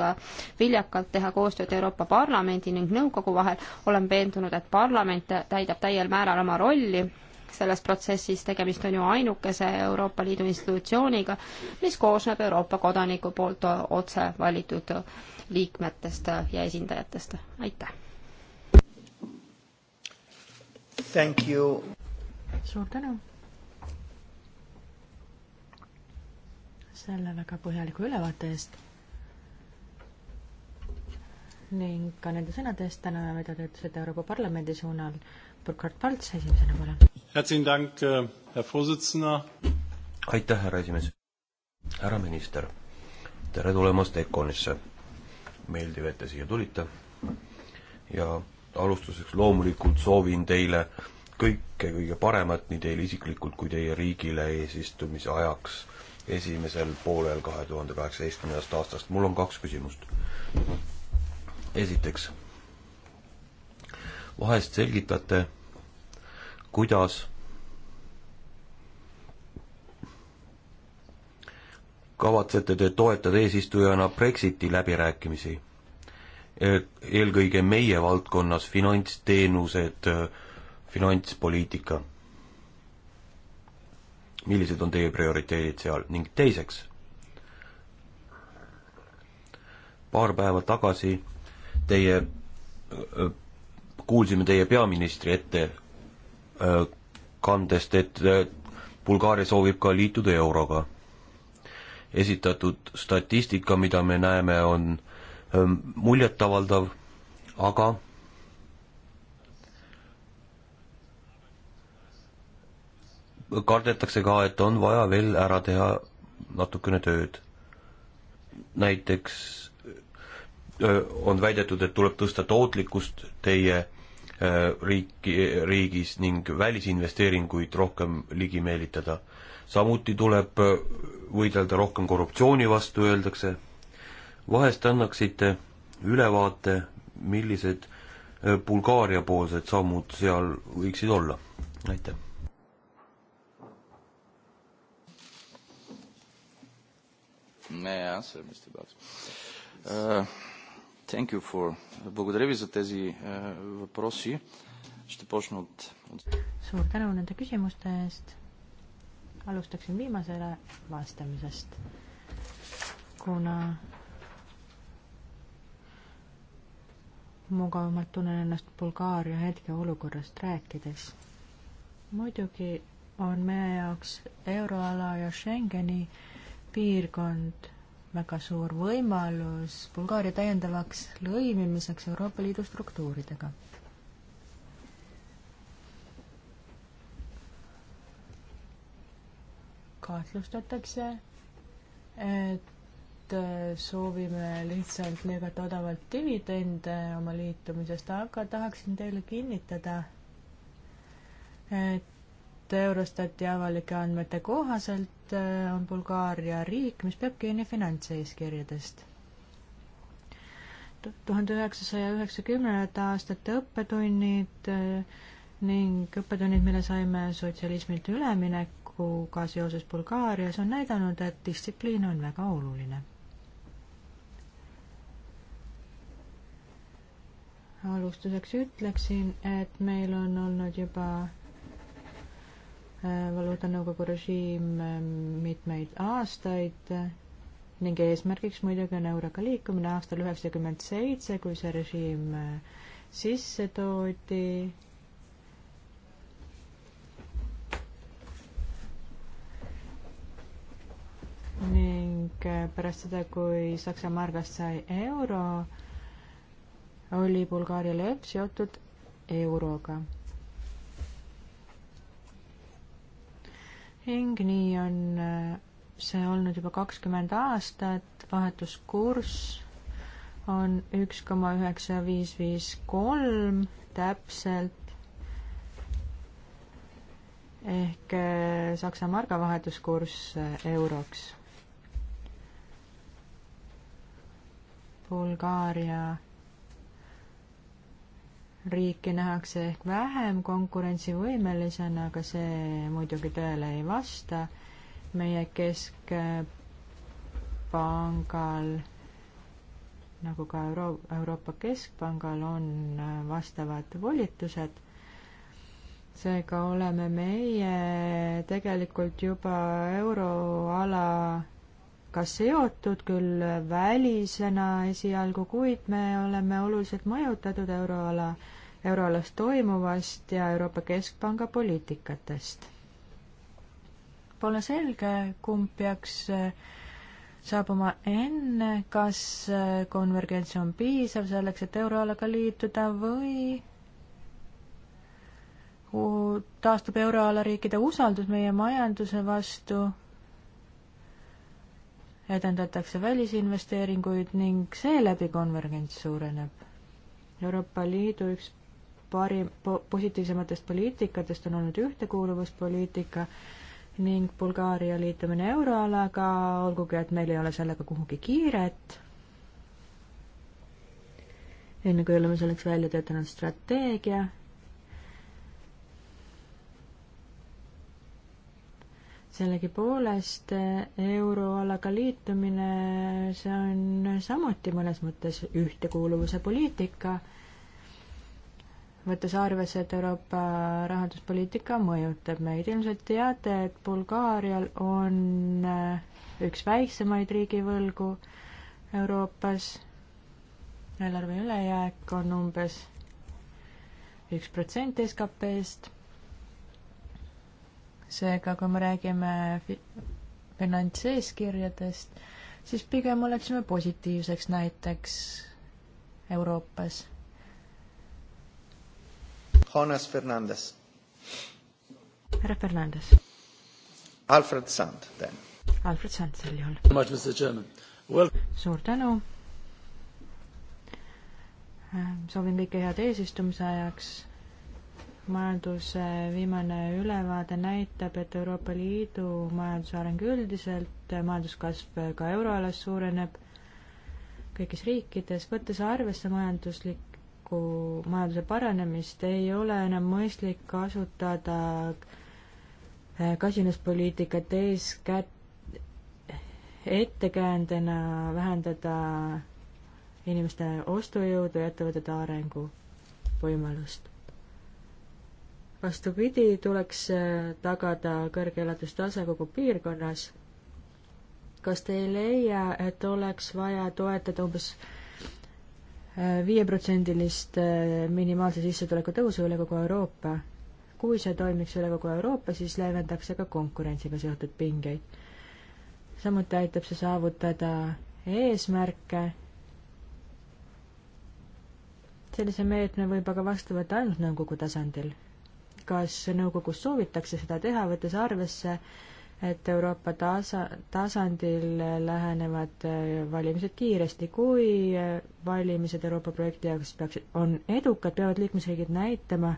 viljakalt teha koostööd Euroopa Parlamendi ning Nõukogu vahel, olen veendunud, et parlament täidab täiel määral oma rolli selles protsessis, tegemist on ju ainukese Euroopa Liidu institutsiooniga, mis koosneb Euroopa kodaniku poolt otse valitud liikmetest ja esindajatest, aitäh! Thank you! suur tänu! selle väga põhjaliku ülevaate eest ning ka nende sõnade eest täna, mida te ütlesite Euroopa Parlamendi suunal. Burkhard Palts esimesena, palun. Äh, aitäh, härra esimees. härra minister, tere tulemast Econisse. meeldiv, et te siia tulite. ja alustuseks loomulikult soovin teile kõike kõige paremat nii teile isiklikult kui teie riigile eesistumise ajaks esimesel poolel kahe tuhande kaheksateistkümnendast aastast. mul on kaks küsimust. esiteks, vahest selgitate kuidas kavatsete te toetada eesistujana Brexiti läbirääkimisi? E-, eelkõige meie valdkonnas finantsteenused, finantspoliitika. millised on teie prioriteedid seal ning teiseks, paar päeva tagasi teie, e-, kuulsime teie peaministri ette Äh, kandest, et äh, Bulgaaria soovib ka liituda euroga. esitatud statistika, mida me näeme, on ähm, muljetavaldav, aga kardetakse ka, et on vaja veel ära teha natukene tööd. näiteks äh, on väidetud, et tuleb tõsta tootlikkust, teie Äh, riiki, riigis ning välisinvesteeringuid rohkem ligi meelitada. samuti tuleb äh, võidelda rohkem korruptsiooni vastu, öeldakse. vahest annaksite ülevaate, millised äh, Bulgaaria poolsed sammud seal võiksid olla? aitäh. May I answer, Mr. Bucks? Uh, Thank you for... Благодаря ви за тези е, въпроси. Ще почна от... Suur tänu nende küsimuste eest. Alustaksin viimasele vastamisest, kuna mugavamalt tunnen ennast Bulgaaria hetkeolukorrast rääkides. muidugi on meie jaoks euroala ja Schengeni piirkond väga suur võimalus Bulgaaria täiendavaks lõimimiseks Euroopa Liidu struktuuridega. kahtlustatakse, et soovime lihtsalt lõigata odavalt dividende oma liitumisest, aga tahaksin teile kinnitada, et et Eurostati avalike andmete kohaselt äh, on Bulgaaria riik, mis peab kinni finantseeskirjadest. tuhande üheksasaja üheksakümnendate aastate õppetunnid äh, ning õppetunnid, mille saime sotsialismilt üleminekuga seoses Bulgaarias, on näidanud, et distsipliin on väga oluline. alustuseks ütleksin, et meil on olnud juba valuutanõukogu režiim ehm, mitmeid aastaid ning eesmärgiks muidugi on euroga liikumine aastal üheksakümmend seitse, kui see režiim ehm, sisse toodi. ning ehm, pärast seda, kui Saksa margast sai euro, oli Bulgaaria lööb seotud euroga ning nii on äh, see olnud juba kakskümmend aastat, vahetuskurss on üks koma üheksa viis viis kolm täpselt ehk äh, Saksa marga vahetuskurss äh, euroks. Bulgaaria riiki nähakse ehk vähem konkurentsivõimelisena, aga see muidugi tõele ei vasta. meie keskpangal nagu ka Euro-, Euroopa Keskpangal on äh, vastavad volitused, seega oleme meie tegelikult juba euroala ka seotud küll välisena esialgu, kuid me oleme oluliselt mõjutatud euroala, euroalas toimuvast ja Euroopa Keskpanga poliitikatest. Pole selge, kumb peaks eh, saabuma enne, kas eh, konvergents on piisav selleks, et euroalaga liituda või taastub euroala riikide usaldus meie majanduse vastu edendatakse välisinvesteeringuid ning seeläbi konvergents suureneb. Euroopa Liidu üks parim po, positiivsematest poliitikatest on olnud ühtekuuluvuspoliitika ning Bulgaaria liitumine euroalaga, olgugi et meil ei ole sellega kuhugi kiiret. enne kui oleme selleks välja töötanud strateegia sellegipoolest euroalaga liitumine, see on samuti mõnes mõttes ühtekuuluvuse poliitika, võttes arvesse, et Euroopa rahanduspoliitika mõjutab meid. ilmselt teate, et Bulgaarial on üks väiksemaid riigivõlgu Euroopas, eelarve ülejääk on umbes üks protsent SKP-st seega kui me räägime finantseeskirjadest, siis pigem oleksime positiivseks näiteks Euroopas. Jonas Fernandes. härra Fernandes. Alfred Sand, teen. Alfred Sand sel juhul. Well... suur tänu. Ähm, soovin kõike head eesistumise ajaks majanduse viimane ülevaade näitab, et Euroopa Liidu majanduse areng üldiselt, majanduskasv ka euroalas suureneb kõigis riikides, võttes arvesse majanduslikku, majanduse paranemist, ei ole enam mõistlik kasutada eh, kasinuspoliitikat eeskätt, ettekäändena vähendada inimeste ostujõudu ja ettevõtete arengu võimalust vastupidi, tuleks äh, tagada kõrge elatustase kogu piirkonnas. kas te ei leia, et oleks vaja toetada umbes äh, viieprotsendilist äh, minimaalse sissetuleku tõusu üle kogu Euroopa? kui see toimiks üle kogu Euroopa, siis leevendaks see ka konkurentsiga seotud pingeid. samuti aitab see saavutada eesmärke. sellise meetme võib aga vastu võtta ainult nõukogu tasandil kas nõukogus soovitakse seda teha, võttes arvesse, et Euroopa tasa, tasandil lähenevad äh, valimised kiiresti. kui äh, valimised Euroopa projekti jaoks peaksid, on edukad, peavad liikmesriigid näitama,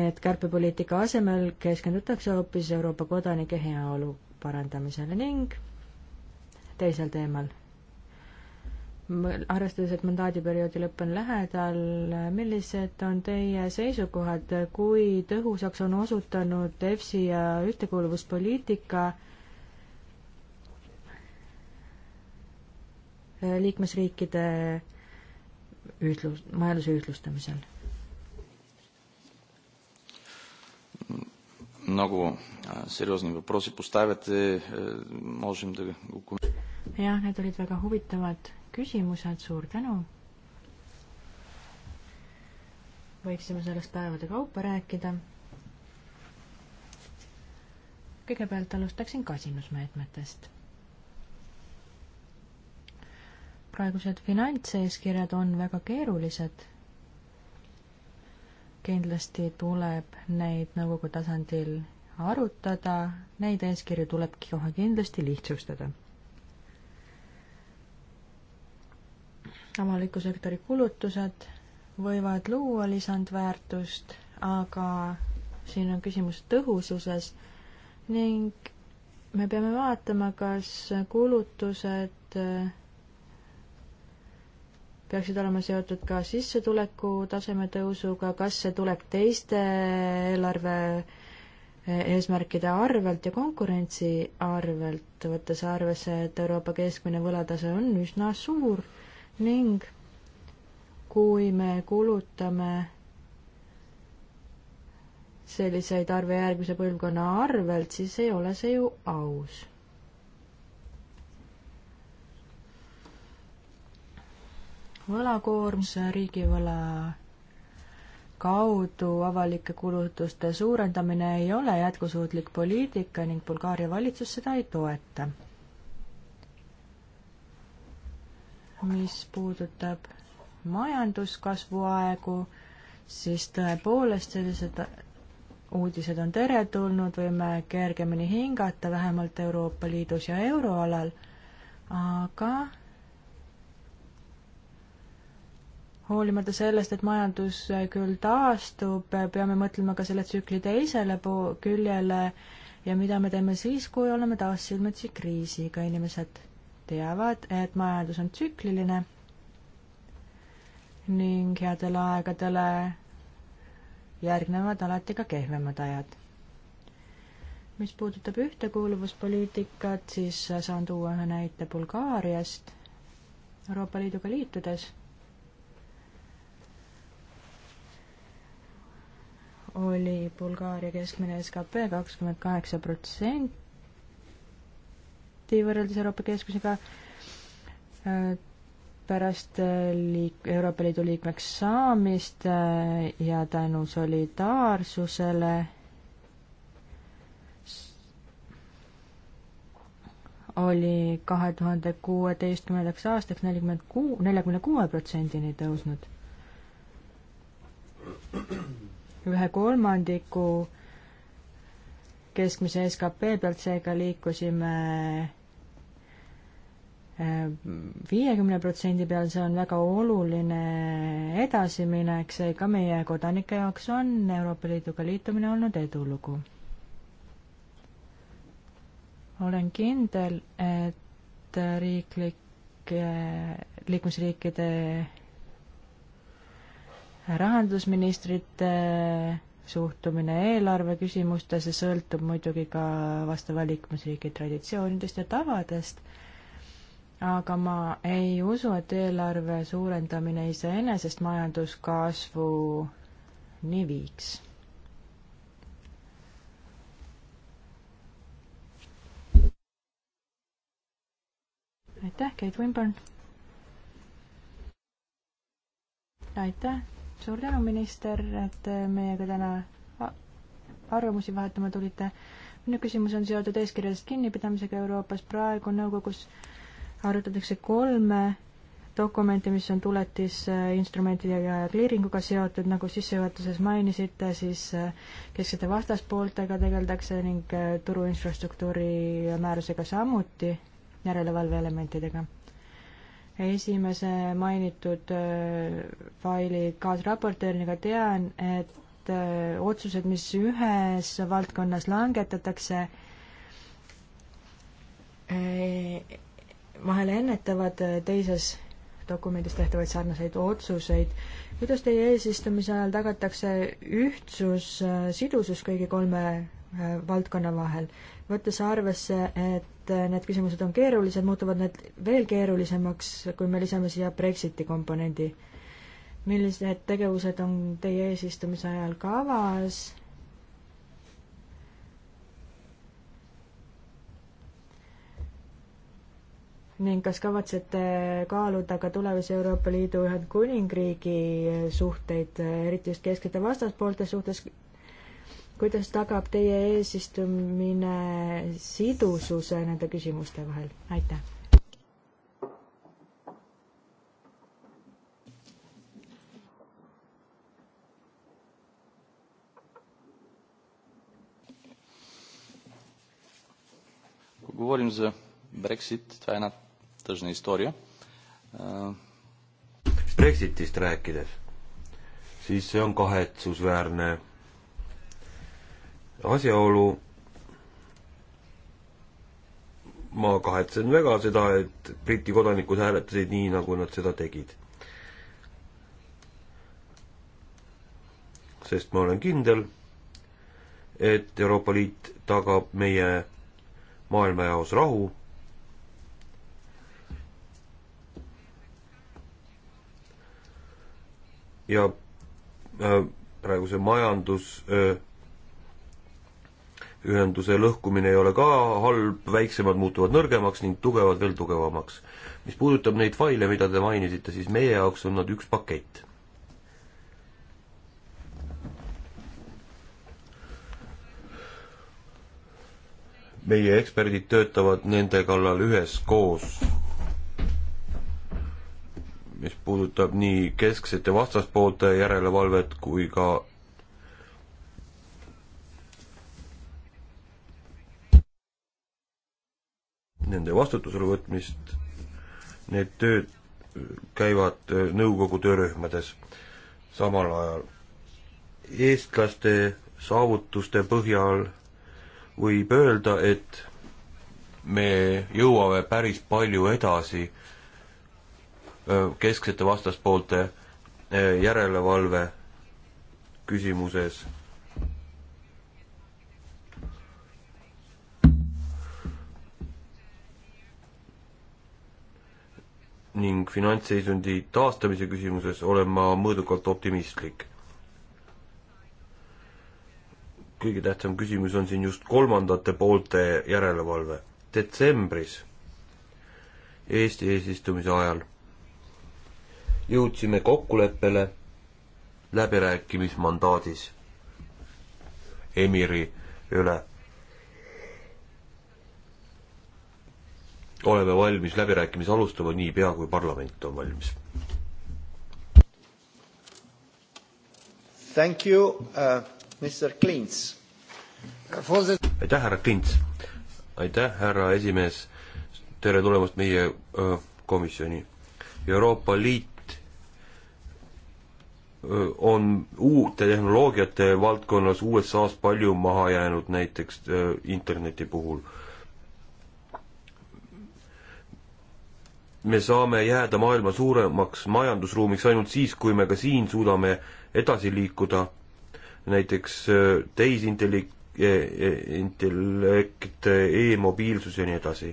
et kärpepoliitika asemel keskendutakse hoopis Euroopa kodanike heaolu parandamisele ning teisel teemal arvestades, et mandaadiperioodi lõpp on lähedal, millised on teie seisukohad, kui tõhusaks on osutunud EFSI ja ühtekuuluvuspoliitika liikmesriikide ühtlus, majanduse ühtlustamisel? Много сериозни въпроси поставяте. Можем да го... jah, need olid väga huvitavad küsimused, suur tänu. võiksime sellest päevade kaupa rääkida. kõigepealt alustaksin kasinusmeetmetest. praegused finantseeskirjad on väga keerulised. kindlasti tuleb neid nõukogu tasandil arutada, neid eeskirju tuleb kohe kindlasti lihtsustada avaliku sektori kulutused võivad luua lisandväärtust, aga siin on küsimus tõhususes ning me peame vaatama, kas kulutused äh, peaksid olema seotud ka sissetuleku taseme tõusuga, kas see tuleb teiste eelarve äh, eesmärkide arvelt ja konkurentsi arvelt, võttes arvesse, et Euroopa keskmine võlatase on üsna suur ning kui me kulutame selliseid arve järgmise põlvkonna arvelt, siis ei ole see ju aus. võlakoormus riigivõla kaudu avalike kulutuste suurendamine ei ole jätkusuutlik poliitika ning Bulgaaria valitsus seda ei toeta mis puudutab majanduskasvu aegu, siis tõepoolest sellised uudised on teretulnud, võime kergemini hingata, vähemalt Euroopa Liidus ja euroalal, aga hoolimata sellest, et majandus küll taastub, peame mõtlema ka selle tsükli teisele po-, küljele ja mida me teeme siis, kui oleme taas silmitsi kriisiga, inimesed teavad, et majandus on tsükliline ning headele aegadele järgnevad alati ka kehvemad ajad. mis puudutab ühtekuuluvuspoliitikat, siis saan tuua ühe näite Bulgaariast Euroopa Liiduga liitudes. oli Bulgaaria keskmine skp kakskümmend kaheksa protsenti protsenti võrreldes Euroopa keskmisega. Äh, pärast äh, liik-, Euroopa Liidu liikmeks saamist äh, ja tänu solidaarsusele oli kahe tuhande kuueteistkümnendaks aastaks nelikümmend kuu, neljakümne kuue protsendini tõusnud. ühe kolmandiku keskmise skp pealt seega liikusime viiekümne protsendi peal, see on väga oluline edasiminek, seega meie kodanike jaoks on Euroopa Liiduga liitumine olnud edulugu. olen kindel, et riiklik, liikmesriikide rahandusministrite suhtumine eelarve küsimustesse sõltub muidugi ka vastava liikmesriigi traditsioonidest ja tavadest aga ma ei usu, et eelarve suurendamine iseenesest majanduskasvuni viiks. aitäh, Keit Wimborn! aitäh, suur tänu, minister, et meiega täna arvamusi vahetama tulite. minu küsimus on seotud eeskirjadest kinnipidamisega Euroopas praegu nõukogus äh, arutatakse kolme dokumente, mis on tuletisinstrumentide ja kliiringuga seotud, nagu sissejuhatuses mainisite, siis äh, kesksete vastaspooltega tegeldakse ning äh, turuinfrastruktuuri määrusega samuti järelevalve elementidega. esimese mainitud äh, faili kaasraportöörina tean, et otsused, mis ühes valdkonnas langetatakse, vahel ennetavad äh, teises dokumendis tehtavaid sarnaseid otsuseid. kuidas teie eesistumise ajal tagatakse ühtsus, äh, sidusus kõigi kolme äh, valdkonna vahel, võttes arvesse, et need küsimused on keerulised, muutuvad need veel keerulisemaks, kui me lisame siia Brexiti komponendi. millised tegevused on teie eesistumise ajal kavas ning kas kavatsete kaaluda ka tulevasi Euroopa Liidu Ühendkuningriigi suhteid, eriti just kesksete vastaspoolte suhtes, kuidas tagab teie eesistumine sidususe nende küsimuste vahel, aitäh! govorim za Brexit, to je ena tъжна история. Brexitist rääkides, siis see on kahetsusväärne asjaolu. ma kahetsen väga seda, et Briti kodanikud hääletasid nii, nagu nad seda tegid. sest ma olen kindel, et Euroopa Liit tagab meie maailmajaos rahu ja äh, praeguse majandusühenduse äh, lõhkumine ei ole ka halb, väiksemad muutuvad nõrgemaks ning tugevad veel tugevamaks. mis puudutab neid faile, mida te mainisite, siis meie jaoks on nad üks pakett. meie eksperdid töötavad nende kallal üheskoos mis puudutab nii kesksete vastaspoolte järelevalvet kui ka nende vastutusele võtmist, need tööd käivad nõukogu töörühmades samal ajal. eestlaste saavutuste põhjal võib öelda, et me jõuame päris palju edasi kesksete vastaspoolte järelevalve küsimuses. ning finantsseisundi taastamise küsimuses olen ma mõõdukalt optimistlik. kõige tähtsam küsimus on siin just kolmandate poolte järelevalve. detsembris Eesti eesistumise ajal jõudsime kokkuleppele läbirääkimismandaadis emiri üle. oleme valmis läbirääkimisi alustama niipea, kui parlament on valmis. Thank you uh,, Mr Klints the.... aitäh, härra Klints. aitäh, härra esimees. tere tulemast meie uh, komisjoni. Euroopa Liit on uute tehnoloogiate valdkonnas USA-s palju maha jäänud, näiteks interneti puhul. me saame jääda maailma suuremaks majandusruumiks ainult siis, kui me ka siin suudame edasi liikuda, näiteks tehisintellekt, e, e, intellekt e, e-mobiilsus ja nii edasi.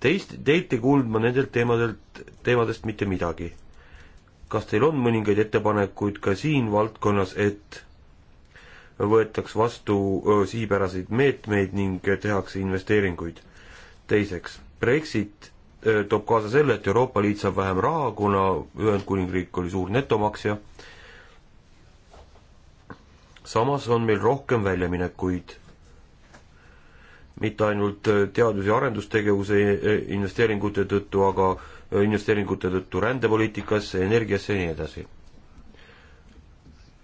Teist, teilt ei kuulnud ma nendelt teemadelt, teemadest mitte midagi kas teil on mõningaid ettepanekuid ka siin valdkonnas, et võetaks vastu siipäraseid meetmeid ning tehakse investeeringuid? teiseks, Brexit toob kaasa selle, et Euroopa Liit saab vähem raha, kuna Ühendkuningriik oli suur netomaksja. samas on meil rohkem väljaminekuid mitte ainult teadus- ja arendustegevuse e, e, investeeringute tõttu, aga investeeringute tõttu rändepoliitikasse, energiasse ja nii edasi.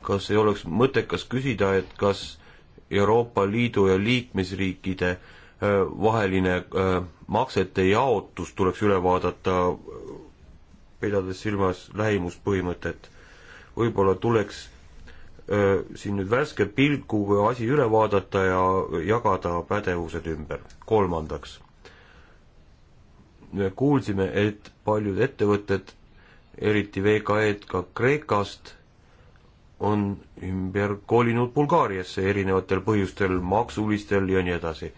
kas ei oleks mõttekas küsida, et kas Euroopa Liidu ja liikmesriikide äh, vaheline äh, maksete jaotus tuleks üle vaadata, pidades silmas lähimuspõhimõtet. võib-olla tuleks äh, siin nüüd värske pilguga asi üle vaadata ja jagada pädevused ümber. kolmandaks me kuulsime, et paljud ettevõtted, eriti VKE-d ka Kreekast, on ümber kolinud Bulgaariasse erinevatel põhjustel, maksulistel ja nii edasi.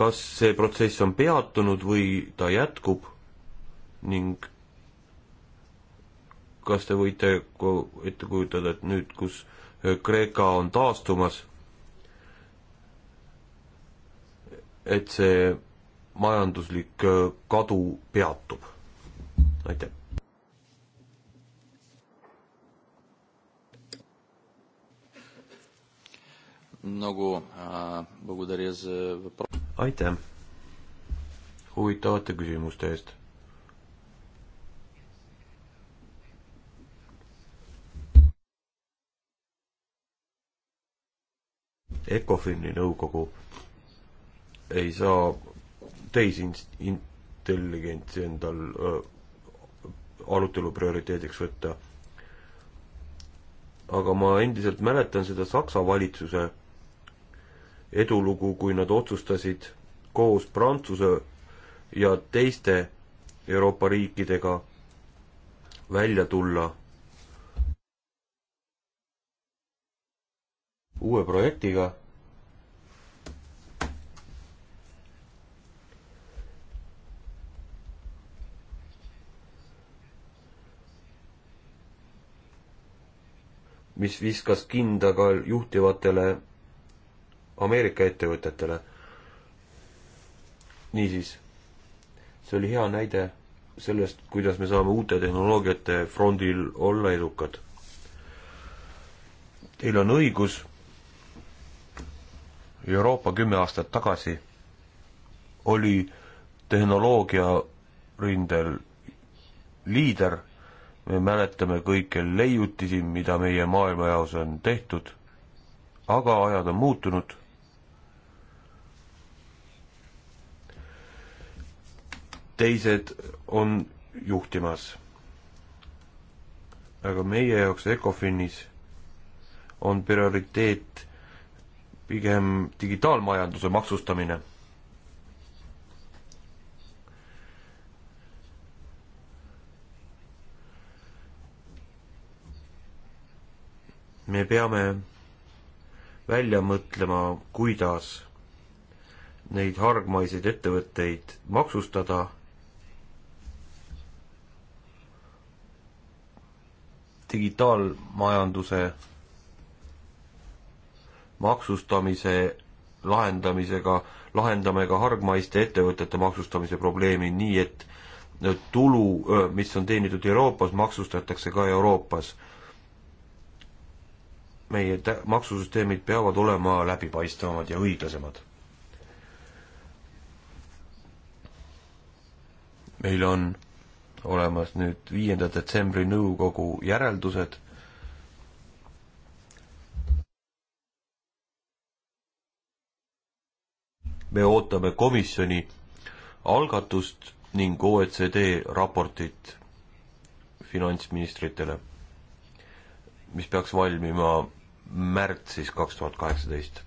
kas see protsess on peatunud või ta jätkub ning kas te võite ette kujutada, et nüüd, kus Kreeka on taastumas, et see majanduslik äh, kadu peatub. aitäh. nagu äh, aitäh huvitavate küsimuste eest. ECOFIN-i nõukogu ei saa tehisintelligentsi endal öö, arutelu prioriteediks võtta. aga ma endiselt mäletan seda Saksa valitsuse edulugu, kui nad otsustasid koos Prantsuse ja teiste Euroopa riikidega välja tulla uue projektiga mis viskas kinda ka juhtivatele Ameerika ettevõtetele. niisiis, see oli hea näide sellest, kuidas me saame uute tehnoloogiate frondil olla edukad. Teil on õigus, Euroopa kümme aastat tagasi oli tehnoloogia rindel liider me mäletame kõiki leiutisi, mida meie maailmajaos on tehtud, aga ajad on muutunud. teised on juhtimas. aga meie jaoks Ecofinis on prioriteet pigem digitaalmajanduse maksustamine me peame välja mõtlema, kuidas neid hargmaiseid ettevõtteid maksustada. digitaalmajanduse maksustamise lahendamisega lahendame ka hargmaiste ettevõtete maksustamise probleemi, nii et tulu, mis on teenitud Euroopas, maksustatakse ka Euroopas meie maksusüsteemid peavad olema läbipaistvamad ja õiglasemad. meil on olemas nüüd viienda detsembri nõukogu järeldused me ootame komisjoni algatust ning OECD raportit finantsministritele, mis peaks valmima märtsis kaks tuhat kaheksateist.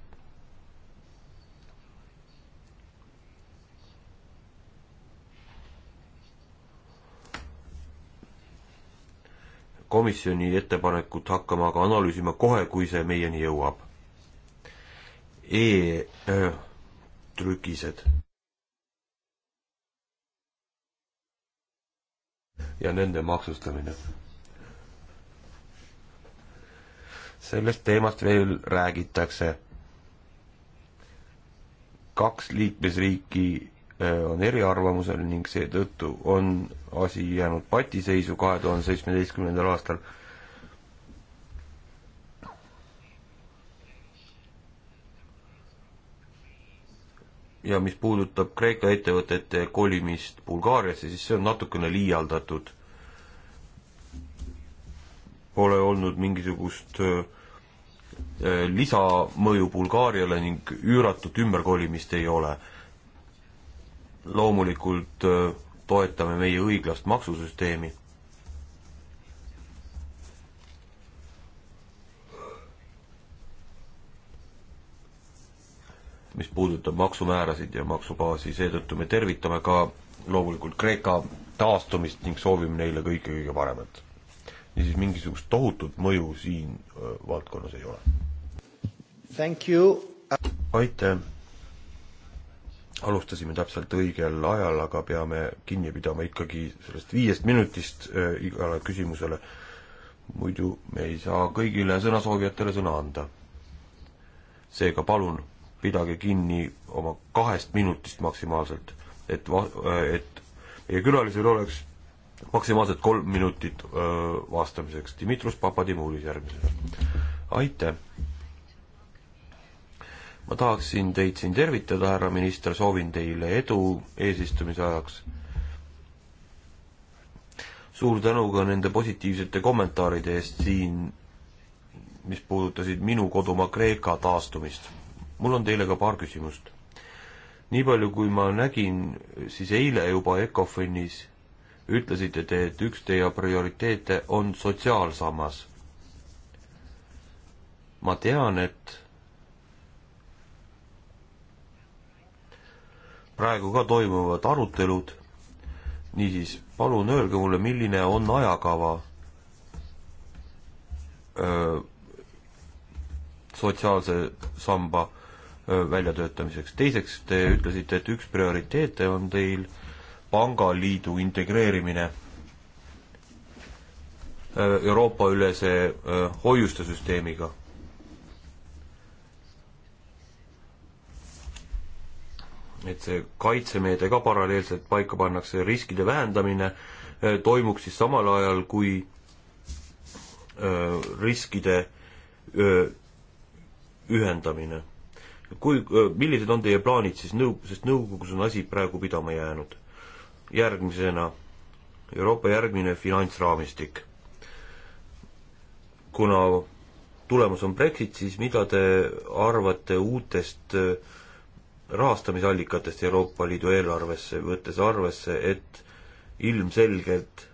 komisjoni ettepanekut hakkama aga analüüsima kohe, kui see meieni jõuab e. E-trükised. ja nende maksustamine sellest teemast veel räägitakse. kaks liikmesriiki äh, on eriarvamusel ning seetõttu on asi jäänud patiseisu kahe tuhande seitsmeteistkümnendal aastal. ja mis puudutab Kreeka ettevõtete kolimist Bulgaariasse, siis see on natukene liialdatud pole olnud mingisugust lisamõju Bulgaariale ning üüratut ümberkolimist ei ole. loomulikult toetame meie õiglast maksusüsteemi mis puudutab maksumäärasid ja maksubaasi, seetõttu me tervitame ka loomulikult Kreeka taastumist ning soovime neile kõike kõige paremat niisiis mingisugust tohutut mõju siin äh, valdkonnas ei ole. aitäh! alustasime täpselt õigel ajal, aga peame kinni pidama ikkagi sellest viiest minutist äh, igale küsimusele. muidu me ei saa kõigile sõnasoovijatele sõna anda. seega palun pidage kinni oma kahest minutist maksimaalselt, et va-, äh, et meie külalisel oleks maksimaalselt kolm minutit öö, vastamiseks. Dimitrus Papadimulis järgmisena. aitäh! ma tahaksin teid siin tervitada, härra minister, soovin teile edu eesistumise ajaks. suur tänu ka nende positiivsete kommentaaride eest siin, mis puudutasid minu kodumaa Kreeka taastumist. mul on teile ka paar küsimust. nii palju, kui ma nägin, siis eile juba ECOFINis ütlesite te, et üks teie prioriteete on sotsiaalsammas. ma tean, et praegu ka toimuvad arutelud, niisiis palun öelge mulle, milline on ajakava öö, sotsiaalse samba öö, väljatöötamiseks. teiseks, te ütlesite, et üks prioriteete on teil öö, pangaliidu integreerimine äh, Euroopa-ülese äh, hoiuste süsteemiga. et see kaitsemeede ka paralleelselt paika pannakse, riskide vähendamine äh, toimuks siis samal ajal, kui riskide ühendamine. kui, millised on teie plaanid siis nõu-, sest nõukogus on asi praegu pidama jäänud? järgmisena Euroopa järgmine finantsraamistik. kuna tulemus on Brexit, siis mida te arvate uutest äh, rahastamisallikatest Euroopa Liidu eelarvesse, võttes arvesse, et ilmselgelt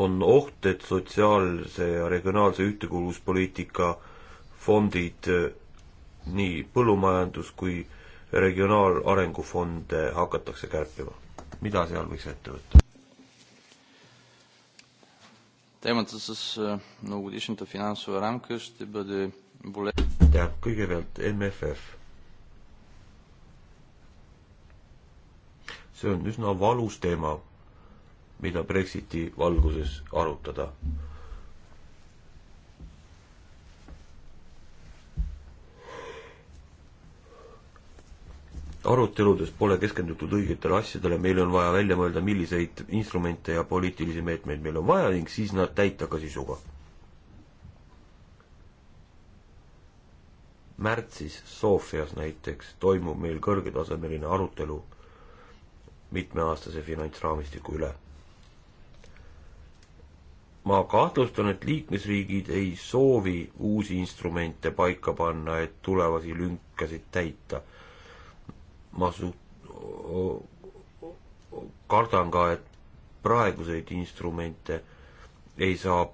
on oht, et sotsiaalse ja regionaalse ühtekuuluvuspoliitika fondid äh, nii põllumajandus kui regionaalarengufonde hakatakse kärpima. mida seal võiks ette võtta? Темата с многогодишната финансова рамка ще бъде болезнена. Да, kõigepealt MFF. see on üsna valus teema, mida Brexiti valguses arutada aruteludes pole keskendutud õigetele asjadele, meil on vaja välja mõelda, milliseid instrumente ja poliitilisi meetmeid meil on vaja ning siis nad täita ka sisuga. märtsis Sofias näiteks toimub meil kõrgetasemeline arutelu mitmeaastase finantsraamistiku üle. ma kahtlustan, et liikmesriigid ei soovi uusi instrumente paika panna, et tulevasi lünkasid täita ma su-, kardan ka, et praeguseid instrumente ei saa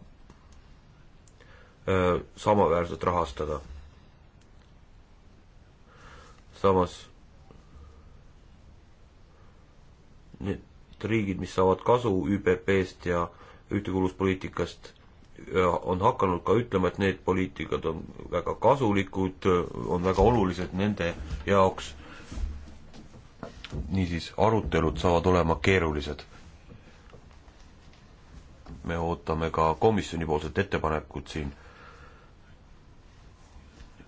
öö, samaväärselt rahastada. samas need riigid, mis saavad kasu ÜPP-st ja ühtekuuluvuspoliitikast, on hakanud ka ütlema, et need poliitikad on väga kasulikud, on väga olulised nende jaoks niisiis, arutelud saavad olema keerulised. me ootame ka komisjonipoolset ettepanekut siin.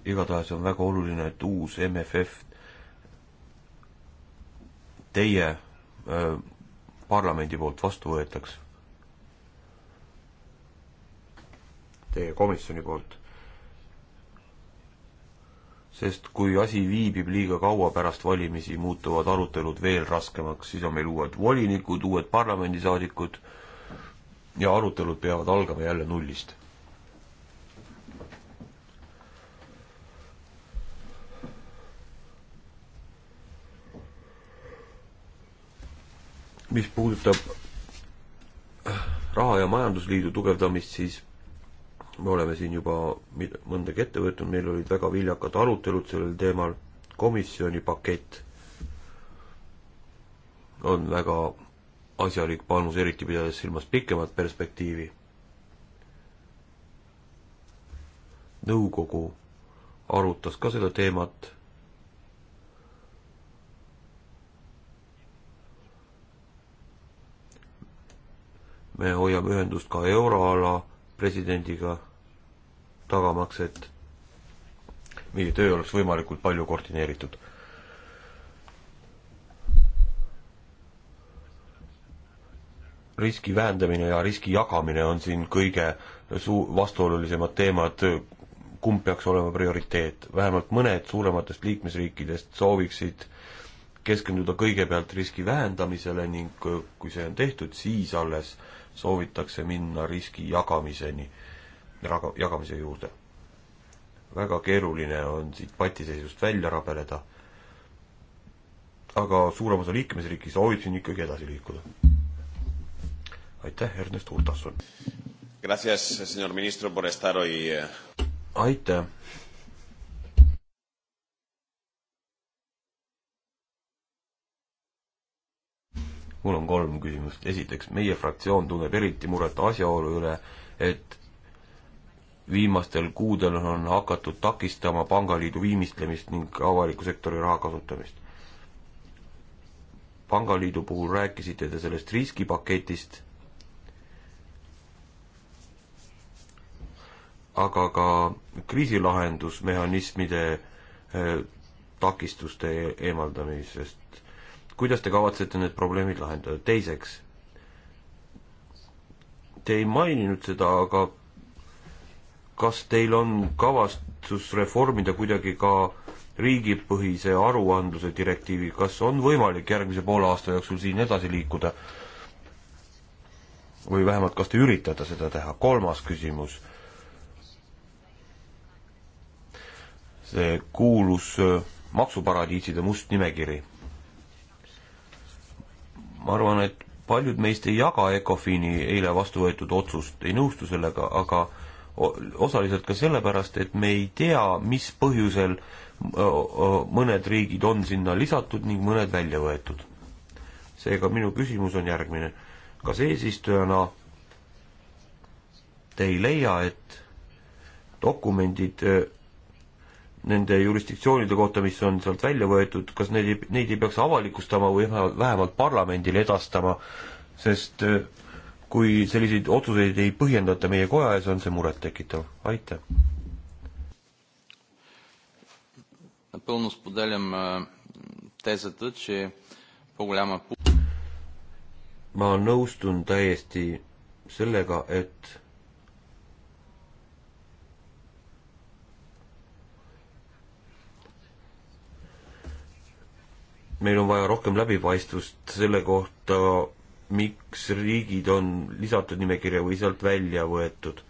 igatahes on väga oluline, et uus MFF teie äh, parlamendi poolt vastu võetaks. Teie komisjoni poolt sest kui asi viibib liiga kaua pärast valimisi, muutuvad arutelud veel raskemaks, siis on meil uued volinikud, uued parlamendisaadikud ja arutelud peavad algama jälle nullist. mis puudutab raha- ja majandusliidu tugevdamist, siis me oleme siin juba mõndagi ette võtnud, meil olid väga viljakad arutelud sellel teemal, komisjoni pakett on väga asjalik panus, eriti pidades silmas pikemat perspektiivi. nõukogu arutas ka seda teemat me hoiame ühendust ka euroala presidendiga tagamaks, et meie töö oleks võimalikult palju koordineeritud. riski vähendamine ja riski jagamine on siin kõige suu-, vastuolulisemad teemad, kumb peaks olema prioriteet, vähemalt mõned suurematest liikmesriikidest sooviksid keskenduda kõigepealt riski vähendamisele ning kui see on tehtud, siis alles soovitakse minna riski jagamiseni jaga-, jagamise juurde. väga keeruline on siit patiseisust välja rabeleda, aga suurem osa liikmesriigis soovib siin ikkagi edasi liikuda. aitäh, Ernest Urtasson! Eh. aitäh! mul on kolm küsimust. esiteks, meie fraktsioon tunneb eriti muret asjaolu üle, et viimastel kuudel on hakatud takistama pangaliidu viimistlemist ning avaliku sektori raha kasutamist. pangaliidu puhul rääkisite te sellest riskipaketist, aga ka kriisilahendusmehhanismide eh, takistuste eemaldamisest. kuidas te kavatsete need probleemid lahendada? teiseks, te ei maininud seda, aga kas teil on kavatsus reformida kuidagi ka riigipõhise aruandluse direktiivi, kas on võimalik järgmise poole aasta jooksul siin edasi liikuda? või vähemalt, kas te üritate seda teha? kolmas küsimus. see kuulus äh, maksuparadiiside must nimekiri. ma arvan, et paljud meist ei jaga Ecofini eile vastu võetud otsust, ei nõustu sellega, aga osaliselt ka sellepärast, et me ei tea, mis põhjusel mõned riigid on sinna lisatud ning mõned välja võetud. seega minu küsimus on järgmine. kas eesistujana te ei leia, et dokumendid e, nende jurisdiktsioonide kohta, mis on sealt välja võetud, kas neid ei, neid ei peaks avalikustama või vähemalt parlamendile edastama, sest e, kui selliseid otsuseid ei põhjendata meie koja ees, on see murettekitav, aitäh. ma nõustun täiesti sellega, et meil on vaja rohkem läbipaistvust selle kohta, miks riigid on lisatud nimekirja või sealt välja võetud.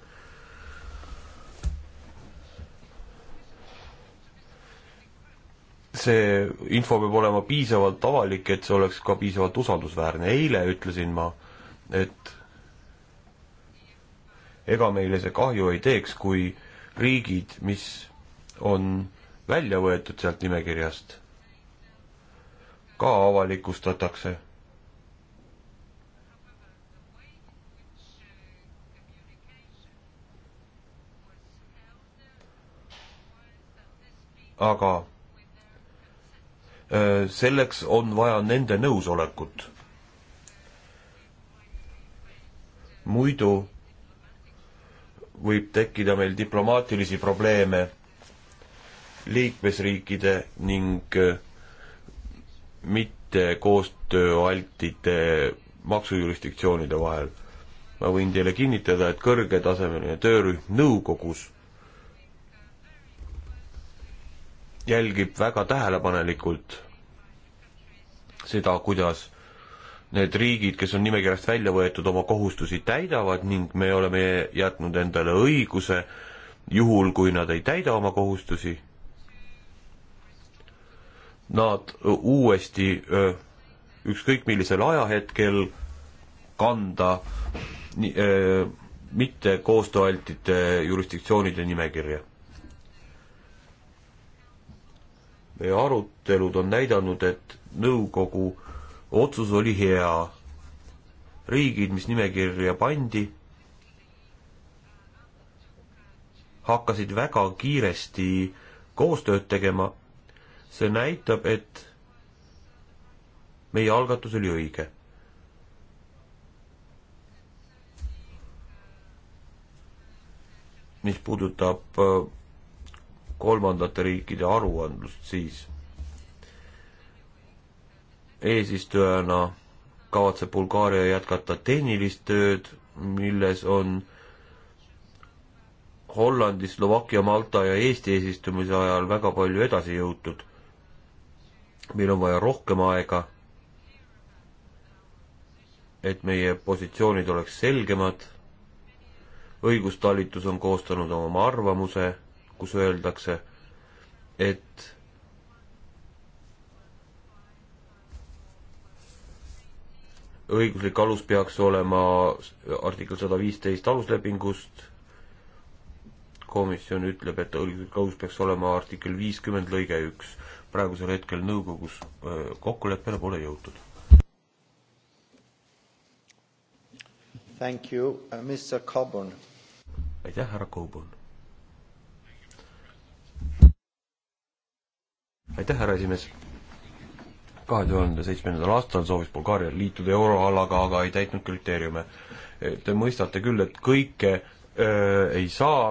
see info peab olema piisavalt avalik, et see oleks ka piisavalt usaldusväärne. eile ütlesin ma, et ega meile see kahju ei teeks, kui riigid, mis on välja võetud sealt nimekirjast, ka avalikustatakse aga äh, selleks on vaja nende nõusolekut. muidu võib tekkida meil diplomaatilisi probleeme liikmesriikide ning äh, mitte koostööaltide maksujurisdiktsioonide vahel. ma võin teile kinnitada, et kõrgetasemeline töörühm nõukogus jälgib väga tähelepanelikult seda, kuidas need riigid, kes on nimekirjast välja võetud, oma kohustusi täidavad ning me oleme jätnud endale õiguse juhul, kui nad ei täida oma kohustusi, nad uuesti ükskõik millisel ajahetkel kanda mitte koostööaltide jurisdiktsioonide nimekirja meie arutelud on näidanud, et nõukogu otsus oli hea. riigid, mis nimekirja pandi, hakkasid väga kiiresti koostööd tegema. see näitab, et meie algatus oli õige mis puudutab äh, kolmandate riikide aruandlust siis. eesistujana kavatseb Bulgaaria jätkata tehnilist tööd, milles on Hollandi, Slovakkia, Malta ja Eesti eesistumise ajal väga palju edasi jõutud. meil on vaja rohkem aega, et meie positsioonid oleks selgemad, õigustalitus on koostanud oma arvamuse kus öeldakse, et õiguslik alus peaks olema artikkel sada viisteist aluslepingust, komisjon ütleb, et õiguslik alus peaks olema artikkel viiskümmend lõige üks. praegusel hetkel nõukogus kokkuleppele pole jõutud. Thank you, uh, Mr Coburn. aitäh, härra Coburn aitäh, härra esimees. kahe tuhande seitsmendal aastal soovis Bulgaaria liituda euroalaga, aga ei täitnud kriteeriume. Te mõistate küll, et kõike öö, ei saa.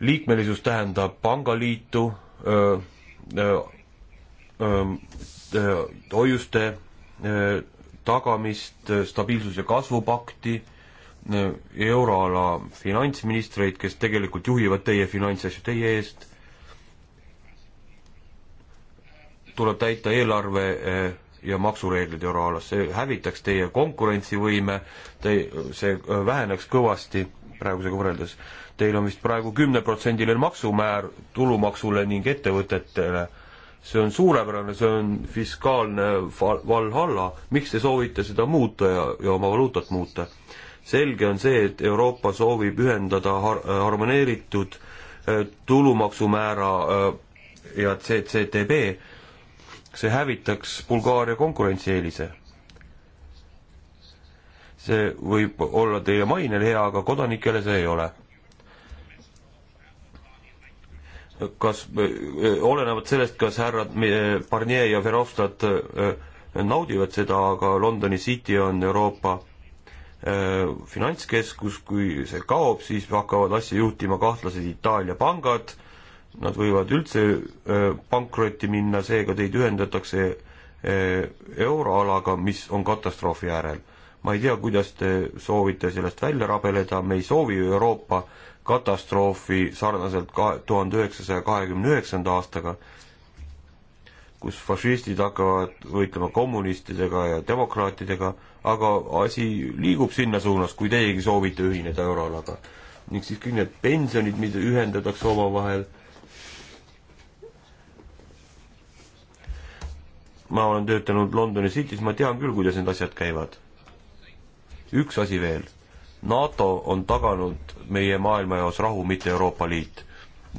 liikmelisus tähendab pangaliitu, hoiuste tagamist, stabiilsus- ja kasvupakti euroala finantsministreid, kes tegelikult juhivad teie finantsasju teie eest, tuleb täita eelarve eh, ja maksureeglid euroalas, see hävitaks teie konkurentsivõime, te, see eh, väheneks kõvasti praegusega võrreldes. Teil on vist praegu kümneprotsendiline maksumäär tulumaksule ning ettevõtetele see on suurepärane, see on fiskaalne valhalla, miks te soovite seda muuta ja, ja oma valuutat muuta? selge on see, et Euroopa soovib ühendada har-, äh, harmoneeritud äh, tulumaksumäära äh, ja CCTB, see hävitaks Bulgaaria konkurentsieelise. see võib olla teie mainel hea, aga kodanikele see ei ole kas, olenevalt sellest, kas härrad Barnier ja Verhofstadt naudivad seda, aga Londoni City on Euroopa Äh, finantskeskus, kui see kaob, siis hakkavad asja juhtima kahtlased Itaalia pangad, nad võivad üldse äh, pankrotti minna, seega teid ühendatakse äh, euroalaga, mis on katastroofi äärel. ma ei tea, kuidas te soovite sellest välja rabeleda, me ei soovi ju Euroopa katastroofi sarnaselt ka tuhande üheksasaja kahekümne üheksanda aastaga, kus fašistid hakkavad võitlema kommunistidega ja demokraatidega, aga asi liigub sinna suunas, kui teiegi soovite ühineda euroalaga. ning siis kõik need pensionid, mida ühendatakse omavahel, ma olen töötanud Londoni City's, ma tean küll, kuidas need asjad käivad. üks asi veel, NATO on taganud meie maailmajaos rahu, mitte Euroopa Liit.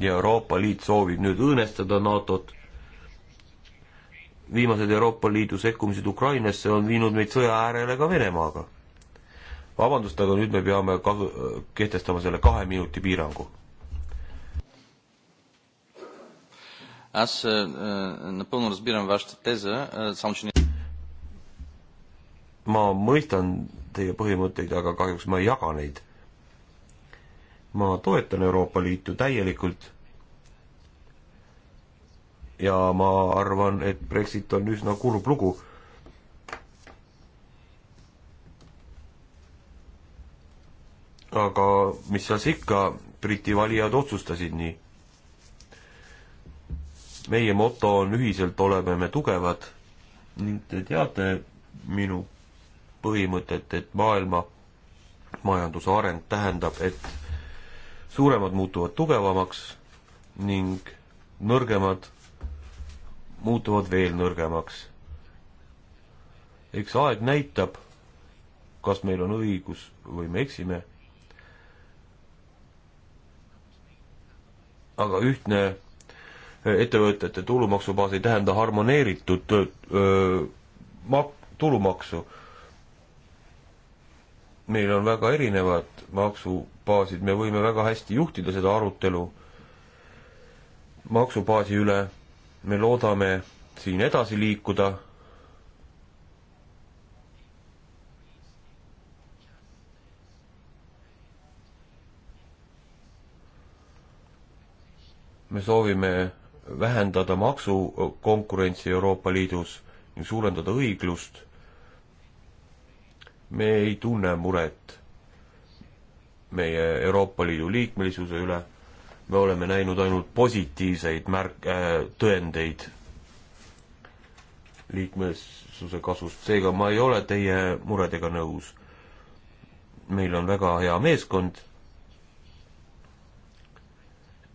ja Euroopa Liit soovib nüüd õõnestada NATO-t viimased Euroopa Liidu sekkumised Ukrainasse on viinud meid sõja äärele ka Venemaaga. vabandust, aga nüüd me peame kasu, kehtestama selle kahe minuti piirangu. Аз напълно разбирам вашата теза, само че не... Ma mõistan teie põhimõtteid, aga kahjuks ma ei jaga neid. Ma toetan Euroopa Liitu täielikult ja ma arvan, et Brexit on üsna kurb lugu. aga mis seal ikka, Briti valijad otsustasid nii. meie moto on ühiselt oleme me tugevad ning te teate minu põhimõtet, et maailma majanduse areng tähendab, et suuremad muutuvad tugevamaks ning nõrgemad muutuvad veel nõrgemaks. eks aeg näitab, kas meil on õigus või me eksime. aga ühtne eh, ettevõtete tulumaksubaas ei tähenda harmoneeritud öö, eh, mak-, tulumaksu. meil on väga erinevad maksubaasid, me võime väga hästi juhtida seda arutelu maksubaasi üle me loodame siin edasi liikuda. me soovime vähendada maksukonkurentsi Euroopa Liidus ning suurendada õiglust. me ei tunne muret meie Euroopa Liidu liikmelisuse üle me oleme näinud ainult positiivseid märk- äh,, tõendeid liikmesuse kasust, seega ma ei ole teie muredega nõus. meil on väga hea meeskond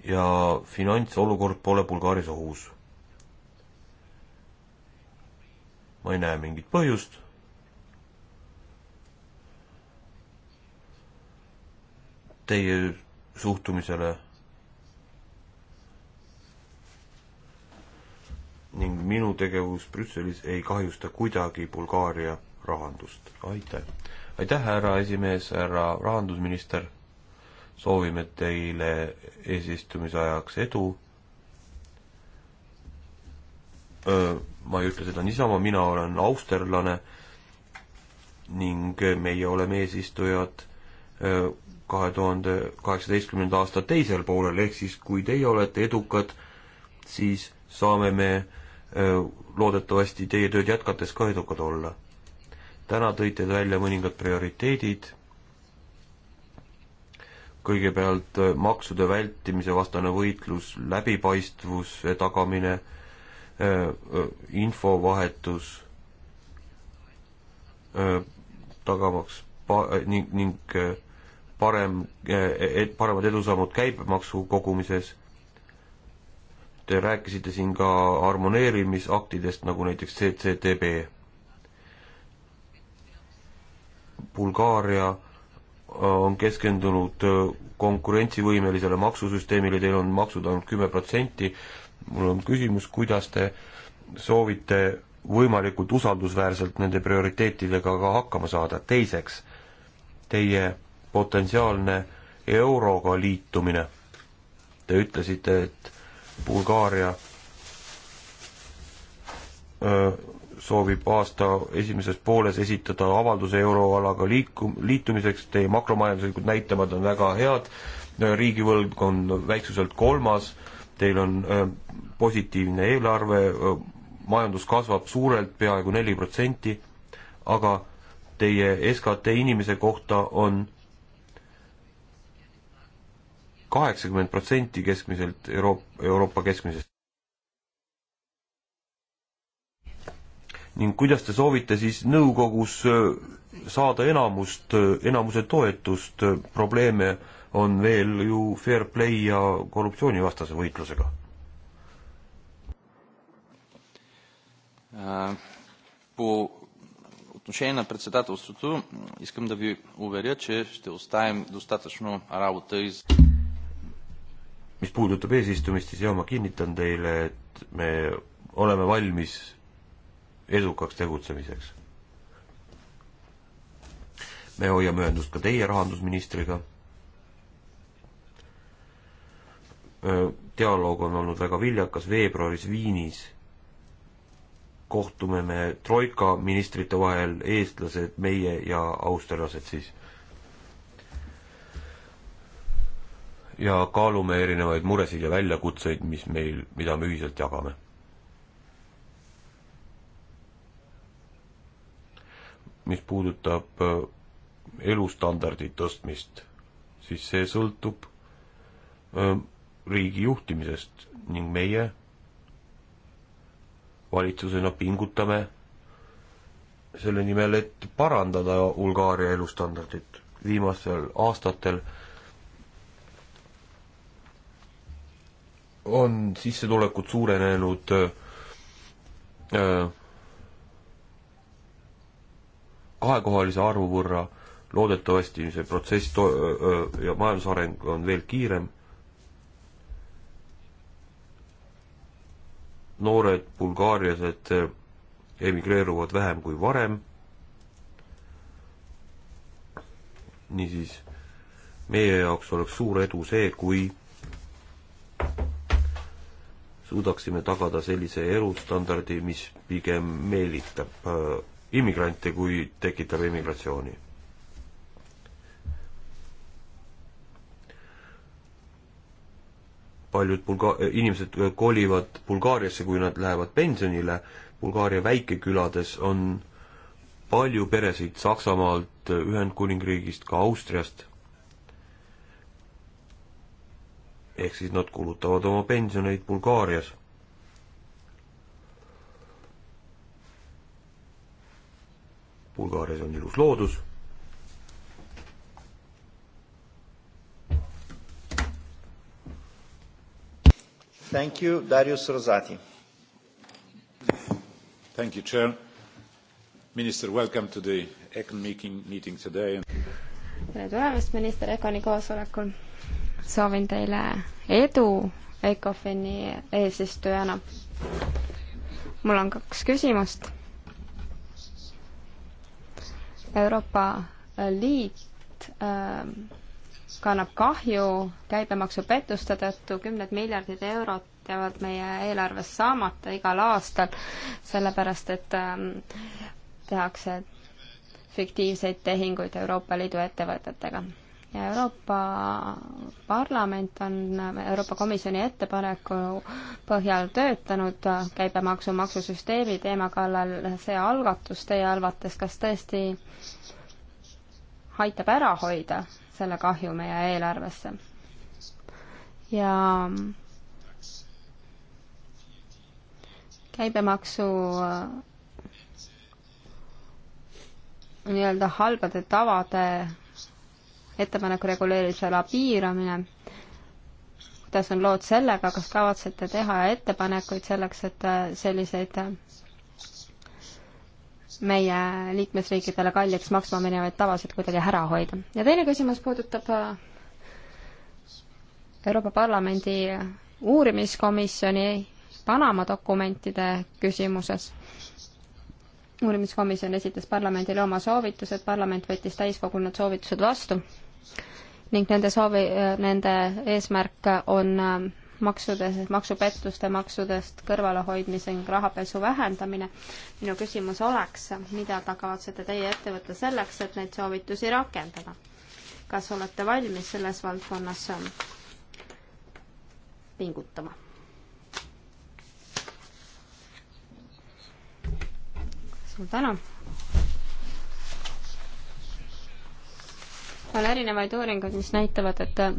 ja finantsolukord pole Bulgaarias ohus. ma ei näe mingit põhjust teie suhtumisele ning minu tegevus Brüsselis ei kahjusta kuidagi Bulgaaria rahandust. aitäh! aitäh, härra esimees, härra rahandusminister, soovime teile eesistumise ajaks edu. ma ei ütle seda niisama, mina olen austerlane ning meie oleme eesistujad kahe tuhande kaheksateistkümnenda aasta teisel poolel, ehk siis kui teie olete edukad, siis saame me loodetavasti teie tööd jätkates ka edukad olla. täna tõite välja mõningad prioriteedid, kõigepealt maksude vältimise vastane võitlus, läbipaistvuse tagamine, infovahetus, tagamaks pa-, ning, ning parem, et paremad edusammud käibemaksu kogumises Te rääkisite siin ka harmoneerimisaktidest, nagu näiteks CCTB. Bulgaaria äh, on keskendunud äh, konkurentsivõimelisele maksusüsteemile, teil on maksud ainult kümme protsenti. mul on küsimus, kuidas te soovite võimalikult usaldusväärselt nende prioriteetidega ka hakkama saada. teiseks, teie potentsiaalne euroga liitumine. Te ütlesite, et Bulgaaria soovib aasta esimeses pooles esitada avalduse euroalaga liikum-, liitumiseks, teie makromajanduslikud näitamad on väga head, riigivõlg on väiksuselt kolmas, teil on positiivne eelarve, majandus kasvab suurelt, peaaegu neli protsenti, aga teie SKT inimese kohta on kaheksakümmend protsenti keskmiselt Euroop-, Euroopa keskmisest. ning kuidas te soovite siis nõukogus äh, saada enamust, äh, enamuse toetust, probleeme on veel ju fair play ja korruptsioonivastase võitlusega По äh, отношение на председателството искам да ви уверя, че ще оставим достатъчно работа и mis puudutab eesistumist, siis jaa, ma kinnitan teile, et me oleme valmis edukaks tegutsemiseks. me hoiame ühendust ka teie rahandusministriga. dialoog on olnud väga viljakas, veebruaris Viinis kohtume me troika ministrite vahel, eestlased, meie ja austerlased siis ja kaalume erinevaid muresid ja väljakutseid, mis meil, mida me ühiselt jagame. mis puudutab äh, elustandardi tõstmist, siis see sõltub äh, riigi juhtimisest ning meie valitsusena pingutame selle nimel, et parandada Bulgaaria elustandardit. viimastel aastatel on sissetulekud suurenenud äh, kahekohalise arvu võrra, loodetavasti see protsess to-, öö, ja majandusareng on veel kiirem. noored bulgaariased äh, emigreeruvad vähem kui varem. niisiis, meie jaoks oleks suur edu see, kui suudaksime tagada sellise elustandardi, mis pigem meelitab äh, immigrante, kui tekitab immigratsiooni. paljud bulga-, äh, inimesed äh, kolivad Bulgaariasse, kui nad lähevad pensionile, Bulgaaria väikekülades on palju peresid Saksamaalt, äh, Ühendkuningriigist, ka Austriast ehk siis nad kulutavad oma pensioneid Bulgaarias. Bulgaarias on ilus loodus. Thank you, Darius Rosati. Thank you, Chair. Minister, welcome to the ECON meeting, meeting today. tere tulemast, minister, ECONi koosolekul soovin teile edu ECOFIN-i eesistujana. mul on kaks küsimust. Euroopa Liit äh, kannab kahju käibemaksupettuste tõttu, kümned miljardid eurot jäävad meie eelarves saamata igal aastal, sellepärast et ähm, tehakse fiktiivseid tehinguid Euroopa Liidu ettevõtetega ja Euroopa Parlament on Euroopa Komisjoni ettepaneku põhjal töötanud käibemaksu maksusüsteemi teema kallal. see algatus teie arvates, kas tõesti aitab ära hoida selle kahju meie eelarvesse? ja käibemaksu äh, nii-öelda halbade tavade ettepaneku reguleerimisala piiramine, kuidas on lood sellega, kas kavatsete teha ettepanekuid selleks, et äh, selliseid äh, meie liikmesriikidele kalliks maksma minevaid tavasid kuidagi ära hoida. ja teine küsimus puudutab äh, Euroopa Parlamendi uurimiskomisjoni Panama dokumentide küsimuses uurimiskomisjon esitas parlamendile oma soovitused, parlament võttis täiskogul need soovitused vastu ning nende soovi, nende eesmärk on äh, maksudes, maksupettuste maksudest kõrvalehoidmise ning rahapesu vähendamine. minu küsimus oleks, mida ta kavatsete teie ette võtta selleks, et neid soovitusi rakendada? kas olete valmis selles valdkonnas äh, pingutama? suur tänu! on erinevaid uuringuid, mis näitavad, et äh,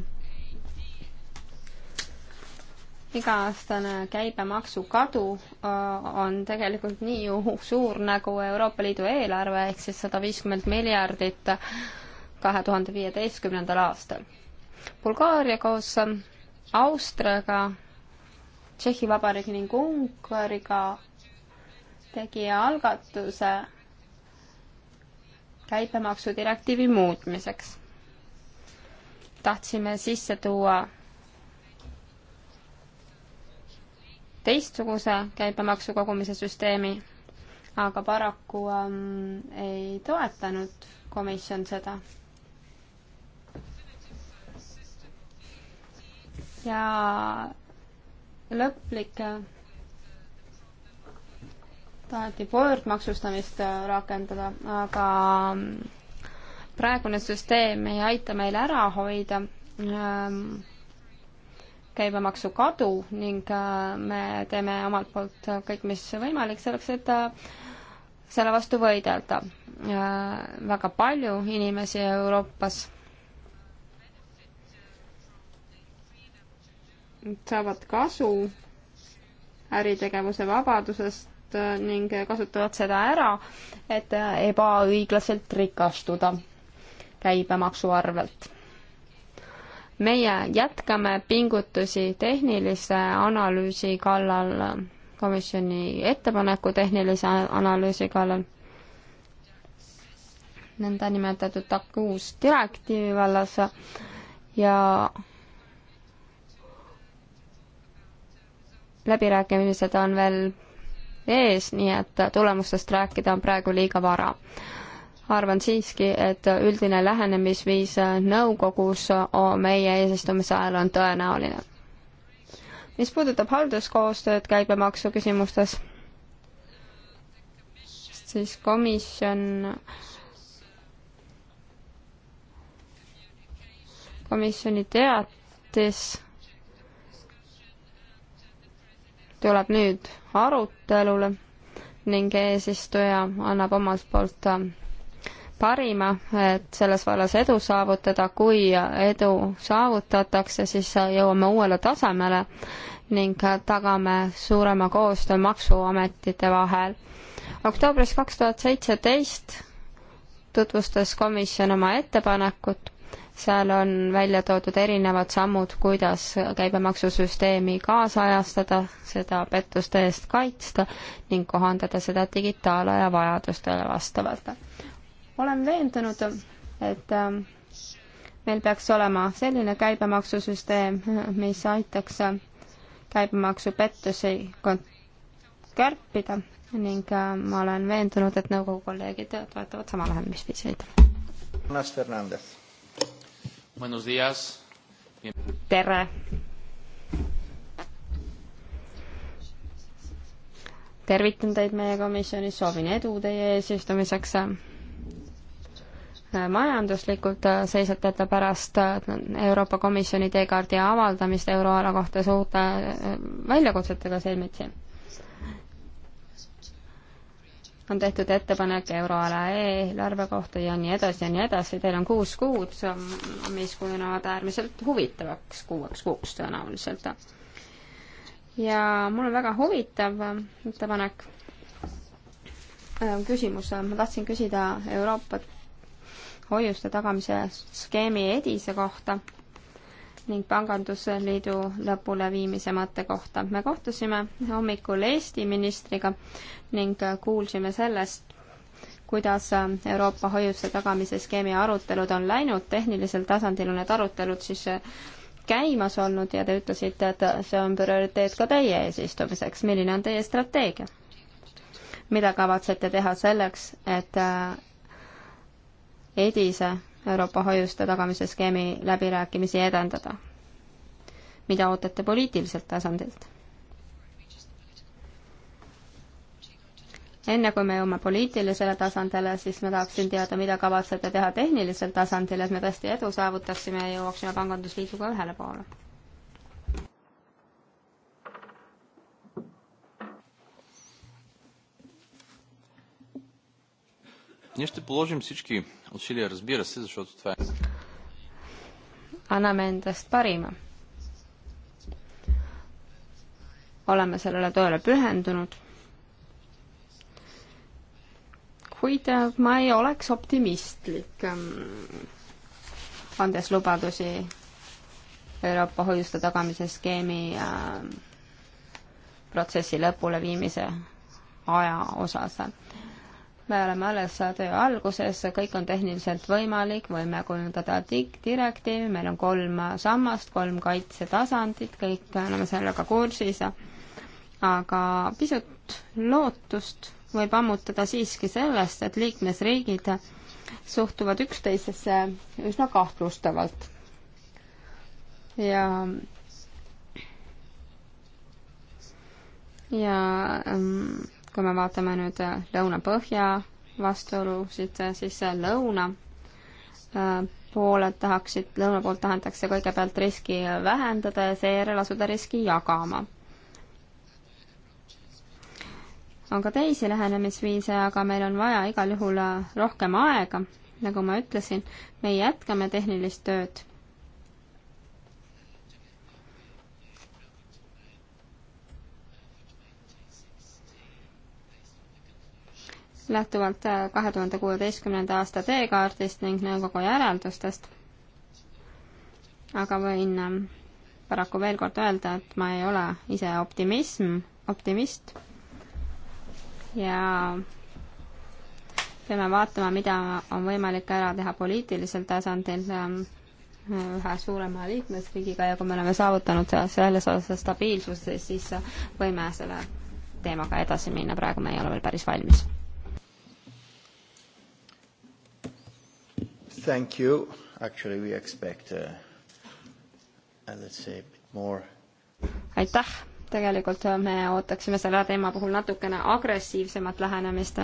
iga-aastane käibemaksu kadu äh, on tegelikult nii suur nagu Euroopa Liidu eelarve ehk siis sada viiskümmend miljardit äh, kahe tuhande viieteistkümnendal aastal. Bulgaaria koos Austriaga, Tšehhi Vabariigi ning Ungariga tegi algatuse käibemaksudirektiivi muutmiseks tahtsime sisse tuua teistsuguse käibemaksu kogumise süsteemi, aga paraku ähm, ei toetanud komisjon seda. ja lõplik äh, taheti pöördmaksustamist äh, rakendada, aga ähm, praegune süsteem ei aita meil ära hoida ähm, käibemaksu kadu ning äh, me teeme omalt poolt kõik, mis võimalik selleks, et äh, selle vastu võidelda äh,. väga palju inimesi Euroopas saavad kasu äritegevuse vabadusest äh, ning kasutavad seda ära, et äh, ebaõiglaselt rikastuda käibemaksu arvelt. meie jätkame pingutusi tehnilise analüüsi kallal, komisjoni ettepaneku tehnilise analüüsi kallal, nõndanimetatud uus direktiivi vallas ja läbirääkimised on veel ees, nii et tulemustest rääkida on praegu liiga vara arvan siiski, et üldine lähenemisviis nõukogus meie eesistumise ajal on tõenäoline. mis puudutab halduskoostööd käibemaksu küsimustes, siis komisjon komisjoni teatis tuleb nüüd arutelule ning eesistuja annab omalt poolt parima, et selles vallas edu saavutada, kui edu saavutatakse, siis jõuame uuele tasemele ning tagame suurema koostöö Maksuametite vahel. oktoobris kaks tuhat seitseteist tutvustas komisjon oma ettepanekut, seal on välja toodud erinevad sammud, kuidas käibemaksusüsteemi kaasajastada, seda pettuste eest kaitsta ning kohandada seda digitaalaja vajadustele vastavalt olen veendunud, et ähm, meil peaks olema selline käibemaksusüsteem, [laughs] mis aitaks äh, käibemaksupettusi kärpida ning äh, ma olen veendunud, et nõukogu kolleegid toetavad sama lähenemisviisi. tere! tervitan teid meie komisjonis, soovin edu teie eesistumiseks majanduslikult äh, seisate te pärast äh, Euroopa Komisjoni teekaardi avaldamist euroala kohta suurte äh, väljakutsetega silmitsi? on tehtud ettepanek euroala eelarve kohta ja nii edasi ja nii edasi, teil on kuus kuud, mis kujunevad äärmiselt huvitavaks kuueks kuuks tõenäoliselt. ja mul on väga huvitav ettepanek, küsimus, ma tahtsin küsida Euroopat hoiuste tagamise skeemi edise kohta ning Pangandusliidu lõpuleviimise mõtte kohta. me kohtusime hommikul Eesti ministriga ning kuulsime sellest, kuidas Euroopa hoiuste tagamise skeemi arutelud on läinud, tehnilisel tasandil on need arutelud siis käimas olnud ja te ütlesite, et see on prioriteet ka teie eesistumiseks. milline on teie strateegia? mida kavatsete teha selleks, et EDISE Euroopa hoiuste tagamise skeemi läbirääkimisi edendada. mida ootate poliitiliselt tasandilt? enne kui me jõuame poliitilisele tasandile, siis ma tahaksin teada, mida kavatsete teha tehnilisel tasandil, et me tõesti edu saavutaksime ja jõuaksime pangandusliiduga ühele poole. Ние ще положим всички усилия, разбира се, защото това е... anname endast parima. oleme sellele tööle pühendunud. kuid äh, ma ei oleks optimistlik, ähm, andes lubadusi Euroopa hoiuste tagamise skeemi ähm, protsessi lõpuleviimise aja osas me oleme alles töö alguses, kõik on tehniliselt võimalik, võime kujundada direktiivi, meil on kolm sammast, kolm kaitsetasandit, kõik oleme sellega kursis, aga pisut lootust võib ammutada siiski sellest, et liikmesriigid suhtuvad üksteisesse üsna kahtlustavalt. ja ja ähm, kui me vaatame nüüd äh, lõuna-põhja vastuolusid, äh, siis äh, lõuna poole tahaksid, lõuna poolt tahetakse kõigepealt riski vähendada ja seejärel asuda riski jagama. on ka teisi lähenemisviise, aga meil on vaja igal juhul rohkem aega, nagu ma ütlesin, me jätkame tehnilist tööd lähtuvalt äh, kahe tuhande kuueteistkümnenda aasta teekaardist ning nõukogu järeldustest. aga võin ähm, paraku veel kord öelda, et ma ei ole ise optimism, optimist ja peame vaatama, mida on võimalik ära teha poliitilisel tasandil ähm, ühe suurema liikmesriigiga ja kui me oleme saavutanud selles osas stabiilsuse, siis võime selle teemaga edasi minna, praegu me ei ole veel päris valmis Thank you. Actually we expect uh, let's say a bit more. aitäh, tegelikult uh, me ootaksime selle teema puhul natukene agressiivsemat lähenemist.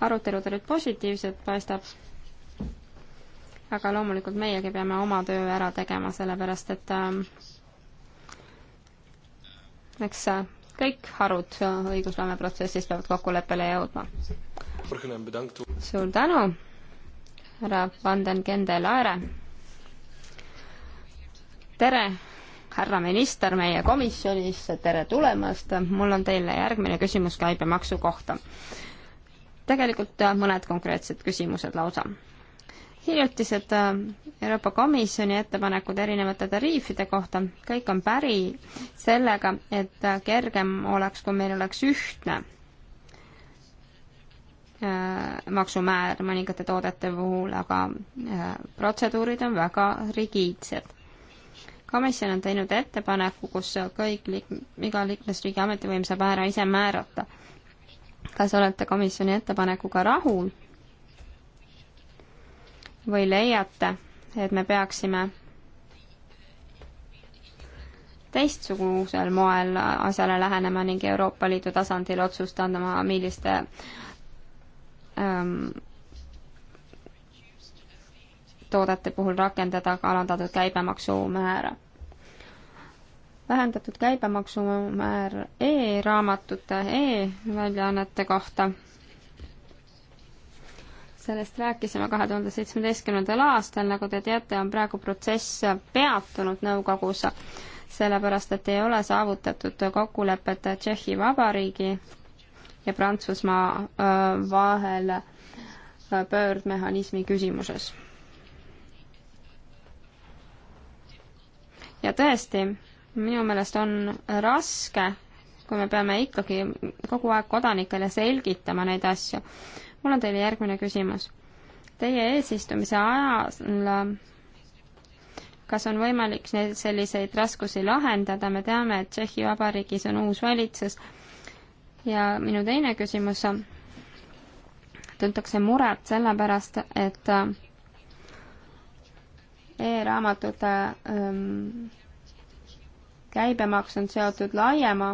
arutelud olid positiivsed, paistab. aga loomulikult meiegi peame oma töö ära tegema, sellepärast et ähm, eks uh, kõik harud uh, õigusloomeprotsessis peavad kokkuleppele jõudma. suur tänu härra Vanden Kende-Laere. tere, härra minister, meie komisjonisse, tere tulemast. mul on teile järgmine küsimus käibemaksu kohta. tegelikult äh, mõned konkreetsed küsimused lausa. hiljutised äh, Euroopa Komisjoni ettepanekud erinevate tariifide kohta, kõik on päri sellega, et äh, kergem oleks, kui meil oleks ühtne Äh, maksumäär mõningate toodete puhul, aga äh, protseduurid on väga rigiidsed. komisjon on teinud ettepaneku, kus kõik liik-, iga liikmesriigi ametivõim saab ära ise määrata. kas olete komisjoni ettepanekuga rahul või leiate, et me peaksime teistsugusel moel asjale lähenema ning Euroopa Liidu tasandil otsustama, milliste äh, ähm, toodete puhul rakendada ka alandatud käibemaksumäära. vähendatud käibemaksumäär e-raamatute e, e-väljaannete kohta. sellest rääkisime kahe tuhande seitsmeteistkümnendal aastal, nagu te teate, on praegu protsess peatunud nõukogus, sellepärast et ei ole saavutatud kokkulepet Tšehhi Vabariigi ja Prantsusmaa vahel pöördmehhanismi küsimuses. ja tõesti, minu meelest on raske, kui me peame ikkagi kogu aeg kodanikele selgitama neid asju. mul on teile järgmine küsimus. Teie eesistumise ajal kas on võimalik selliseid raskusi lahendada, me teame, et Tšehhi Vabariigis on uus valitsus ja minu teine küsimus, tuntakse muret selle pärast, et äh, e-raamatute äh, ähm, käibemaks on seotud laiema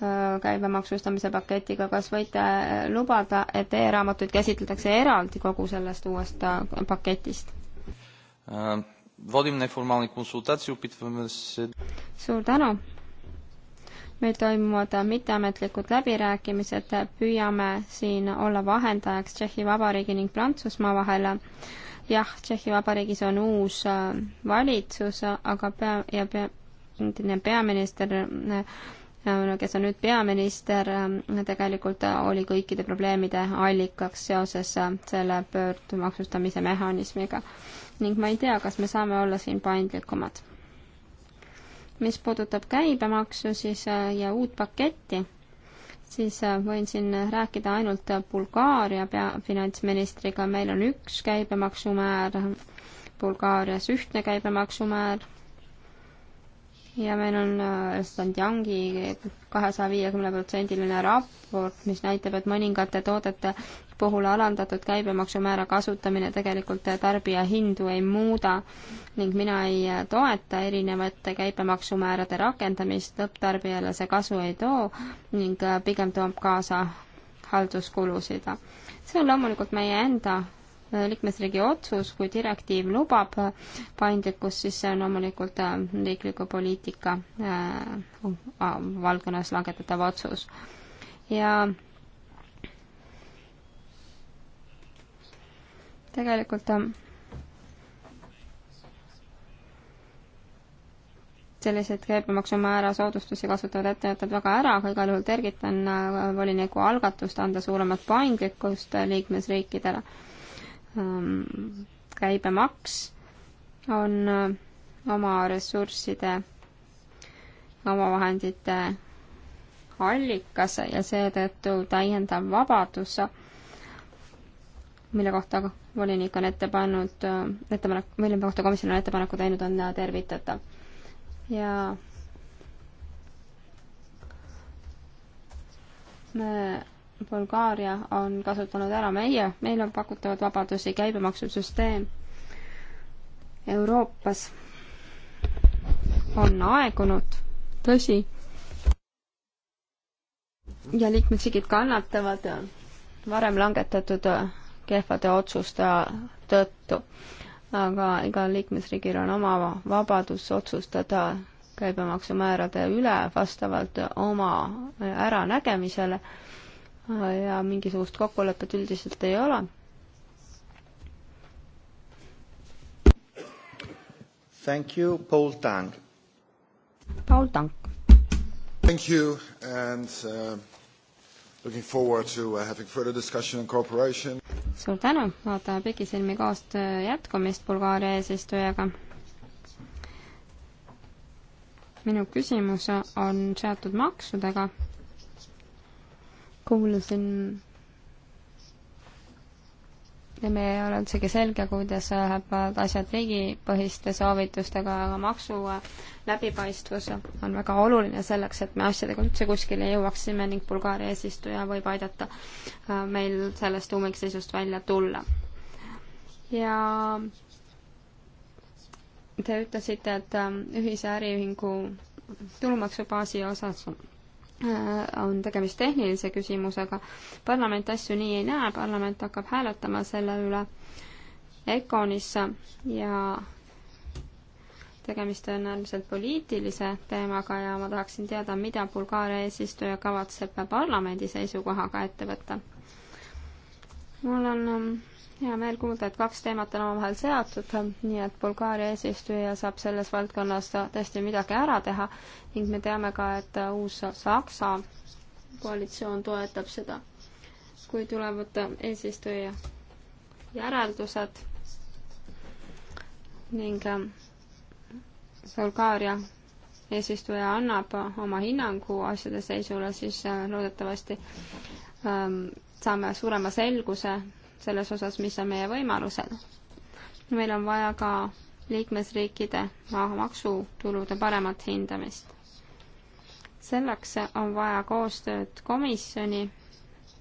äh, käibemaksustamise paketiga, kas võite äh, lubada, et e-raamatuid käsitletakse eraldi kogu sellest uuest paketist äh,? Vodim neformaalne konsultatsioon, pitame see suur tänu! meil toimuvad mitteametlikud läbirääkimised, püüame siin olla vahendajaks Tšehhi Vabariigi ning Prantsusmaa vahel. jah, Tšehhi Vabariigis on uus äh, valitsus, aga pea, ja pea, endine peaminister äh, kes on nüüd peaminister, äh, tegelikult oli kõikide probleemide allikaks seoses selle pöördmaksustamise mehhanismiga. ning ma ei tea, kas me saame olla siin paindlikumad mis puudutab käibemaksu siis äh, ja uut paketti, siis äh, võin siin rääkida ainult äh, Bulgaaria pea, finantsministriga, meil on üks käibemaksumäär, Bulgaarias ühtne käibemaksumäär ja meil on Sandjangi kahesaja viiekümne protsendiline raport, mis näitab, et mõningate toodete puhul alandatud käibemaksumäära kasutamine tegelikult tarbija hindu ei muuda ning mina ei toeta erinevate käibemaksumäärade rakendamist, lõpptarbijale see kasu ei too ning äh, pigem toob kaasa halduskulusid. see on loomulikult meie enda äh, liikmesriigi otsus, kui direktiiv lubab äh, paindlikkust, siis see on loomulikult riikliku poliitika valdkonnas langetatav otsus. ja tegelikult ähm, selliseid käibemaksumäära soodustusi kasutavad ettevõtted väga ära, aga igal juhul tervitan äh, voliniku algatust anda suuremat paindlikkust äh, liikmesriikidele. Ähm, käibemaks on äh, oma ressursside, omavahendite allikas ja seetõttu täiendav vabadus mille kohta volinik on ette pannud, äh, ettepanek, mille kohta komisjon on ettepaneku teinud, on äh, tervitatav. ja me, Bulgaaria on kasutanud ära meie, meile pakutavad vabadusi, käibemaksusüsteem Euroopas on aegunud, tõsi, ja liikmesriigid kannatavad varem langetatud äh, kehvade otsuste tõttu. aga igal liikmesriigil on oma vabadus otsustada käibemaksumäärade üle vastavalt oma äranägemisele ja mingisugust kokkulepet üldiselt ei ole. Thank you, Paul Tang. Paul Tang. Thank you and uh Looking forward to uh, having further discussion and cooperation. suur tänu, ootame pikisilmi koostöö jätkumist Bulgaaria eesistujaga. minu küsimus on seotud maksudega. kuulasin me ei ole üldsegi selge, kuidas lähevad asjad riigipõhiste soovitustega, aga maksu läbipaistvus on väga oluline selleks, et me asjadega üldse kuskile jõuaksime ning Bulgaaria eesistuja võib aidata äh, meil sellest ummikseisust välja tulla. ja te ütlesite, et äh, ühise äriühingu tulumaksubaasi osas Äh, on tegemist tehnilise küsimusega. parlament asju nii ei näe, parlament hakkab hääletama selle üle Econisse ja tegemist on äärmiselt poliitilise teemaga ja ma tahaksin teada, mida Bulgaaria eesistuja kavatseb parlamendi seisukohaga ette võtta. mul on ähm, hea meel kuulda, et kaks teemat on omavahel seotud, nii et Bulgaaria eesistuja saab selles valdkonnas tõesti midagi ära teha ning me teame ka, et uus Saksa koalitsioon toetab seda. kui tulevad eesistuja järeldused ning Bulgaaria eesistuja annab oma hinnangu asjade seisule, siis loodetavasti ähm, saame suurema selguse selles osas, mis on meie võimalused. meil on vaja ka liikmesriikide maksutulude paremat hindamist. selleks on vaja koostööd komisjoni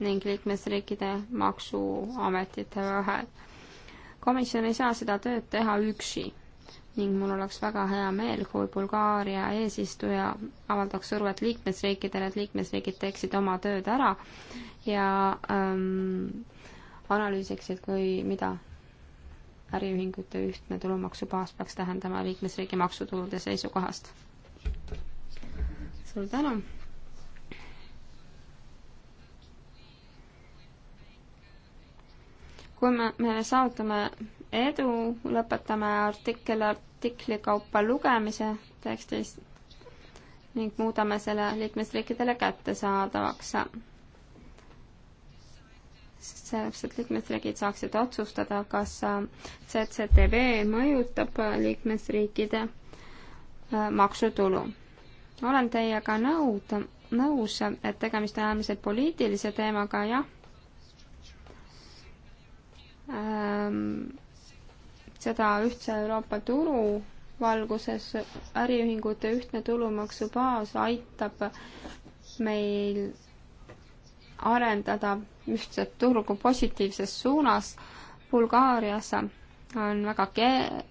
ning liikmesriikide maksuametite vahel. komisjon ei saa seda tööd teha üksi ning mul oleks väga hea meel, kui Bulgaaria eesistuja avaldaks survet liikmesriikidele, et liikmesriigid teeksid oma tööd ära ja ähm, analüüsiksid, kui mida äriühingute ühtne tulumaksubaas peaks tähendama liikmesriigi maksutulude seisukohast. suur tänu! kui me, me saavutame edu, lõpetame artikkel artikli kaupa lugemise tekstis ning muudame selle liikmesriikidele kättesaadavaks selleks, et liikmesriigid saaksid otsustada, kas äh, CCTV mõjutab äh, liikmesriikide äh, maksutulu. olen teiega nõud, nõus, et tegemist on äärmiselt poliitilise teemaga, jah ähm,. seda ühtse Euroopa turu valguses äriühingute ühtne tulumaksubaas aitab meil arendada ühtset turgu positiivses suunas. Bulgaarias on väga ke-,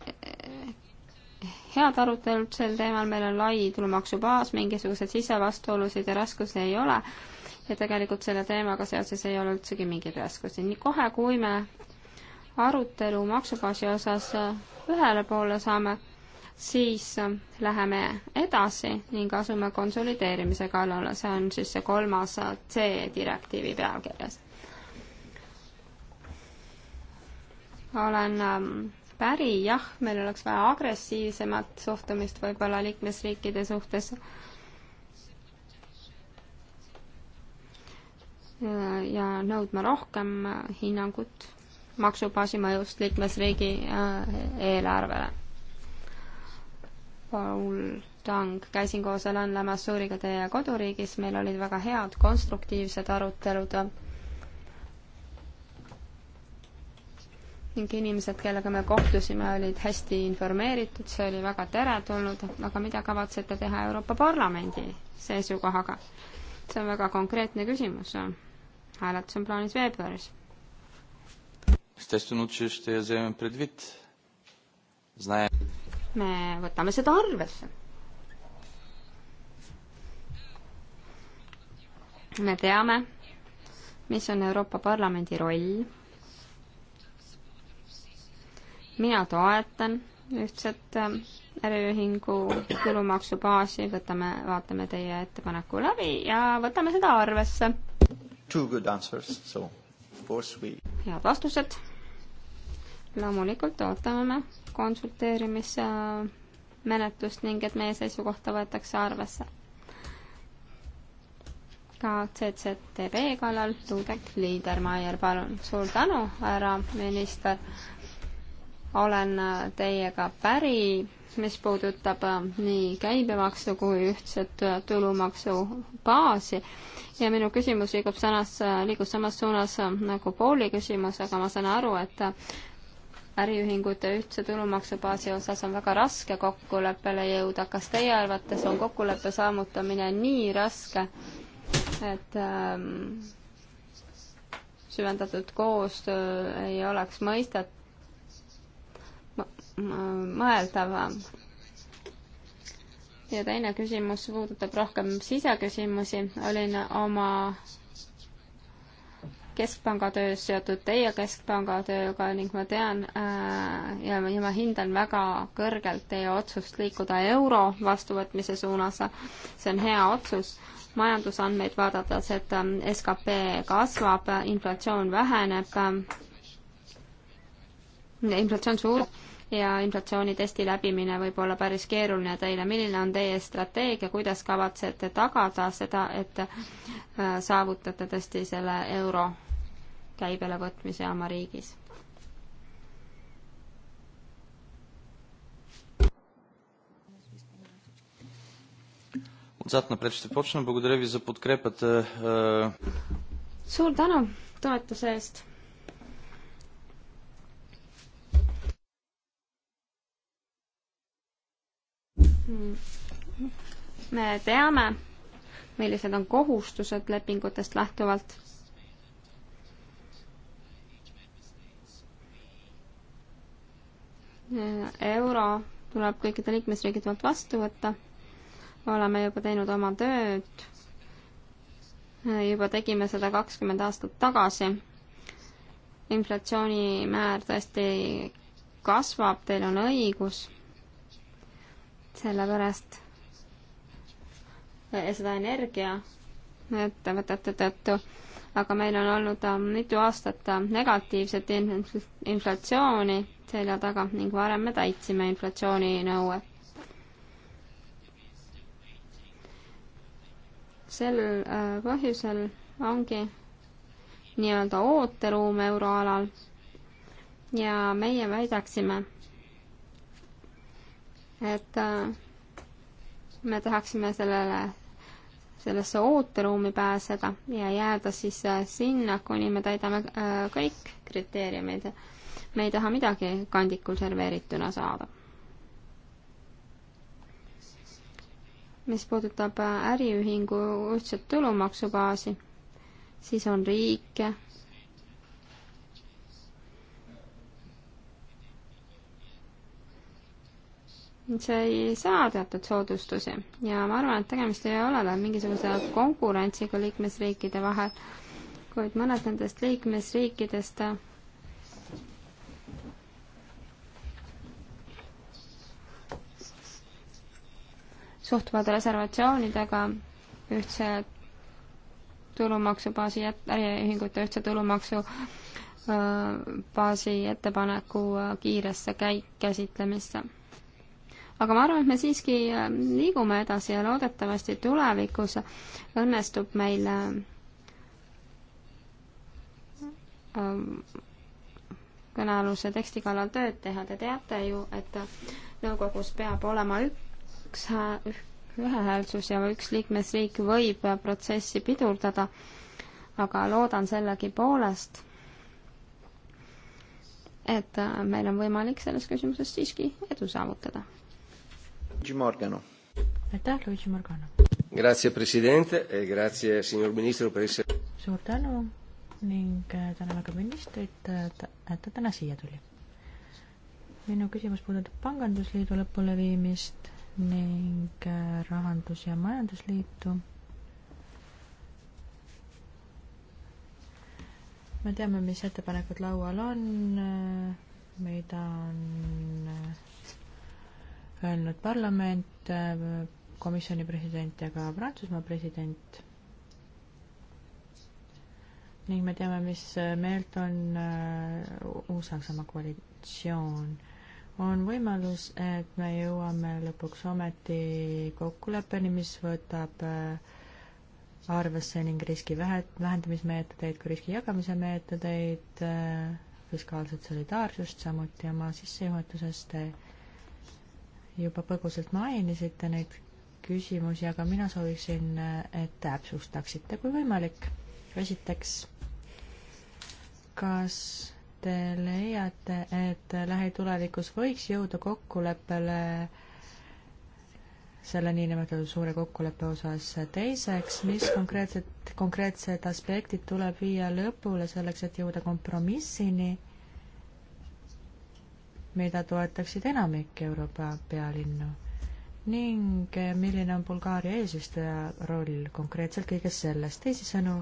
head arutelud sel teemal, meil on lai tulumaksubaas, mingisuguseid sisevastuolusid ja raskusi ei ole ja tegelikult selle teemaga seoses ei ole üldsegi mingeid raskusi. nii kohe, kui me arutelu maksubaasi osas ühele poole saame, siis äh, läheme edasi ning asume konsolideerimise kallale, see on siis see kolmas äh, C direktiivi pealkirjas. olen ähm, päri, jah, meil oleks vaja agressiivsemat suhtumist võib-olla liikmesriikide suhtes. Äh, ja nõudma rohkem hinnangut maksubaasi mõjust liikmesriigi eelarvele Paul Tang, käisin koos Alan Lamassooriga teie koduriigis, meil olid väga head konstruktiivsed arutelud ning inimesed, kellega me kohtusime, olid hästi informeeritud, see oli väga teretulnud, aga mida kavatsete teha Euroopa Parlamendi seisukohaga? see on väga konkreetne küsimus. hääletus on plaanis veebruaris. Естествено, че ще я вземем предвид. Знаем me võtame seda arvesse. me teame, mis on Euroopa Parlamendi roll. mina toetan ühtset ähm, äriühingu tulumaksubaasi, võtame, vaatame teie ettepaneku läbi ja võtame seda arvesse. Two good answers, so of course we head vastused loomulikult ootame me konsulteerimismenetlust ning et meie seisukohta võetakse arvesse. ka CCTV kallal Ludek Liidermaier, palun. suur tänu, härra minister. olen teiega päri, mis puudutab äh, nii käibemaksu kui ühtset äh, tulumaksu baasi ja minu küsimus liigub samas, äh, liigub samas suunas nagu Pauli küsimus, aga ma saan aru, et äriühingute ühtse tulumaksubaasi osas on väga raske kokkuleppele jõuda. kas teie arvates on kokkuleppe saavutamine nii raske, et ähm, süvendatud koostöö ei oleks mõistet- mõeldav? ja teine küsimus puudutab rohkem siseküsimusi. olin oma Keskpanga töös, seotud teie Keskpanga tööga ning ma tean äh, ja, ja ma hindan väga kõrgelt teie otsust liikuda euro vastuvõtmise suunas. see on hea otsus. majandusandmeid vaadates, et äh, skp kasvab, inflatsioon väheneb äh,, inflatsioon suureneb ja inflatsioonitesti läbimine võib olla päris keeruline teile. milline on teie strateegia, kuidas kavatsete tagada seda, et äh, saavutate tõesti selle euro käibele võtmise oma riigis? Отзад напред ще почна. Благодаря ви за подкрепата. Suur tänu toetuse eest me teame, millised on kohustused lepingutest lähtuvalt. euro tuleb kõikide liikmesriigi poolt vastu võtta. oleme juba teinud oma tööd. juba tegime seda kakskümmend aastat tagasi. inflatsioonimäär tõesti kasvab, teil on õigus sellepärast ja seda energiaettevõtete tõttu, aga meil on olnud äh, mitu aastat äh, negatiivset inflatsiooni selja taga ning varem me täitsime inflatsiooninõuet. sel äh, põhjusel ongi nii-öelda ooteruum euroalal ja meie väidaksime et äh, me tahaksime sellele, sellesse ooteruumi pääseda ja jääda siis äh, sinna, kuni me täidame äh, kõik kriteeriumid. me ei taha midagi kandikul serveerituna saada. mis puudutab äriühingu ühtset tulumaksubaasi, siis on riike sai saa teatud soodustusi ja ma arvan, et tegemist ei ole mingisuguse konkurentsiga liikmesriikide vahel, kuid mõned nendest liikmesriikidest suhtuvad reservatsioonidega ühtse tulumaksubaasi jät-, äriühingute ühtse tulumaksu baasi ettepaneku kiiresse käi-, käsitlemisse aga ma arvan, et me siiski äh, liigume edasi ja loodetavasti tulevikus õnnestub meil äh, ähm, kõnealuse teksti kallal tööd teha. Te teate ju, et nõukogus peab olema üks ühehäälsus ja üks liikmesriik võib protsessi pidurdada, aga loodan sellegipoolest, et äh, meil on võimalik selles küsimuses siiski edu saavutada Luigi Morgano. aitäh, Luigi Morgano. Grazie, president, e grazie, signor minister, president. suur tänu ning eh, täname ka ministrit, eh, et ta täna siia tuli. minu küsimus puudutab Pangandusliidu lõpuleviimist ning eh, Rahandus- ja Majandusliitu. me teame, mis ettepanekud laual on, mida on öelnud parlament, komisjoni president ja ka Prantsusmaa president. ning me teame, mis meelt on äh, Uus-Saksamaa koalitsioon. on võimalus, et me jõuame lõpuks ometi kokkuleppeni, mis võtab äh, arvesse ning riski vähe, vähendamismeetodeid kui riski jagamise meetodeid, äh, fiskaalset solidaarsust samuti oma sissejuhatuses te juba põgusalt mainisite neid küsimusi, aga mina sooviksin, et täpsustaksite, kui võimalik. esiteks, kas te leiate, et lähitulevikus võiks jõuda kokkuleppele selle niinimetatud suure kokkuleppe osas. teiseks, mis konkreetsed, konkreetsed aspektid tuleb viia lõpule selleks, et jõuda kompromissini mida toetaksid enamik Euroopa pealinnu ning eh, milline on Bulgaaria eesistuja roll konkreetselt kõiges selles, teisisõnu,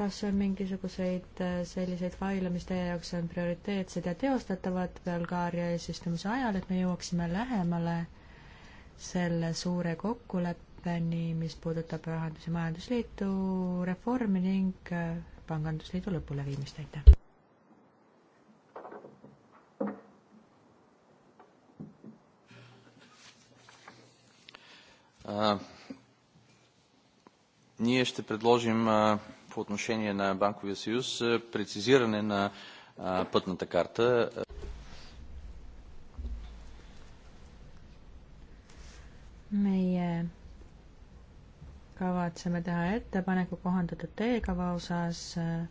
kas on mingisuguseid eh, selliseid faile, mis teie jaoks on prioriteetsed ja teostatavad Bulgaaria eesistumise ajal, et me jõuaksime lähemale selle suure kokkuleppeni, mis puudutab Rahandus- ja Majandusliitu reformi ning eh, Pangandusliidu lõpuleviimist, aitäh! А, ние ще предложим а, по отношение на Банковия съюз а, прецизиране на а, пътната карта. meie kavatseme teha ettepaneku kohandatud teekava osas, äh,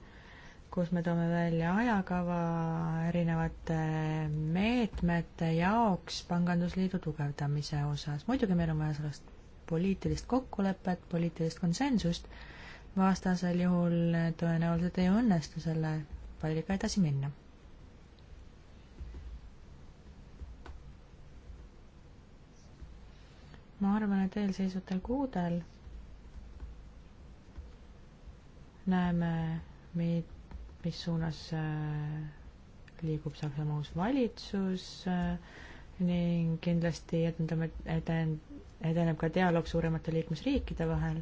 kus me toome välja ajakava erinevate meetmete jaoks pangandusliidu tugevdamise osas. muidugi meil on vaja sellest poliitilist kokkulepet, poliitilist konsensust, vastasel juhul tõenäoliselt ei õnnestu selle palliga edasi minna. ma arvan, et eelseisvatel kuudel näeme, mis suunas äh, liigub Saksamaa uus valitsus äh, ning kindlasti edendame, eden-, edeneb ka dialoog suuremate liikmesriikide vahel.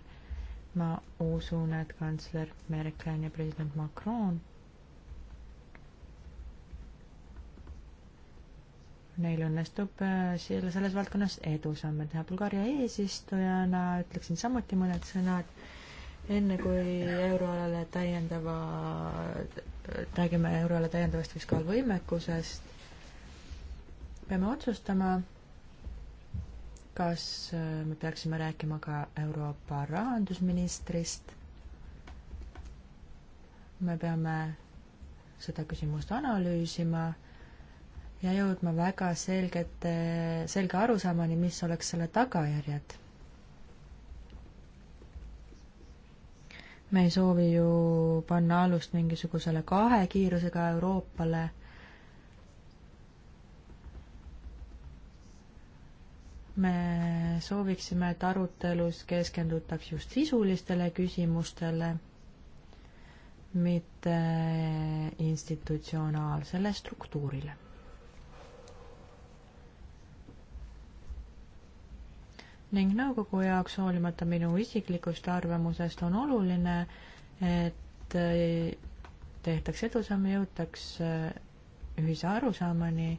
ma usun, et kantsler Merkel ja president Macron Neil õnnestub äh, selle, selles valdkonnas edusamme teha. Bulgaaria eesistujana ütleksin samuti mõned sõnad, enne kui euroalale täiendava, räägime euroala täiendavast fiskaalvõimekusest, peame otsustama, kas äh, me peaksime rääkima ka Euroopa rahandusministrist? me peame seda küsimust analüüsima ja jõudma väga selgete, selge arusaamani, mis oleks selle tagajärjed. me ei soovi ju panna alust mingisugusele kahe kiirusega Euroopale me sooviksime, et arutelus keskendutaks just sisulistele küsimustele, mitte institutsionaalsele struktuurile. ning nõukogu jaoks, hoolimata minu isiklikust arvamusest, on oluline, et tehtaks edusamme, jõutaks ühise arusaamani,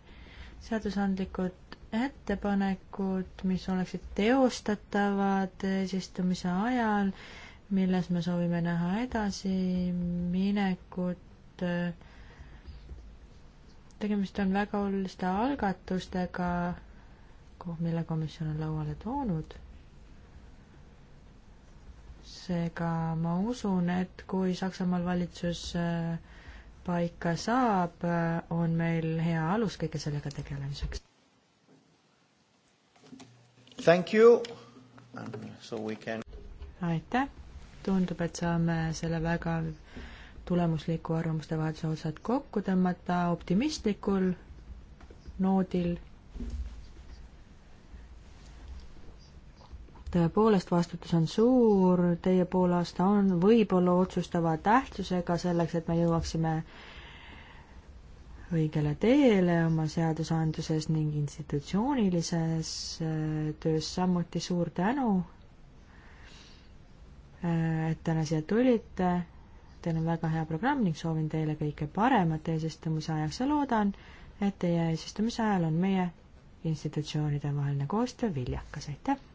seadusandlikud ettepanekud, mis oleksid teostatavad eesistumise ajal, milles me soovime näha edasiminekut. tegemist on väga oluliste algatustega, mille komisjon on lauale toonud. seega ma usun, et kui Saksamaal valitsus äh, paika saab, äh, on meil hea alus kõige sellega tegelemiseks Thank you. So we can. aitäh, tundub, et saame selle väga tulemusliku arvamustevahetuse osad kokku tõmmata optimistlikul noodil. tõepoolest, vastutus on suur, teie poolaasta on võib-olla otsustava tähtsusega selleks, et me jõuaksime äh, õigele teele oma seadusandluses ning institutsioonilises äh, töös samuti suur tänu, äh, et täna siia tulite. Teil on väga hea programm ning soovin teile kõike paremat eesistumise ajaks ja loodan, et teie eesistumise ajal on meie institutsioonide vaheline koostöö viljakas, aitäh!